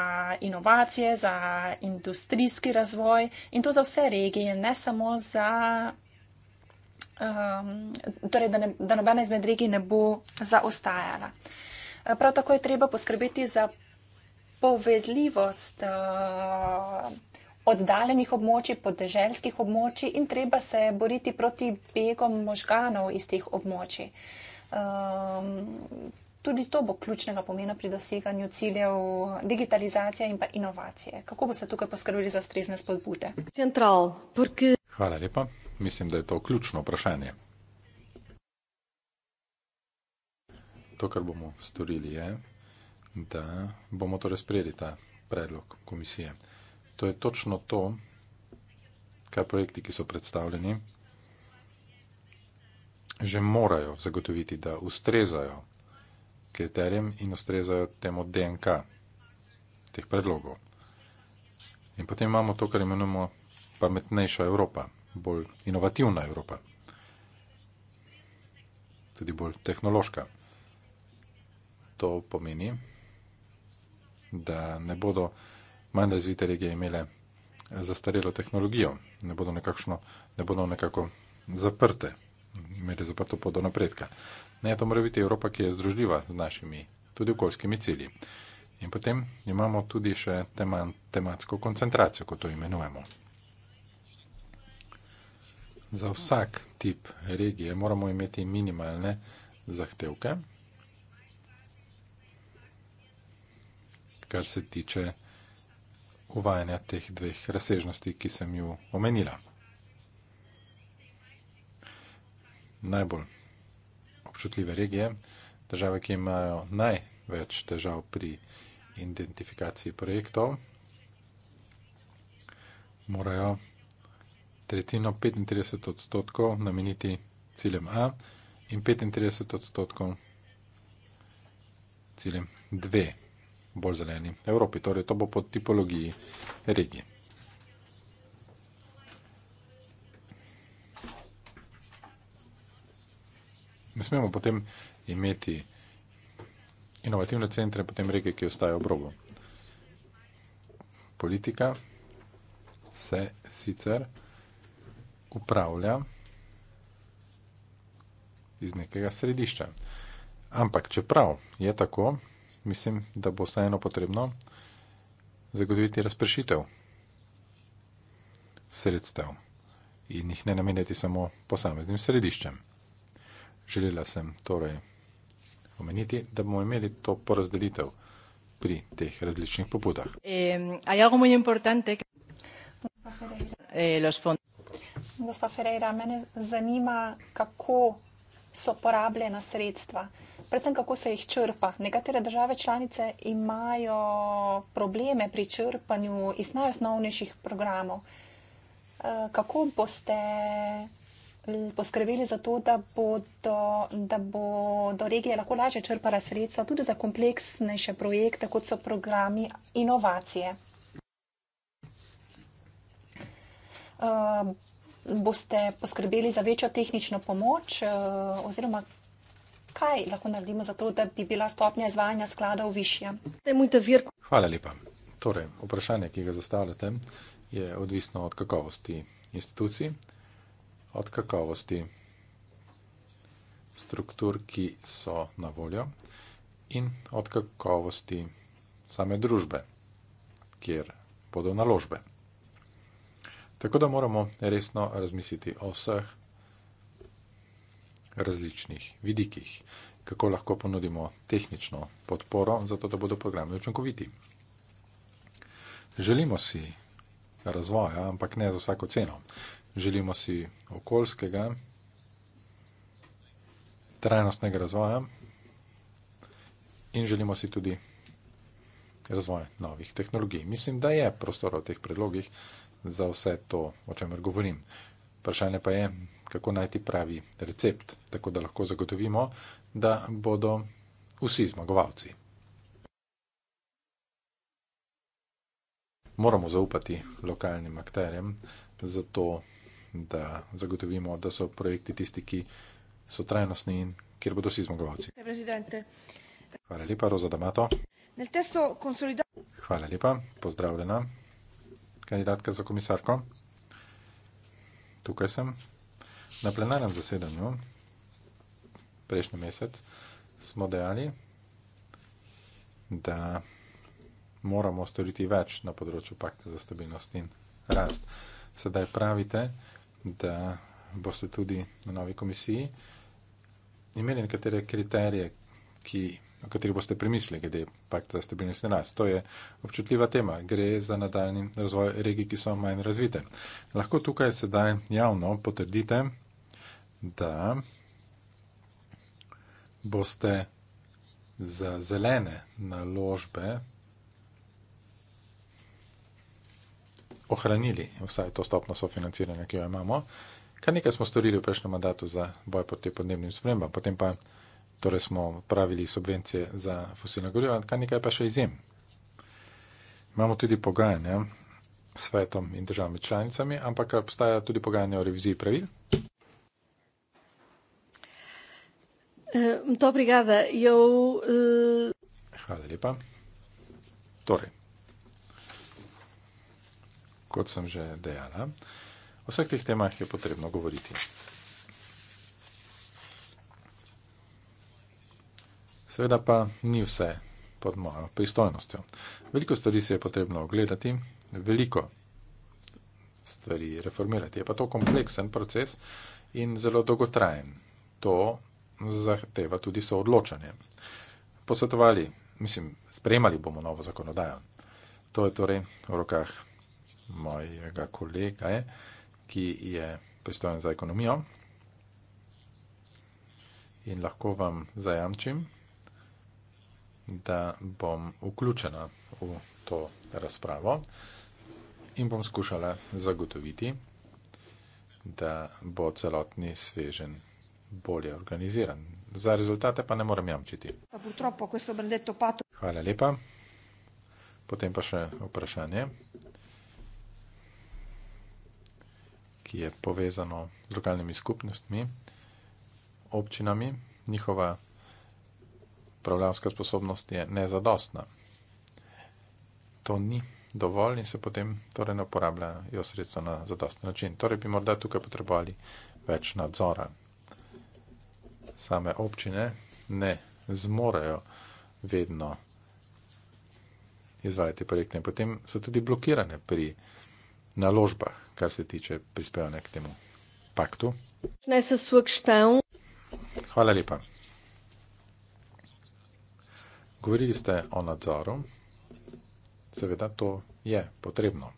inovacije, za industrijski razvoj in to za vse regije, ne samo za. Um, torej, da, ne, da nobena izmed regij ne bo zaostajala. Prav tako je treba poskrbeti za povezljivost eh, oddaljenih območij, podeželskih območij in treba se boriti proti begom možganov iz teh območij. Ehm, tudi to bo ključnega pomena pri doseganju ciljev digitalizacije in pa inovacije. Kako boste tukaj poskrbeli za ustrezne spodbude? Hvala lepa. Mislim, da je to ključno vprašanje. To, kar bomo storili, je, da bomo torej sprejeli ta predlog komisije. To je točno to, kar projekti, ki so predstavljeni, že morajo zagotoviti, da ustrezajo kriterijem in ustrezajo temu DNK teh predlogov. In potem imamo to, kar imenujemo pametnejša Evropa, bolj inovativna Evropa, tudi bolj tehnološka. To pomeni, da ne bodo manj razvite regije imele zastarelo tehnologijo, ne bodo, nekakšno, ne bodo nekako zaprte, imeli zaprto pot do napredka. Ne, to mora biti Evropa, ki je združljiva z našimi tudi okoljskimi cilji. In potem imamo tudi še tema, tematsko koncentracijo, kot to imenujemo. Za vsak tip regije moramo imeti minimalne zahtevke. kar se tiče uvajanja teh dveh razsežnosti, ki sem ju omenila. Najbolj občutljive regije, države, ki imajo največ težav pri identifikaciji projektov, morajo tretjino 35 odstotkov nameniti ciljem A in 35 odstotkov ciljem 2 bolj zeleni Evropi. Torej, to bo po tipologiji regije. Ne smemo potem imeti inovativne centre, potem regije, ki ostaje ob robu. Politika se sicer upravlja iz nekega središča. Ampak, čeprav je tako, mislim, da bo vseeno potrebno zagotoviti razpršitev sredstev in jih ne namenjati samo posameznim središčem. Želela sem torej omeniti, da bomo imeli to porazdelitev pri teh različnih pobudah. Eh, Gospa Ferreira, mene zanima, kako so porabljena sredstva predvsem kako se jih črpa. Nekatere države članice imajo probleme pri črpanju iz najosnovnejših programov. Eh, kako boste eh, poskrbeli za to, da bodo, da bodo regije lahko lažje črpala sredstva tudi za kompleksnejše projekte, kot so programi inovacije? Eh, boste poskrbeli za večjo tehnično pomoč oziroma kaj lahko naredimo za to, da bi bila stopnja izvajanja skladov višja? Hvala lepa. Torej, vprašanje, ki ga zastavljate, je odvisno od kakovosti institucij, od kakovosti struktur, ki so na voljo in od kakovosti same družbe, kjer bodo naložbe. Tako da moramo resno razmisliti o vseh različnih vidikih, kako lahko ponudimo tehnično podporo, zato da bodo programi učinkoviti. Želimo si razvoja, ampak ne za vsako ceno. Želimo si okoljskega, trajnostnega razvoja in želimo si tudi razvoj novih tehnologij. Mislim, da je prostor v teh predlogih za vse to, o čemer govorim vprašanje pa je, kako najti pravi recept, tako da lahko zagotovimo, da bodo vsi zmagovalci. Moramo zaupati lokalnim akterjem, zato da zagotovimo, da so projekti tisti, ki so trajnostni in kjer bodo vsi zmagovalci. Hvala lepa, Roza Damato. Hvala lepa, pozdravljena kandidatka za komisarko tukaj sem na plenarnem zasedanju. Prejšnji mesec smo dejali, da moramo storiti več na področju pakta za stabilnost in rast. Sedaj pravite, da boste tudi na novi komisiji imeli nekatere kriterije, ki o kateri boste premislili, glede pakta stabilnosti nas. To je občutljiva tema. Gre za nadaljni razvoj regij, ki so manj razvite. Lahko tukaj sedaj javno potrdite, da boste za zelene naložbe ohranili vsaj to stopno sofinanciranja, ki jo imamo. Kar nekaj smo storili v prejšnjem mandatu za boj proti podnebnim spremembam, potem pa torej smo pravili subvencije za fosilna goriva, kar nekaj pa še izjem. Imamo tudi pogajanja s svetom in državami članicami, ampak obstaja tudi pogajanja o reviziji pravil. Eh, to brigada, jo. Eh, Hvala lepa. Torej, kot sem že dejala, o vseh teh temah je potrebno govoriti. Seveda pa ni vse pod mojo pristojnostjo. Veliko stvari se je potrebno ogledati, veliko stvari reformirati. Je pa to kompleksen proces in zelo dolgotrajen. To zahteva tudi soodločanje. Posvetovali, mislim, sprejemali bomo novo zakonodajo. To je torej v rokah mojega kolega, ki je pristojen za ekonomijo. In lahko vam zajamčim, da bom vključena v to razpravo in bom skušala zagotoviti, da bo celotni svežen bolje organiziran. Za rezultate pa ne morem jamčiti. Hvala lepa. Potem pa še vprašanje, ki je povezano z lokalnimi skupnostmi, občinami, njihova upravljanska sposobnost je nezadostna. To ni dovolj in se potem torej ne uporabljajo sredstva na zadostni način. Torej bi morda tukaj potrebovali več nadzora. Same občine ne zmorejo vedno izvajati projekte in potem so tudi blokirane pri naložbah, kar se tiče prispevanja k temu paktu. Hvala lepa. Govorili ste o nadzoru, seveda to je potrebno.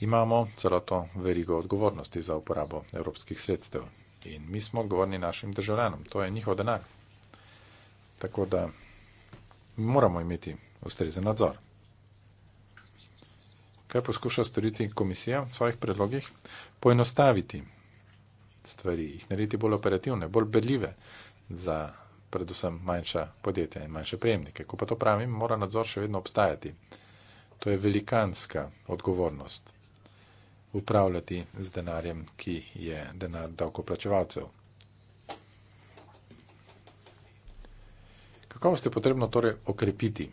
Imamo celoto verigo odgovornosti za uporabo evropskih sredstev in mi smo odgovorni našim državljanom, to je njihov denar. Tako da moramo imeti ustrezen nadzor. Kaj poskuša storiti komisija v svojih predlogih? Poenostaviti stvari, jih narediti bolj operativne, bolj berljive za predvsem manjša podjetja in manjše prejemnike. Ko pa to pravim, mora nadzor še vedno obstajati. To je velikanska odgovornost upravljati z denarjem, ki je denar davkoplačevalcev. Kakovost je potrebno torej okrepiti.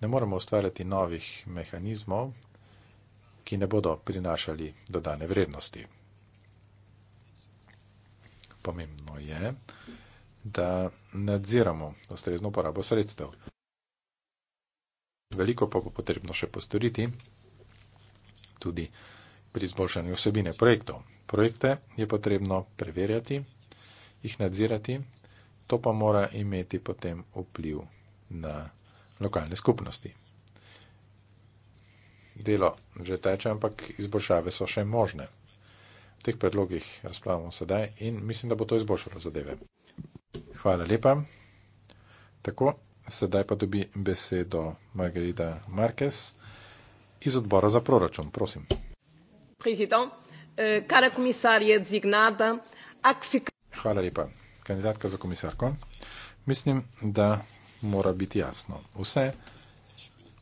Ne moremo ustvarjati novih mehanizmov, ki ne bodo prinašali dodane vrednosti pomembno je, da nadziramo ustrezno porabo sredstev. Veliko pa bo potrebno še postoriti tudi pri izboljšanju vsebine projektov. Projekte je potrebno preverjati, jih nadzirati, to pa mora imeti potem vpliv na lokalne skupnosti. Delo že teče, ampak izboljšave so še možne teh predlogih razpravljamo sedaj in mislim, da bo to izboljšalo zadeve. Hvala lepa. Tako, sedaj pa dobi besedo Margarita Marquez iz odbora za proračun. Prosim. Prezident, kara eh, komisar je zignada. Hvala lepa. Kandidatka za komisarko. Mislim, da mora biti jasno. Vse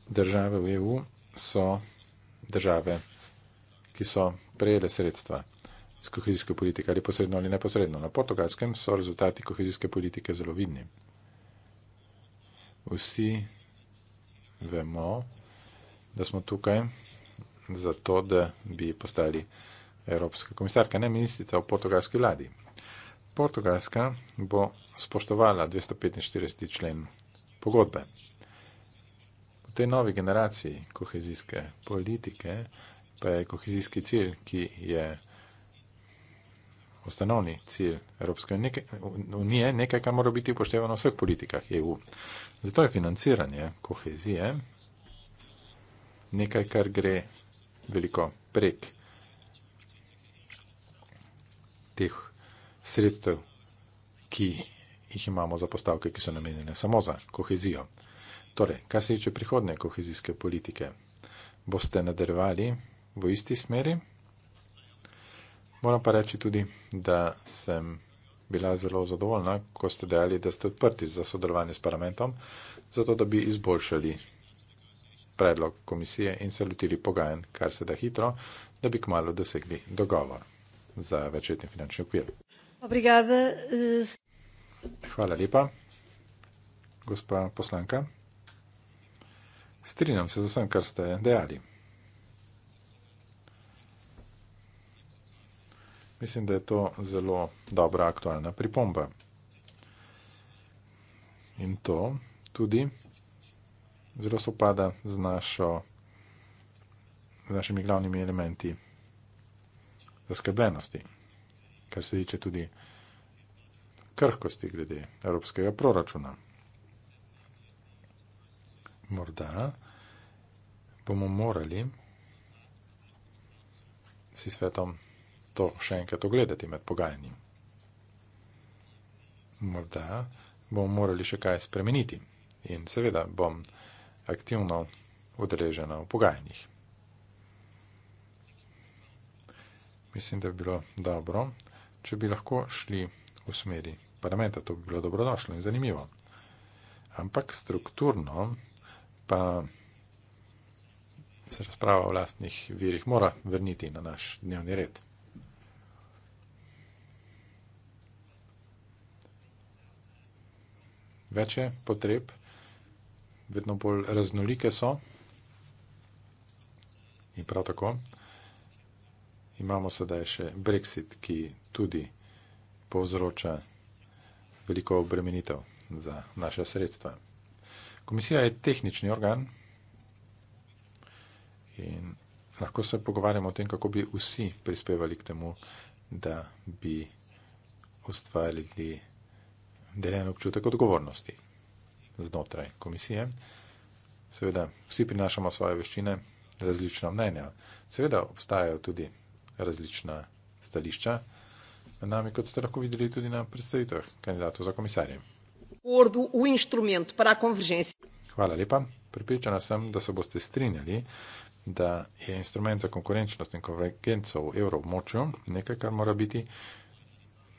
države v EU so države, ki so prejele sredstva iz kohezijske politike ali posredno ali neposredno. Na portugalskem so rezultati kohezijske politike zelo vidni. Vsi vemo, da smo tukaj zato, da bi postali Evropska komisarka, ne ministrica v portugalski vladi. Portugalska bo spoštovala 245. člen pogodbe. V tej novi generaciji kohezijske politike pa je kohezijski cilj, ki je vsega, osnovni cilj Evropske unije, nekaj, kar mora biti upoštevano v vseh politikah EU. Zato je financiranje kohezije nekaj, kar gre veliko prek teh sredstev, ki jih imamo za postavke, ki so namenjene samo za kohezijo. Torej, kar se tiče prihodne kohezijske politike, boste nadaljevali v isti smeri. Moram pa reči tudi, da sem bila zelo zadovoljna, ko ste dejali, da ste odprti za sodelovanje s parlamentom, zato da bi izboljšali predlog komisije in se lotili pogajen, kar se da hitro, da bi kmalo dosegli dogovor za večetni finančni okvir. Obrigada. Eh, Hvala lepa, gospa poslanka. Strinjam se z vsem, kar ste dejali. Mislim, da je to zelo dobra aktualna pripomba. In to tudi zelo sopada z, našo, z našimi glavnimi elementi zaskrbljenosti, kar se tiče tudi krhkosti glede evropskega proračuna. Morda bomo morali si svetom to še enkrat ogledati med pogajanjem. Morda bomo morali še kaj spremeniti in seveda bom aktivno udeležena v pogajanjih. Mislim, da bi bilo dobro, če bi lahko šli v smeri parlamenta, to bi bilo dobrodošlo in zanimivo. Ampak strukturno pa se razprava o lastnih virih mora vrniti na naš dnevni red. več je potreb, vedno bolj raznolike so. In prav tako imamo sedaj še Brexit, ki tudi povzroča veliko obremenitev za naše sredstva. Komisija je tehnični organ in lahko se pogovarjamo o tem, kako bi vsi prispevali k temu, da bi ustvarili deljen občutek odgovornosti znotraj komisije. Seveda, vsi prinašamo svoje veščine, različna mnenja. Seveda, obstajajo tudi različna stališča med nami, kot ste lahko videli tudi na predstavitvah kandidatov za komisarje. Hvala lepa. Pripričana sem, da se boste strinjali, da je instrument za konkurenčnost in konvergenco v evroobmočju nekaj, kar mora biti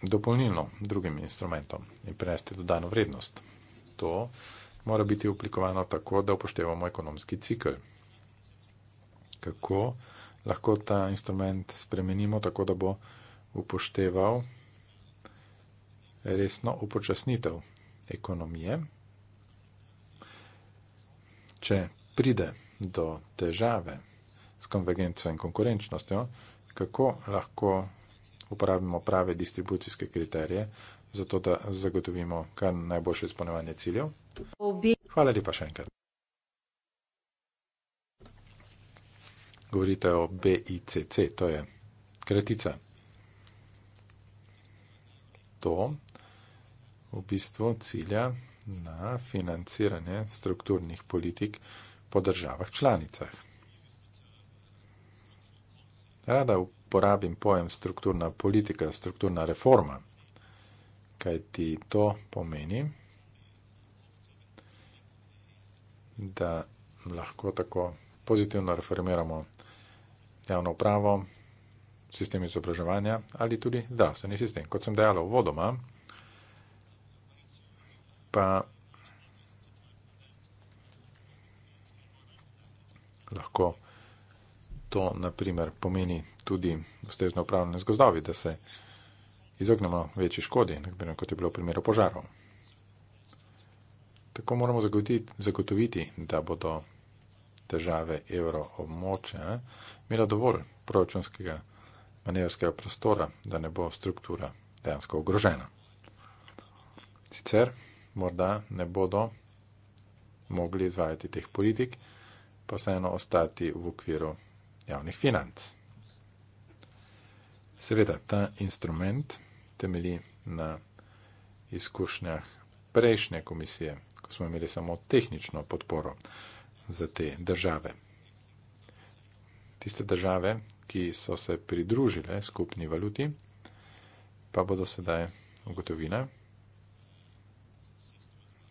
dopolnilno drugim instrumentom in prinesti dodano vrednost. To mora biti oblikovano tako, da upoštevamo ekonomski cikl. Kako lahko ta instrument spremenimo tako, da bo upošteval resno upočasnitev ekonomije, če pride do težave s konvergenco in konkurenčnostjo, kako lahko uporabimo prave distribucijske kriterije, zato da zagotovimo kar najboljše izpolnevanje ciljev. Hvala lepa še enkrat. Govorite o BICC, to je kratica. To v bistvu cilja na financiranje strukturnih politik po državah članicah. Rada uporabim pojem strukturna politika, strukturna reforma, kaj ti to pomeni, da lahko tako pozitivno reformiramo javno upravo, sistem izobraževanja ali tudi zdravstveni sistem. Kot sem dejala vodoma, pa lahko to naprimer pomeni tudi ustrezno upravljanje z gozdovi, da se izognemo večji škodi, naprimer, kot je bilo v primeru požarov. Tako moramo zagotoviti, da bodo države evroobmoče imela dovolj proračunskega manevrskega prostora, da ne bo struktura dejansko ogrožena. Sicer morda ne bodo mogli izvajati teh politik, pa vseeno ostati v okviru javnih financ. Seveda, ta instrument temelji na izkušnjah prejšnje komisije, ko smo imeli samo tehnično podporo za te države. Tiste države, ki so se pridružile skupni valuti, pa bodo sedaj ugotovile,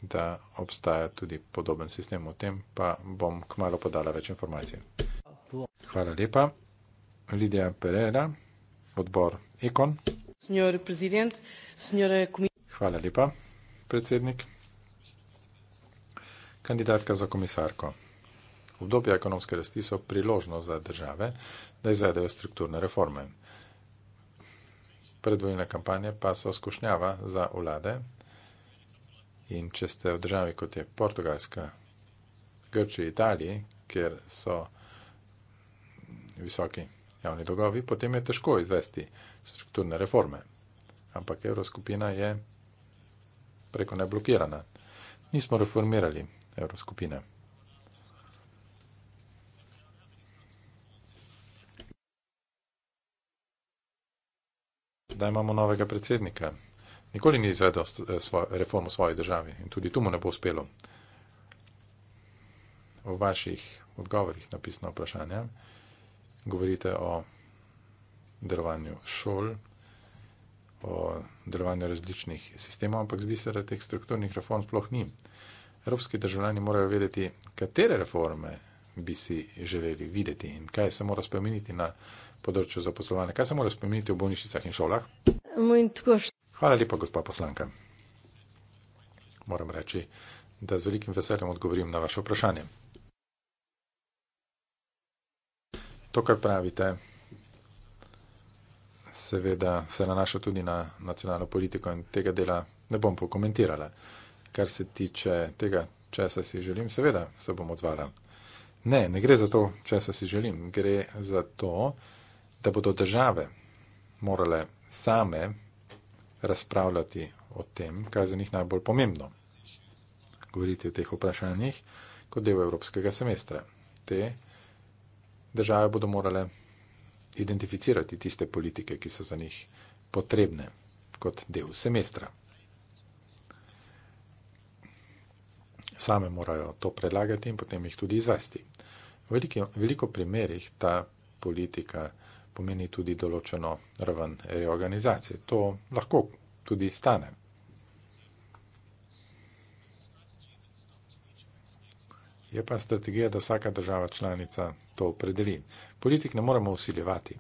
da obstaja tudi podoben sistem. O tem pa bom kmalo podala več informacij. Hvala lepa. Lidija Pereira, odbor Ekon. Hvala lepa, predsednik. Kandidatka za komisarko. Obdobje ekonomske rasti so priložnost za države, da izvedejo strukturne reforme. Predvoljne kampanje pa so skušnjava za vlade in če ste v državi kot je Portugalska, Grčija, Italija, kjer so visoki javni dolgovi, potem je težko izvesti strukturne reforme. Ampak evroskupina je preko neblokirana. Nismo reformirali evroskupine. Da imamo novega predsednika. Nikoli ni izvedel eh, reform v svoji državi in tudi tu mu ne bo uspelo. V vaših odgovorih na pisna vprašanja govorite o delovanju šol, o delovanju različnih sistemov, ampak zdi se, da teh strukturnih reform sploh ni. Evropski državljani morajo vedeti, katere reforme bi si želeli videti in kaj se mora spremeniti na področju zaposlovanja, kaj se mora spremeniti v bolnišnicah in šolah. Hvala lepa, gospa poslanka. Moram reči, da z velikim veseljem odgovorim na vaše vprašanje. To, kar pravite, seveda se nanaša tudi na nacionalno politiko in tega dela ne bom pokomentirala. Kar se tiče tega, česa si želim, seveda se bom odvala. Ne, ne gre za to, česa si želim. Gre za to, da bodo države morale same razpravljati o tem, kaj je za njih najbolj pomembno. Govoriti o teh vprašanjih kot del evropskega semestra. Te vprašanje države bodo morale identificirati tiste politike, ki so za njih potrebne kot del semestra. Same morajo to predlagati in potem jih tudi izvesti. V veliki, veliko primerjih ta politika pomeni tudi določeno raven reorganizacije. To lahko tudi stane. je pa strategija, da vsaka država članica to opredeli. Politik ne moramo usiljevati.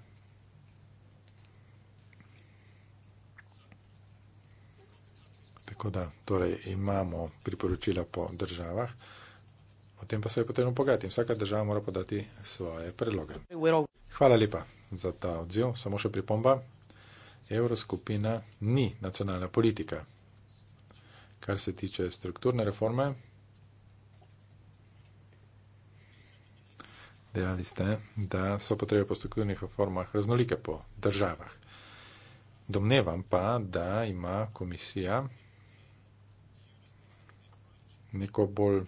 Tako da torej, imamo priporočila po državah, o tem pa se je potrebno pogajati. Vsaka država mora podati svoje predloge. Hvala lepa za ta odziv. Samo še pripomba. Evroskupina ni nacionalna politika. Kar se tiče strukturne reforme, Dejali ste, da so potrebe po strukturnih reformah raznolike po državah. Domnevam pa, da ima komisija neko bolj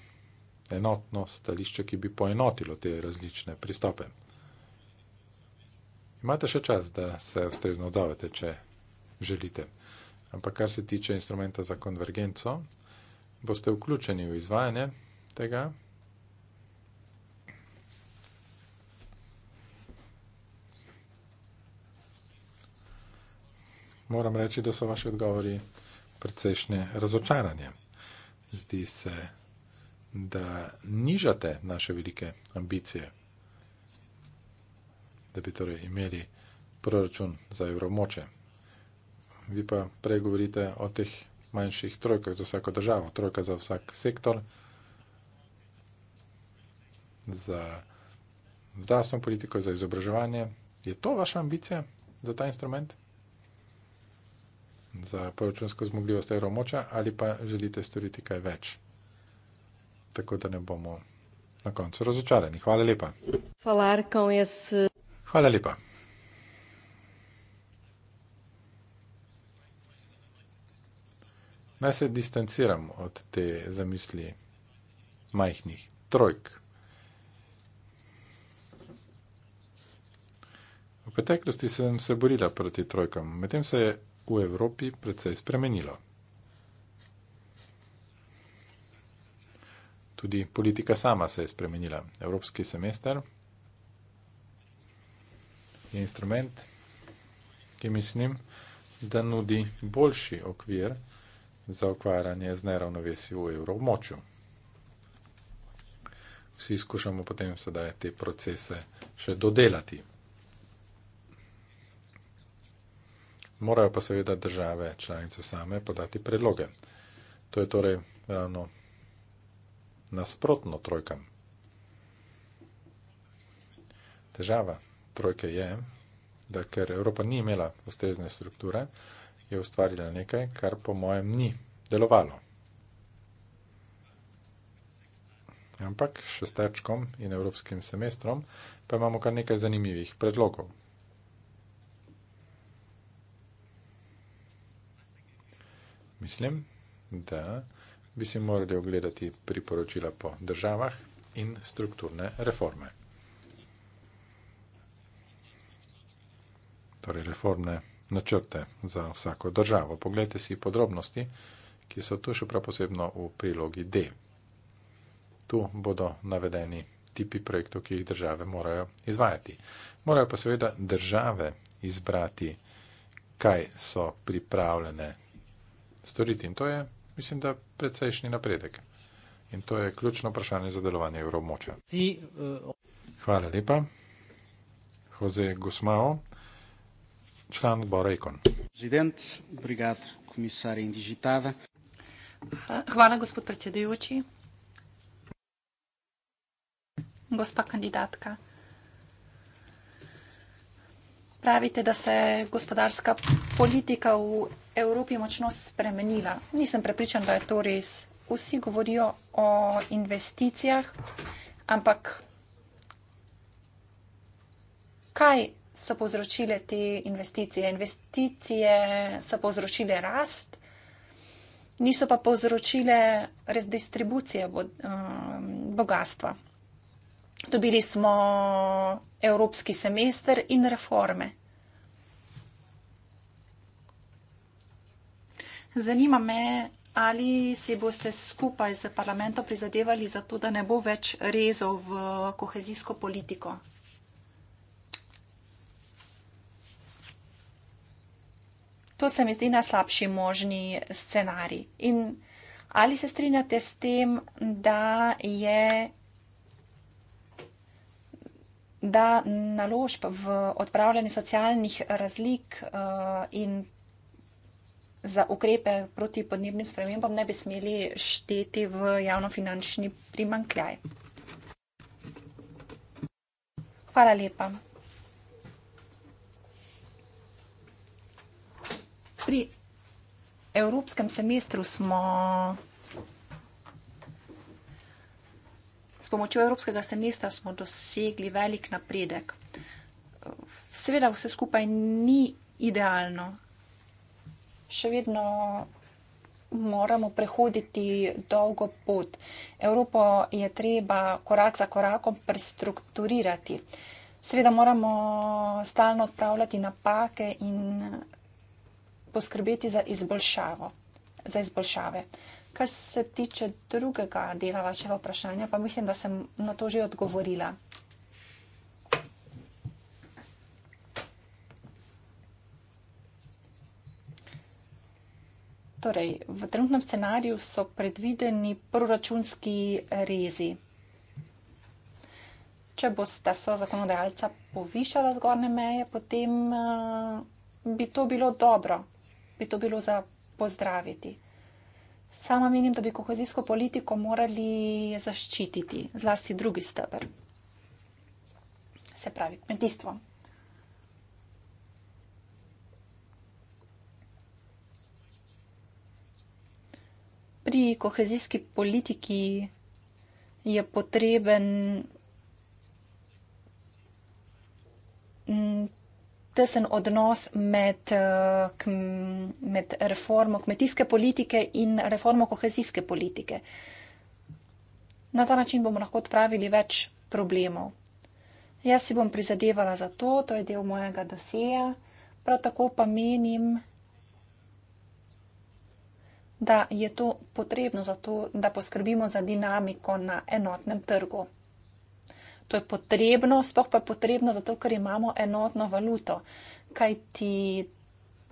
enotno stališče, ki bi poenotilo te različne pristope. Imate še čas, da se ustrezno odzovete, če želite. Ampak kar se tiče instrumenta za konvergenco, boste vključeni v izvajanje tega moram reči, da so vaše odgovori precejšnje razočaranje. Zdi se, da nižate naše velike ambicije, da bi torej imeli proračun za evromoče. Vi pa prej govorite o teh manjših trojkah za vsako državo, trojka za vsak sektor, za zdravstveno politiko, za izobraževanje. Je to vaša ambicija za ta instrument? za proračunsko zmogljivost evromoča ali pa želite storiti kaj več. Tako da ne bomo na koncu razočarani. Hvala lepa. Hvala, Arkom, jaz... Hvala lepa. Naj se distanciram od te zamisli majhnih trojk. V preteklosti sem se borila proti trojkam, medtem se je v Evropi precej spremenilo. Tudi politika sama se je spremenila. Evropski semester je instrument, ki mislim, da nudi boljši okvir za okvaranje z neravnovesi v evromočju. Vsi skušamo potem sedaj te procese še dodelati. morajo pa seveda države članice same podati predloge. To je torej ravno nasprotno trojkam. Težava trojke je, da ker Evropa ni imela ustrezne strukture, je ustvarila nekaj, kar po mojem ni delovalo. Ampak šestečkom in evropskim semestrom pa imamo kar nekaj zanimivih predlogov. Mislim, da bi si morali ogledati priporočila po državah in strukturne reforme. Torej, reformne načrte za vsako državo. Poglejte si podrobnosti, ki so tu še prav posebno v prilogi D. Tu bodo navedeni tipi projektov, ki jih države morajo izvajati. Morajo pa seveda države izbrati, kaj so pripravljene storiti. In to je, mislim, da precejšnji napredek. In to je ključno vprašanje za delovanje evromoča. Eh, hvala lepa. Jose Gosmao, član odbora Ekon. Hvala, gospod predsedujoči. Gospa kandidatka, pravite, da se gospodarska politika v Evropi močno spremenila. Nisem prepričan, da je to res. Vsi govorijo o investicijah, ampak kaj so povzročile te investicije? Investicije so povzročile rast, niso pa povzročile redistribucije um, bogatstva. Dobili smo evropski semester in reforme. Zanima me, ali si boste skupaj z parlamentom prizadevali za to, da ne bo več rezov v kohezijsko politiko. To se mi zdi najslabši možni scenarij. In ali se strinjate s tem, da je da naložb v odpravljanje socialnih razlik uh, in za ukrepe proti podnebnim spremembam ne bi smeli šteti v javnofinančni primankljaj. Hvala lepa. Pri evropskem semestru smo s pomočjo evropskega semestra smo dosegli velik napredek. Seveda vse skupaj ni idealno, še vedno moramo prehoditi dolgo pot. Evropo je treba korak za korakom prestrukturirati. Seveda moramo stalno odpravljati napake in poskrbeti za izboljšavo, za izboljšave. Kar se tiče drugega dela vašega vprašanja, pa mislim, da sem na to že odgovorila. Torej, v trenutnem scenariju so predvideni proračunski rezi. Če boste so zakonodajalca povišala zgornje meje, potem uh, bi to bilo dobro, bi to bilo za pozdraviti. Sama menim, da bi kohezijsko politiko morali zaščititi, zlasti drugi stebr, se pravi kmetijstvo. pri kohezijski politiki je potreben mm, tesen odnos med, eh, med reformo kmetijske politike in reformo kohezijske politike. Na ta način bomo lahko odpravili več problemov. Jaz si bom prizadevala za to, to je del mojega dosija, prav tako pa menim, da je to potrebno zato, da poskrbimo za dinamiko na enotnem trgu. To je potrebno, spoh pa je potrebno zato, ker imamo enotno valuto, kaj ti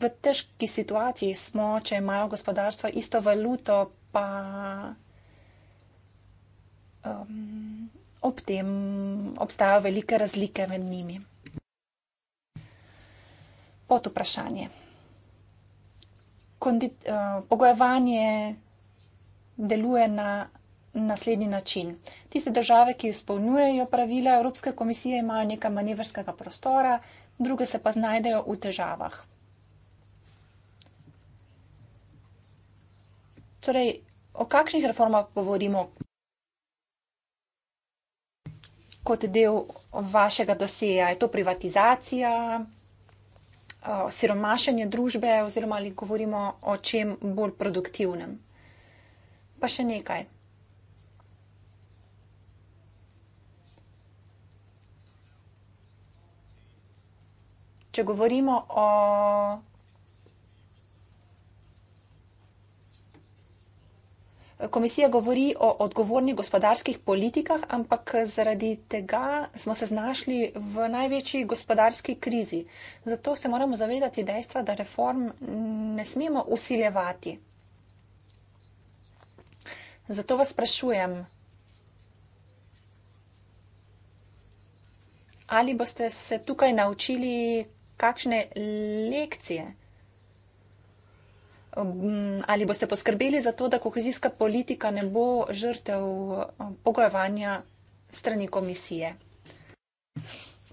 v težki situaciji smo, če imajo gospodarstvo isto valuto, pa um, ob tem obstajajo velike razlike med njimi. Pod vprašanje uh, pogojevanje deluje na naslednji način. Tiste države, ki izpolnjujejo pravila Evropske komisije, imajo nekaj manevrskega prostora, druge se pa znajdejo v težavah. Torej, o kakšnih reformah govorimo kot del vašega doseja? Je to privatizacija? Eh, siromašenje družbe, oziroma ali govorimo o čem bolj produktivnem. Pa še nekaj. Če govorimo o Komisija govori o odgovornih gospodarskih politikah, ampak zaradi tega smo se znašli v največji gospodarski krizi. Zato se moramo zavedati dejstva, da reform ne smemo usiljevati. Zato vas sprašujem, ali boste se tukaj naučili kakšne lekcije? ali boste poskrbeli za to, da kohezijska politika ne bo žrtev eh, pogojevanja strani komisije?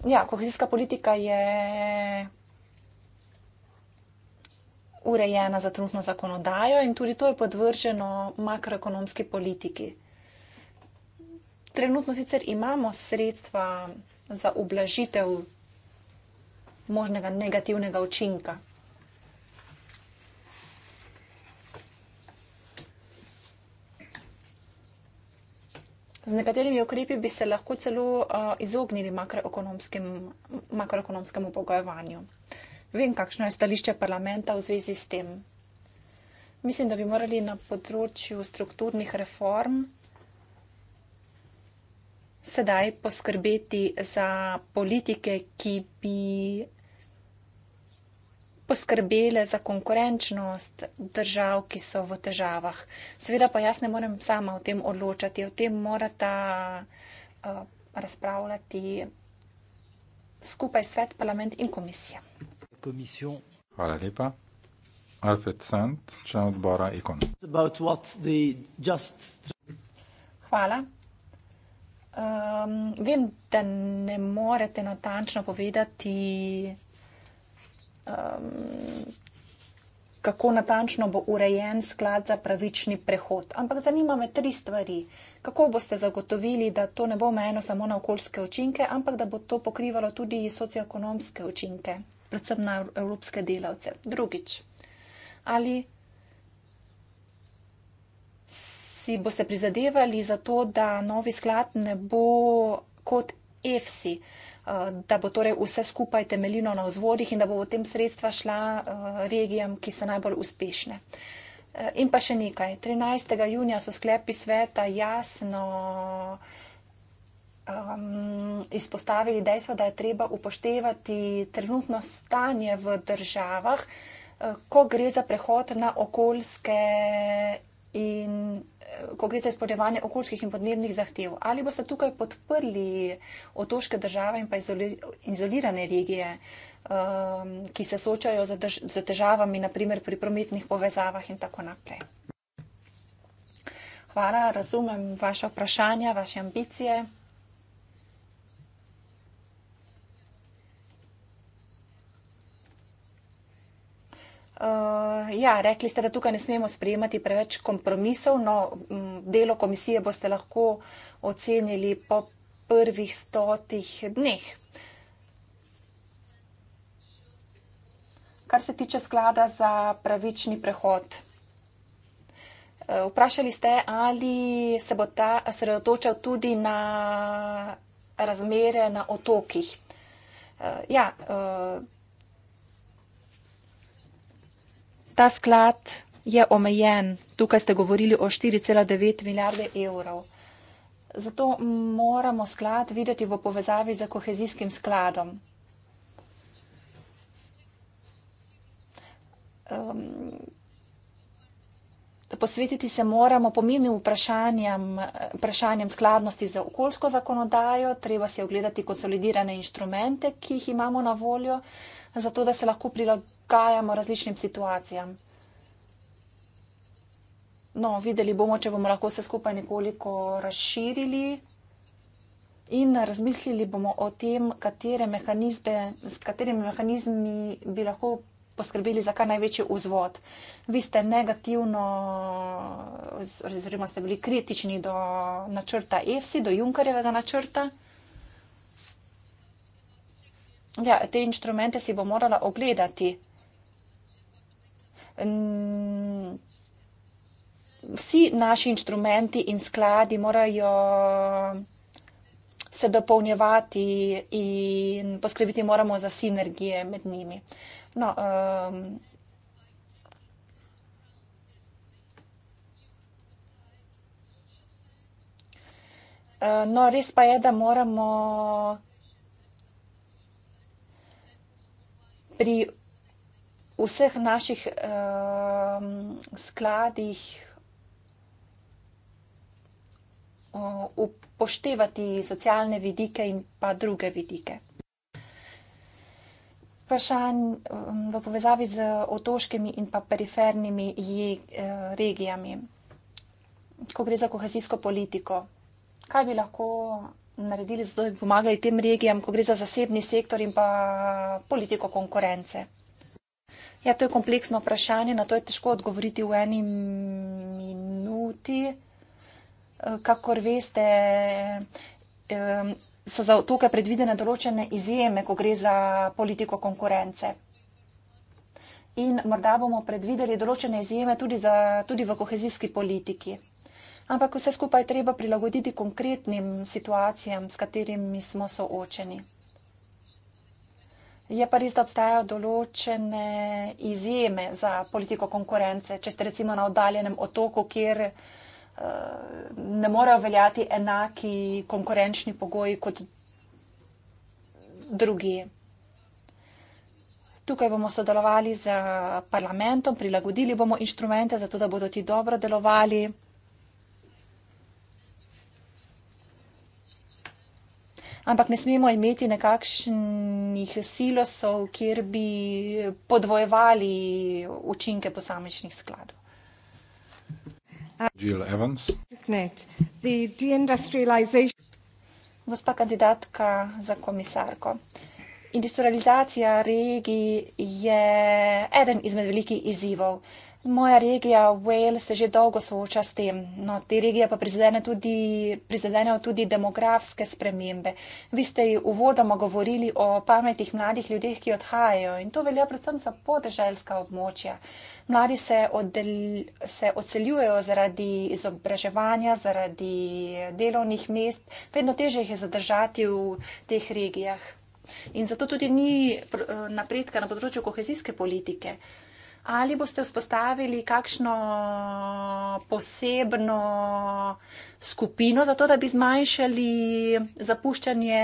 Ja, kohezijska politika je urejena za trenutno zakonodajo in tudi to je podvrženo makroekonomski politiki. Trenutno sicer imamo sredstva za ublažitev možnega negativnega učinka Z nekaterimi ukrepi bi se lahko celo uh, izognili makroekonomskemu pogojevanju. Vem, kakšno je stališče parlamenta v zvezi s tem. Mislim, da bi morali na področju strukturnih reform sedaj poskrbeti za politike, ki bi poskrbele za konkurenčnost držav, ki so v težavah. Seveda pa jaz ne morem sama o tem odločati, o tem morata uh, razpravljati skupaj svet, parlament in komisija. Komisijo. Hvala lepa. Alfred Sant, član odbora Ikon. Hvala. Um, vem, da ne morete natančno povedati, um, kako natančno bo urejen sklad za pravični prehod. Ampak zanima me tri stvari. Kako boste zagotovili, da to ne bo omejeno samo na okoljske učinke, ampak da bo to pokrivalo tudi socioekonomske učinke, predvsem na evropske delavce? Drugič, ali si boste prizadevali za to, da novi sklad ne bo kot EFSI? Uh, da bo torej vse skupaj temeljino na vzvodih in da bo v tem sredstva šla eh, regijam, ki so najbolj uspešne. Eh, in pa še nekaj. 13. junija so sklepi sveta jasno um, izpostavili dejstvo, da je treba upoštevati trenutno stanje v državah, eh, ko gre za prehod na okoljske in ko gre za izpolnjevanje okoljskih in podnebnih zahtev? Ali boste tukaj podprli otoške države in pa izolirane regije, um, ki se soočajo z težavami, naprimer pri prometnih povezavah in tako naprej? Hvala, razumem vaše vprašanja, vaše ambicije. Eh, ja, rekli ste, da tukaj ne smemo sprejemati preveč kompromisov, no delo komisije boste lahko ocenili po prvih stotih dneh. Kar se tiče sklada za pravični prehod. Eh, vprašali ste, ali se bo ta sredotočal tudi na razmere na otokih. Eh, ja, ta sklad je omejen, tukaj ste govorili o 4,9 milijarde evrov. Zato moramo sklad videti v povezavi z kohezijskim skladom. Posvetiti se moramo pomembnim vprašanjem, vprašanjem skladnosti za okoljsko zakonodajo, treba se ogledati konsolidirane inštrumente, ki jih imamo na voljo, zato da se lahko prilagodimo prilagajamo različnim situacijam. No, videli bomo, če bomo lahko vse skupaj nekoliko razširili in razmislili bomo o tem, katere mehanizme, s katerimi mehanizmi bi lahko poskrbeli za kar največji vzvod. Vi ste negativno, oziroma ste bili kritični do načrta EFSI, do Junkarjevega načrta. Ja, te inštrumente si bo morala ogledati vsi naši inštrumenti in skladi morajo se dopolnjevati in poskrbiti moramo za sinergije med njimi. No, um, No, res pa je, da moramo pri vseh naših uh, skladih uh, upoštevati socialne vidike in pa druge vidike. Vprašanj um, v povezavi z otoškimi in pa perifernimi je, uh, regijami, ko gre za kohezijsko politiko, kaj bi lahko naredili, zato, da bi pomagali tem regijam, ko gre za zasebni sektor in pa politiko konkurence. Ja, to je kompleksno vprašanje, na to je težko odgovoriti v eni minuti. Eh, kakor veste, eh, so za tukaj predvidene določene izjeme, ko gre za politiko konkurence. In morda bomo predvideli določene izjeme tudi, za, tudi v kohezijski politiki. Ampak vse skupaj treba prilagoditi konkretnim situacijam, s katerimi smo soočeni. Je pa res, da obstajajo določene izjeme za politiko konkurence. Če ste recimo na oddaljenem otoku, kjer uh, ne morejo veljati enaki konkurenčni pogoji kot drugi. Tukaj bomo sodelovali z parlamentom, prilagodili bomo inštrumente, zato da bodo ti dobro delovali. ampak ne smemo imeti nekakšnih silosov, kjer bi podvojevali učinke posamečnih skladov. Jill Evans. Gospa kandidatka za komisarko. Industrializacija regij je eden izmed velikih izzivov. Moja regija Wales se že dolgo sooča s tem. No, te regije pa prizadene tudi, prizadenejo tudi demografske spremembe. Vi ste uvodoma govorili o pametnih mladih ljudeh, ki odhajajo in to velja predvsem za podeželska območja. Mladi se, oddel, se odseljujejo zaradi izobraževanja, zaradi delovnih mest, vedno teže jih je zadržati v teh regijah. In zato tudi ni eh, napredka na področju kohezijske politike ali boste vzpostavili kakšno posebno skupino za to, da bi zmanjšali zapuščanje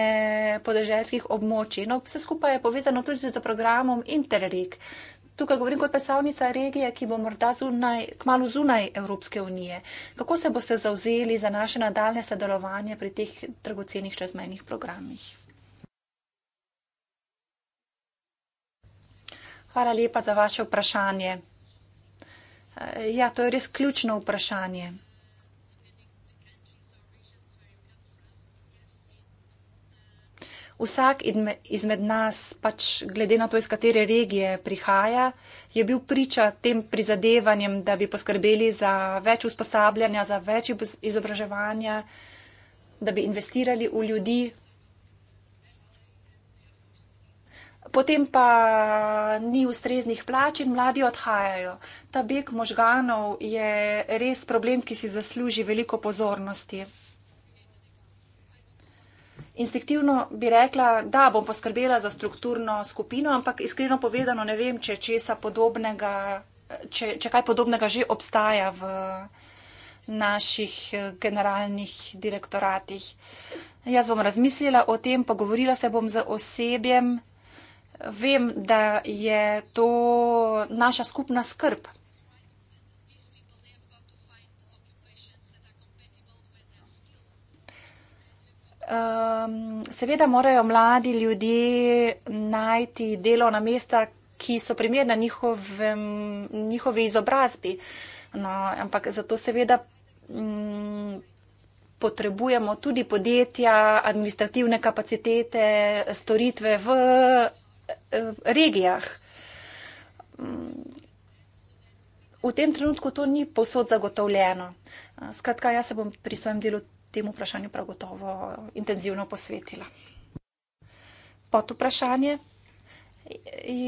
podeželskih območij. No, vse skupaj je povezano tudi z programom Interreg. Tukaj govorim kot predstavnica regije, ki bo morda zunaj, kmalo zunaj Evropske unije. Kako se boste zauzeli za naše nadaljne sodelovanje pri teh dragocenih čezmejnih programih? Hvala lepa za vaše vprašanje. Ja, to je res ključno vprašanje. Vsak izmed nas, pač glede na to, iz katere regije prihaja, je bil priča tem prizadevanjem, da bi poskrbeli za več usposabljanja, za več izobraževanja, da bi investirali v ljudi, potem pa ni ustreznih plač in mladi odhajajo. Ta beg možganov je res problem, ki si zasluži veliko pozornosti. Instinktivno bi rekla, da bom poskrbela za strukturno skupino, ampak iskreno povedano ne vem, če, če, če kaj podobnega že obstaja v naših eh, generalnih direktoratih. Jaz bom razmislila o tem, pogovorila se bom z osebjem, vem, da je to naša skupna skrb. Um, seveda morajo mladi ljudje najti delovna mesta, ki so primerna njihovem, njihovi izobrazbi, no, ampak zato seveda um, potrebujemo tudi podjetja, administrativne kapacitete, storitve v Eh, regijah. V tem trenutku to ni posod zagotovljeno. Eh, skratka, jaz se bom pri svojem delu temu vprašanju prav gotovo intenzivno posvetila. Pod vprašanje?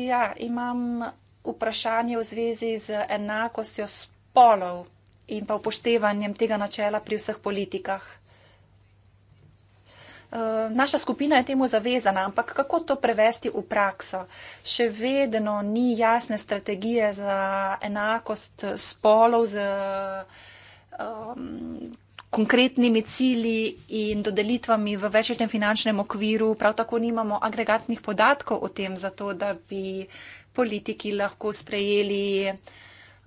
Ja, imam vprašanje v zvezi z enakostjo spolov in pa upoštevanjem tega načela pri vseh politikah. Eh, naša skupina je temu zavezana, ampak kako to prevesti v prakso? Še vedno ni jasne strategije za enakost spolov z um, konkretnimi cili in dodelitvami v večjem finančnem okviru. Prav tako nimamo agregatnih podatkov o tem, zato da bi politiki lahko sprejeli.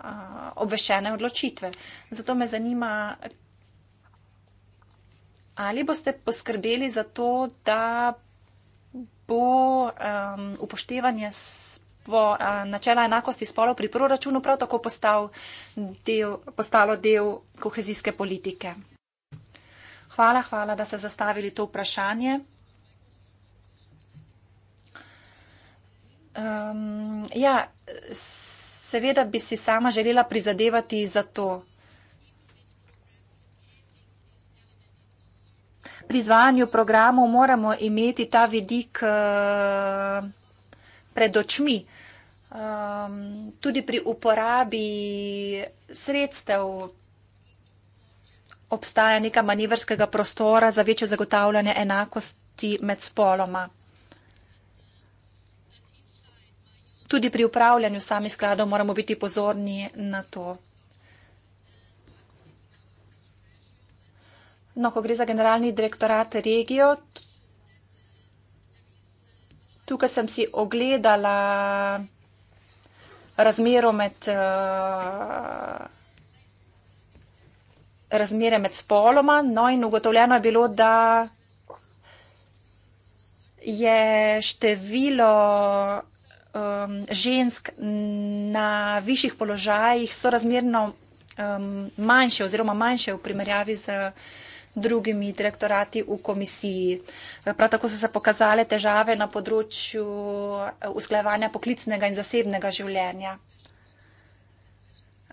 Eh, obveščene odločitve. Zato me zanima, ali boste poskrbeli za to, da bo um, upoštevanje spo, uh, načela enakosti spolov pri proračunu prav tako postal del, postalo del kohezijske politike. Hvala, hvala, da ste zastavili to vprašanje. Um, ja, seveda bi si sama želela prizadevati za to. pri izvajanju programov moramo imeti ta vidik eh, pred očmi. Ehm, tudi pri uporabi sredstev obstaja neka manevrskega prostora za večje zagotavljanje enakosti med spoloma. Tudi pri upravljanju samih skladov moramo biti pozorni na to. No, ko gre za generalni direktorat regijo, tukaj sem si ogledala razmero med, uh, razmere med spoloma, no in ugotovljeno je bilo, da je število um, žensk na višjih položajih sorazmerno um, manjše oziroma manjše v primerjavi z uh, drugimi direktorati v komisiji. Prav tako so se pokazale težave na področju eh, usklajevanja poklicnega in zasebnega življenja.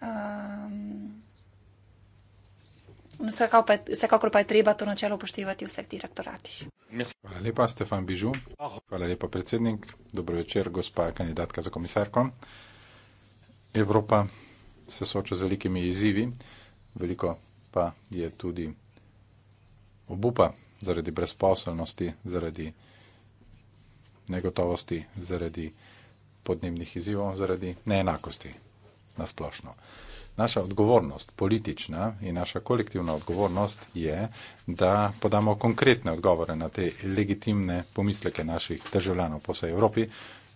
Um, vsekakor, pa je, vsekakor pa je treba to načelo upoštevati v vseh direktoratih. Hvala lepa, Stefan Bižu. Hvala lepa, predsednik. Dobro večer, gospa kandidatka za komisarko. Evropa se sooča z velikimi izzivi, veliko pa je tudi obupa, zaradi brezposelnosti, zaradi negotovosti, zaradi podnebnih izzivov, zaradi neenakosti na splošno. Naša odgovornost, politična in naša kolektivna odgovornost je, da podamo konkretne odgovore na te legitimne pomisleke naših državljanov po vsej Evropi,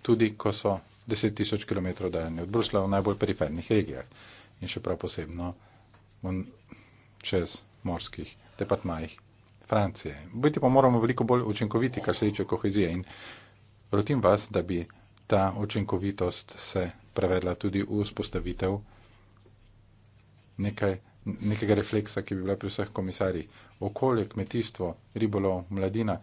tudi ko so 10 tisoč km daljni od Brusla v najbolj perifernih regijah in še prav posebno čez morskih departmajih Francije. Biti pa moramo veliko bolj učinkoviti, kar se tiče kohezije. In rotim vas, da bi ta učinkovitost se prevedla tudi v vzpostavitev nekaj, nekega refleksa, ki bi bila pri vseh komisarjih. Okolje, kmetijstvo, ribolov, mladina.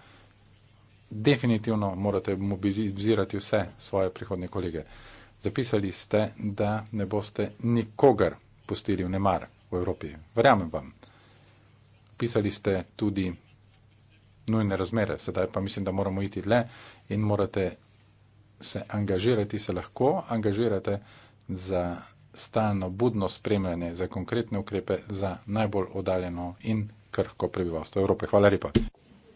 Definitivno morate mobilizirati vse svoje prihodne kolege. Zapisali ste, da ne boste nikogar pustili v nemar v Evropi. Verjamem vam pisali ste tudi nujne razmere, sedaj pa mislim, da moramo iti le in morate se angažirati, se lahko angažirate za stalno budno spremljanje, za konkretne ukrepe za najbolj oddaljeno in krhko prebivalstvo Evrope. Hvala lepa.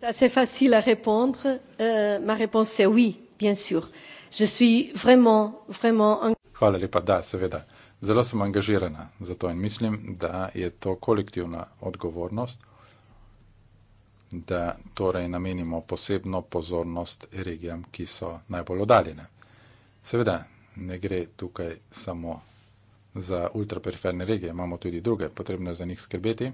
C'est facile à répondre. Euh, ma réponse est oui, bien sûr. Je suis vraiment, vraiment. Hvala lepa, da, seveda. Zelo sem angažirana za to in mislim, da je to kolektivna odgovornost da torej namenimo posebno pozornost regijam, ki so najbolj oddaljene. Seveda ne gre tukaj samo za ultraperiferne regije, imamo tudi druge, potrebno je za njih skrbeti.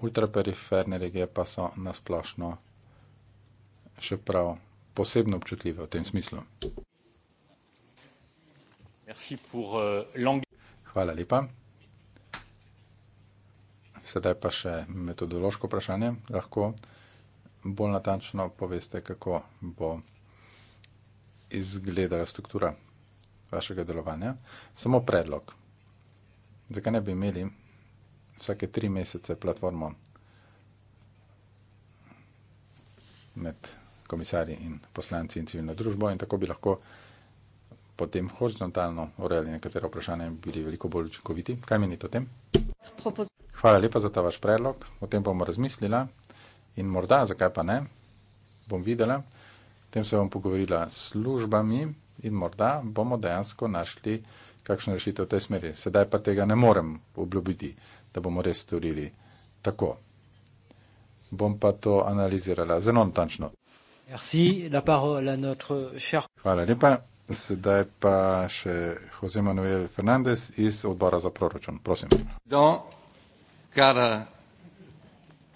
Ultraperiferne regije pa so nasplošno še prav posebno občutljive v tem smislu. Merci pour, uh, long... Hvala lepa sedaj pa še metodološko vprašanje. Lahko bolj natančno poveste, kako bo izgledala struktura vašega delovanja. Samo predlog. Zakaj ne bi imeli vsake tri mesece platformo med komisarji in poslanci in civilno družbo in tako bi lahko potem horizontalno urejali nekatere vprašanja in bili veliko bolj učinkoviti? Kaj menite o tem? Propos Hvala lepa za ta vaš predlog. O tem bom razmislila in morda, zakaj pa ne, bom videla. O tem se bom pogovorila s službami in morda bomo dejansko našli kakšno rešitev v tej smeri. Sedaj pa tega ne morem obljubiti, da bomo res storili tako. Bom pa to analizirala zelo natančno. Hvala lepa. Sedaj pa še Jose Manuel Fernandez iz odbora za proračun. Prosim. Don't cara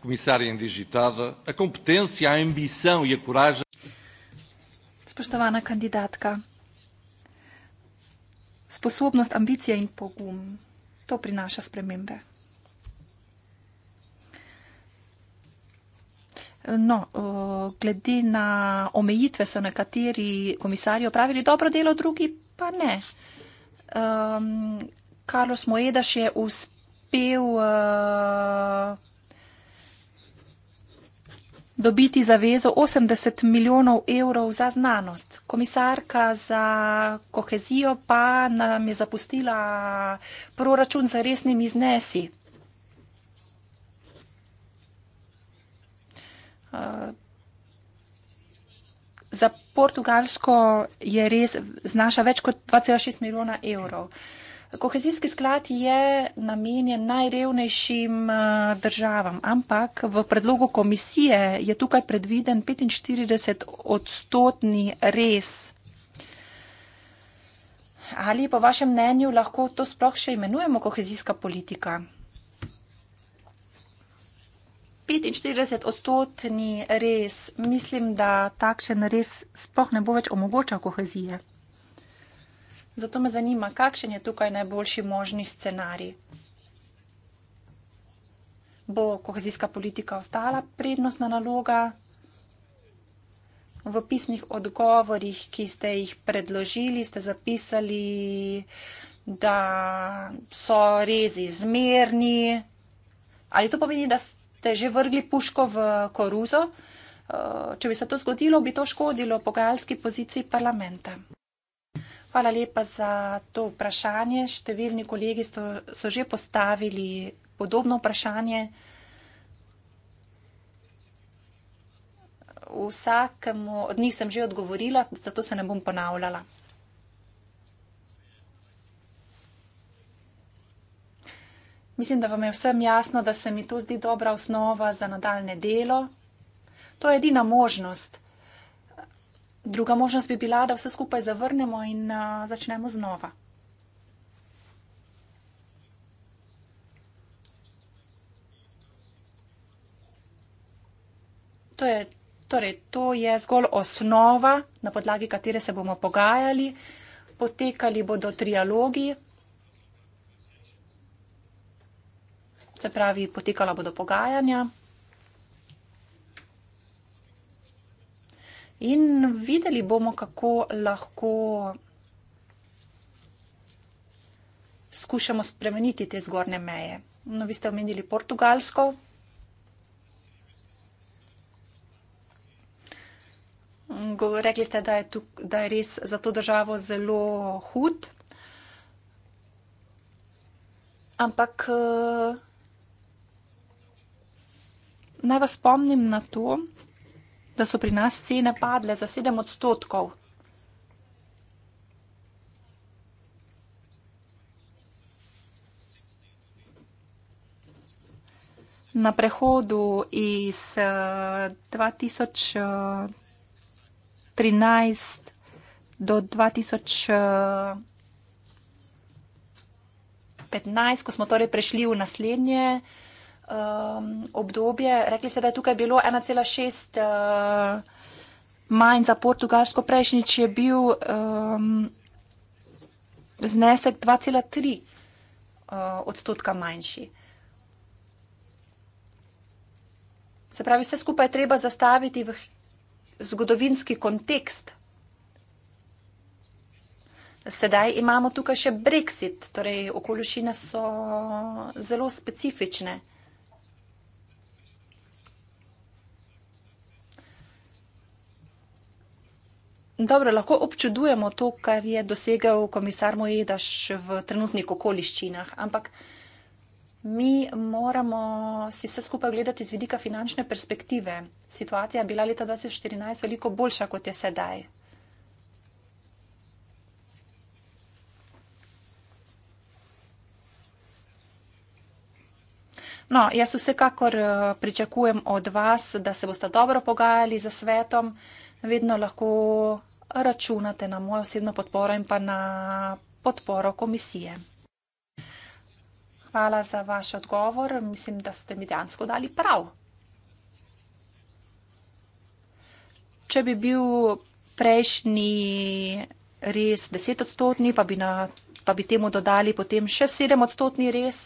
comissária indigitada, a competência, a ambição e a coragem. Spoštovana kandidatka, sposobnost, ambicija in pogum, to prinaša spremembe. No, eh, glede na omejitve so nekateri komisarji opravili dobro delo, drugi pa ne. Um, Carlos Moedas je uspel uspel uh, dobiti zavezo 80 milijonov evrov za znanost. Komisarka za kohezijo pa nam je zapustila proračun za resnimi znesi. Uh, za Portugalsko je res znaša več kot 2,6 milijona evrov. Uh, Kohezijski sklad je namenjen najrevnejšim eh, državam, ampak v predlogu komisije je tukaj predviden 45 odstotni res. Ali po vašem mnenju lahko to sploh še imenujemo kohezijska politika? 45 odstotni res, mislim, da takšen res sploh ne bo več omogočal kohezije. Zato me zanima, kakšen je tukaj najboljši možni scenarij. Bo kohezijska politika ostala prednostna naloga? V pisnih odgovorih, ki ste jih predložili, ste zapisali, da so rezi zmerni. Ali to pomeni, da ste že vrgli puško v koruzo? Eh, če bi se to zgodilo, bi to škodilo pogajalski poziciji parlamenta. Hvala lepa za to vprašanje. Številni kolegi so, so že postavili podobno vprašanje. Vsakemu od njih sem že odgovorila, zato se ne bom ponavljala. Mislim, da vam je vsem jasno, da se mi to zdi dobra osnova za nadaljne delo. To je edina možnost. Druga možnost bi bila, da vse skupaj zavrnemo in uh, začnemo znova. To je, torej, to je zgolj osnova, na podlagi katere se bomo pogajali. Potekali bodo trialogi, se pravi, potekala bodo pogajanja. In videli bomo, kako lahko skušamo spremeniti te zgornje meje. No, vi ste omenili portugalsko. Rekli ste, da je, tuk, da je res za to državo zelo hud. Ampak eh, naj vas spomnim na to, da so pri nas cene padle za 7 odstotkov. Na prehodu iz 2013 eh, eh, do 2015, eh, ko smo torej prešli v naslednje, um, obdobje. Rekli ste, da je tukaj bilo 1,6 uh, manj za Portugalsko, prejšnjič je bil um, znesek 2,3 uh, odstotka manjši. Se pravi, vse skupaj je treba zastaviti v zgodovinski kontekst. Sedaj imamo tukaj še Brexit, torej okoliščine so zelo specifične. Dobro, lahko občudujemo to, kar je dosegel komisar Mojedaš v trenutnih okoliščinah, ampak mi moramo si vse skupaj gledati z vidika finančne perspektive. Situacija je bila leta 2014 veliko boljša, kot je sedaj. No, jaz vsekakor eh, pričakujem od vas, da se boste dobro pogajali za svetom vedno lahko računate na mojo osebno podporo in pa na podporo komisije. Hvala za vaš odgovor. Mislim, da ste mi dejansko dali prav. Če bi bil prejšnji res desetodstotni, pa, pa bi temu dodali potem še sedemodstotni res.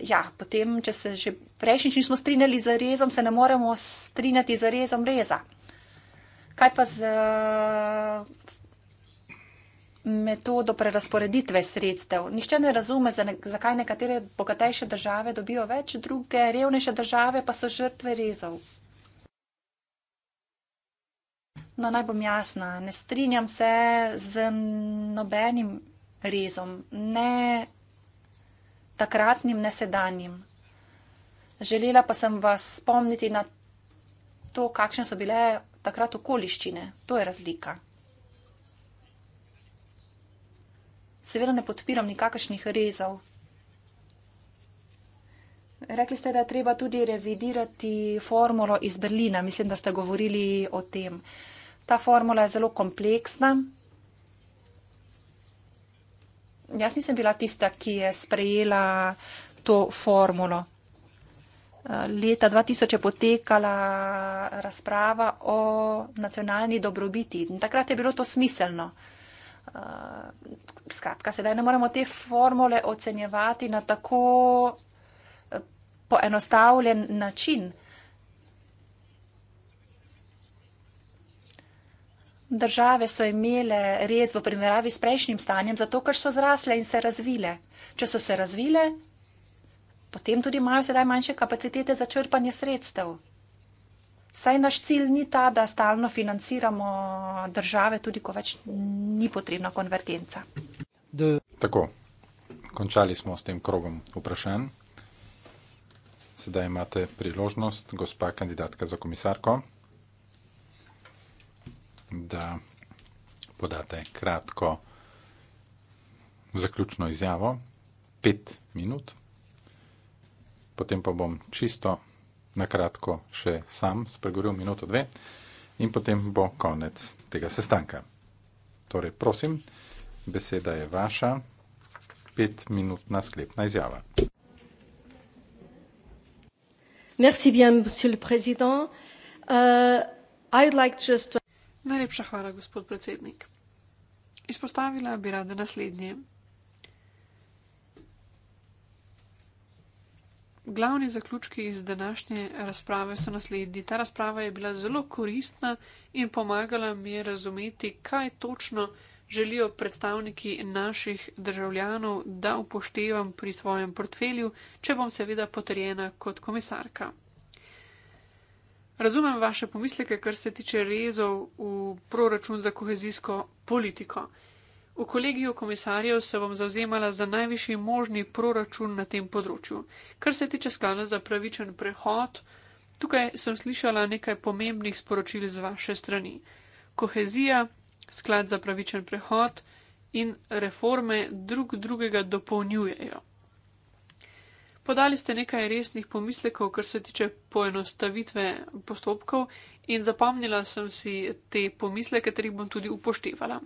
ja, potem, če se že prejšnjič nismo strinjali z rezom, se ne moremo strinjati z rezom reza. Kaj pa z eh, metodo prerasporeditve sredstev? Nihče ne razume, zakaj nekatere bogatejše države dobijo več, druge revnejše države pa so žrtve rezov. No, naj bom jasna, ne strinjam se z nobenim rezom. Ne takratnim, nesedanjim. Želela pa sem vas spomniti na to, kakšne so bile takrat okoliščine. To je razlika. Seveda ne podpiram nikakršnih rezov. Rekli ste, da je treba tudi revidirati formulo iz Berlina. Mislim, da ste govorili o tem. Ta formula je zelo kompleksna jaz nisem bila tista, ki je sprejela to formulo. Leta 2000 je potekala razprava o nacionalni dobrobiti in takrat je bilo to smiselno. Eh, skratka, sedaj ne moremo te formule ocenjevati na tako eh, poenostavljen način. Države so imele res v primerjavi s prejšnjim stanjem, zato ker so zrasle in se razvile. Če so se razvile, potem tudi imajo sedaj manjše kapacitete za črpanje sredstev. Saj naš cilj ni ta, da stalno financiramo države, tudi ko več ni potrebna konvergenca. De. Tako, končali smo s tem krogom vprašanj. Sedaj imate priložnost, gospa kandidatka za komisarko da podate kratko zaključno izjavo, pet minut, potem pa bom čisto na kratko še sam spregovoril minuto dve in potem bo konec tega sestanka. Torej, prosim, beseda je vaša, pet minutna sklepna izjava. Merci bien, monsieur le président. Uh, I'd like just to... Najlepša hvala, gospod predsednik. Izpostavila bi rada naslednje. Glavni zaključki iz današnje razprave so naslednji. Ta razprava je bila zelo koristna in pomagala mi je razumeti, kaj točno želijo predstavniki naših državljanov, da upoštevam pri svojem portfelju, če bom seveda potrjena kot komisarka. Razumem vaše pomisleke, kar se tiče rezov v proračun za kohezijsko politiko. V kolegiju komisarjev se bom zauzemala za najvišji možni proračun na tem področju. Kar se tiče sklada za pravičen prehod, tukaj sem slišala nekaj pomembnih sporočil z vaše strani. Kohezija, sklad za pravičen prehod in reforme drug drugega dopolnjujejo. Podali ste nekaj resnih pomislekov, kar se tiče poenostavitve postopkov in zapomnila sem si te pomisleke, ker jih bom tudi upoštevala.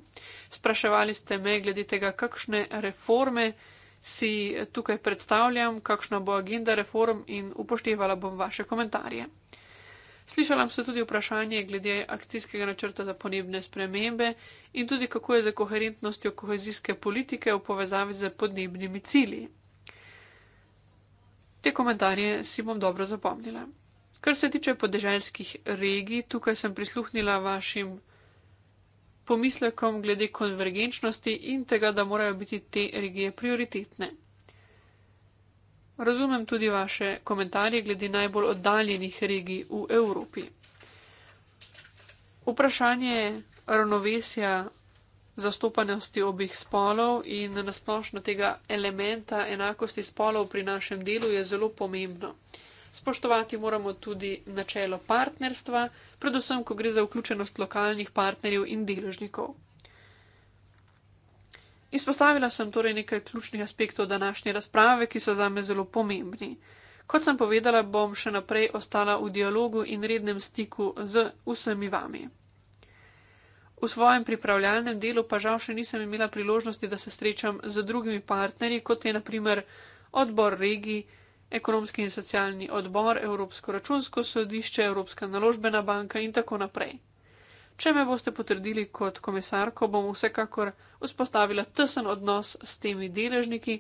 Spraševali ste me glede tega, kakšne reforme si tukaj predstavljam, kakšna bo agenda reform in upoštevala bom vaše komentarje. Slišala sem tudi vprašanje glede akcijskega načrta za podnebne spremembe in tudi kako je za koherentnostjo kohezijske politike v povezavi z podnebnimi cilji. Te komentarje si bom dobro zapomnila. Kar se tiče podeželskih regij, tukaj sem prisluhnila vašim pomislekom glede konvergenčnosti in tega, da morajo biti te regije prioritetne. Razumem tudi vaše komentarje glede najbolj oddaljenih regij v Evropi. Vprašanje ravnovesja zastopanosti obih spolov in nasplošno tega elementa enakosti spolov pri našem delu je zelo pomembno. Spoštovati moramo tudi načelo partnerstva, predvsem, ko gre za vključenost lokalnih partnerjev in deležnikov. Izpostavila sem torej nekaj ključnih aspektov današnje razprave, ki so zame zelo pomembni. Kot sem povedala, bom še naprej ostala v dialogu in rednem stiku z vsemi vami. V svojem pripravljalnem delu pa žal še nisem imela priložnosti, da se srečam z drugimi partnerji, kot je naprimer odbor regij, ekonomski in socialni odbor, Evropsko računsko sodišče, Evropska naložbena banka in tako naprej. Če me boste potrdili kot komisarko, bom vsekakor vzpostavila tesen odnos s temi deležniki,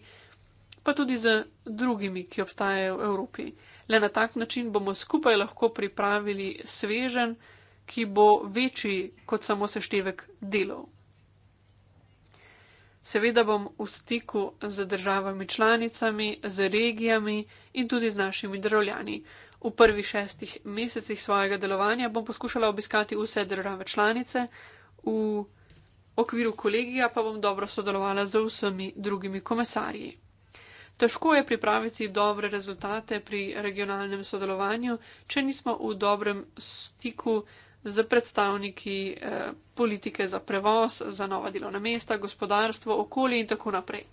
pa tudi z drugimi, ki obstajajo v Evropi. Le na tak način bomo skupaj lahko pripravili svežen, ki bo večji kot samo seštevek delov. Seveda bom v stiku z državami članicami, z regijami in tudi z našimi državljani. V prvih šestih mesecih svojega delovanja bom poskušala obiskati vse države članice, v okviru kolegija pa bom dobro sodelovala z vsemi drugimi komisarji. Težko je pripraviti dobre rezultate pri regionalnem sodelovanju, če nismo v dobrem stiku z predstavniki eh, politike za prevoz, za nova delovna mesta, gospodarstvo, okolje in tako naprej.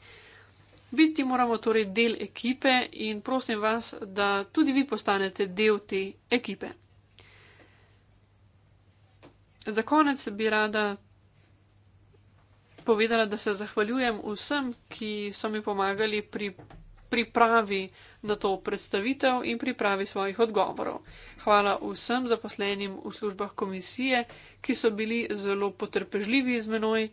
Biti moramo torej del ekipe in prosim vas, da tudi vi postanete del te ekipe. Za konec bi rada povedala, da se zahvaljujem vsem, ki so mi pomagali pri pripravi na to predstavitev in pripravi svojih odgovorov. Hvala vsem zaposlenim v službah komisije, ki so bili zelo potrpežljivi z menoj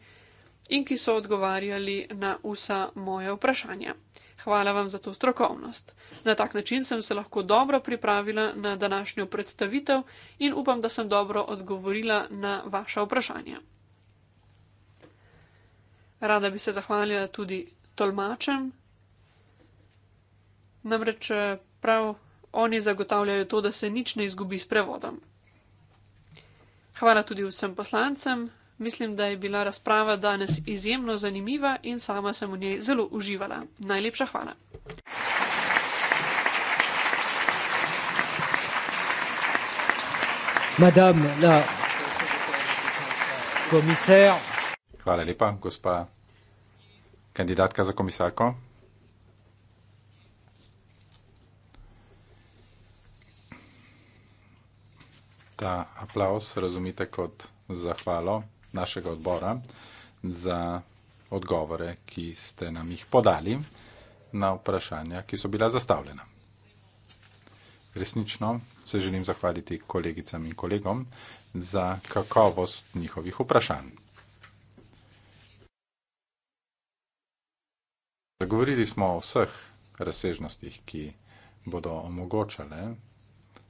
in ki so odgovarjali na vsa moje vprašanja. Hvala vam za to strokovnost. Na tak način sem se lahko dobro pripravila na današnjo predstavitev in upam, da sem dobro odgovorila na vaše vprašanja. Rada bi se zahvalila tudi tolmačem, Namreč eh, prav oni zagotavljajo to, da se nič ne izgubi s prevodom. Hvala tudi vsem poslancem. Mislim, da je bila razprava danes izjemno zanimiva in sama sem v njej zelo uživala. Najlepša hvala. Madame, la... Hvala lepa, gospa kandidatka za komisarko. ta aplaus razumite kot zahvalo našega odbora za odgovore, ki ste nam jih podali na vprašanja, ki so bila zastavljena. Resnično se želim zahvaliti kolegicam in kolegom za kakovost njihovih vprašanj. Zagovorili smo o vseh razsežnostih, ki bodo omogočale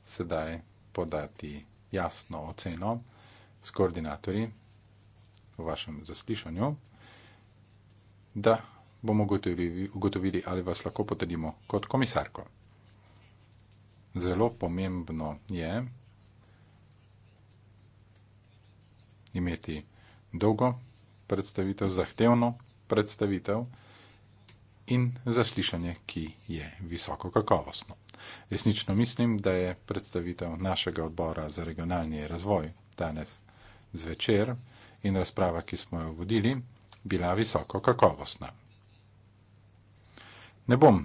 sedaj podati informacije jasno oceno s koordinatorji v vašem zaslišanju, da bomo ugotovili, ali vas lahko potrdimo kot komisarko. Zelo pomembno je imeti dolgo predstavitev, zahtevno predstavitev in zaslišanje, ki je visoko kakovostno. Resnično mislim, da je predstavitev našega odbora za regionalni razvoj danes zvečer in razprava, ki smo jo vodili, bila visoko kakovostna. Ne bom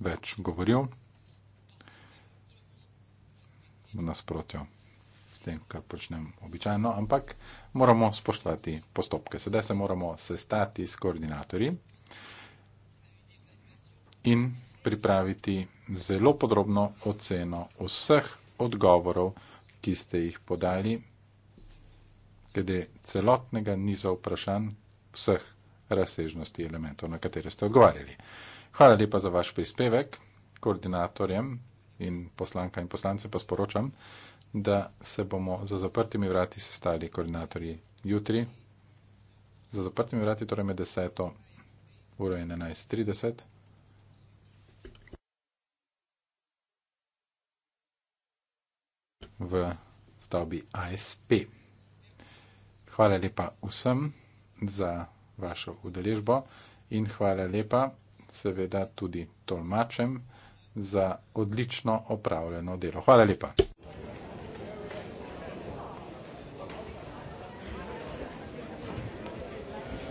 več govoril v nasprotju s tem, kar počnem običajno, ampak moramo spoštovati postopke. Sedaj se moramo sestati s koordinatorji in pripraviti zelo podrobno oceno vseh odgovorov, ki ste jih podali, glede celotnega niza vprašanj vseh razsežnosti elementov, na katere ste odgovarjali. Hvala lepa za vaš prispevek, koordinatorjem in poslanka in poslance pa sporočam, da se bomo za zaprtimi vrati sestali koordinatorji jutri, za zaprtimi vrati torej med 10. uro in 11.30. v stavbi ASP. Hvala lepa vsem za vašo udeležbo in hvala lepa seveda tudi tolmačem za odlično opravljeno delo. Hvala lepa.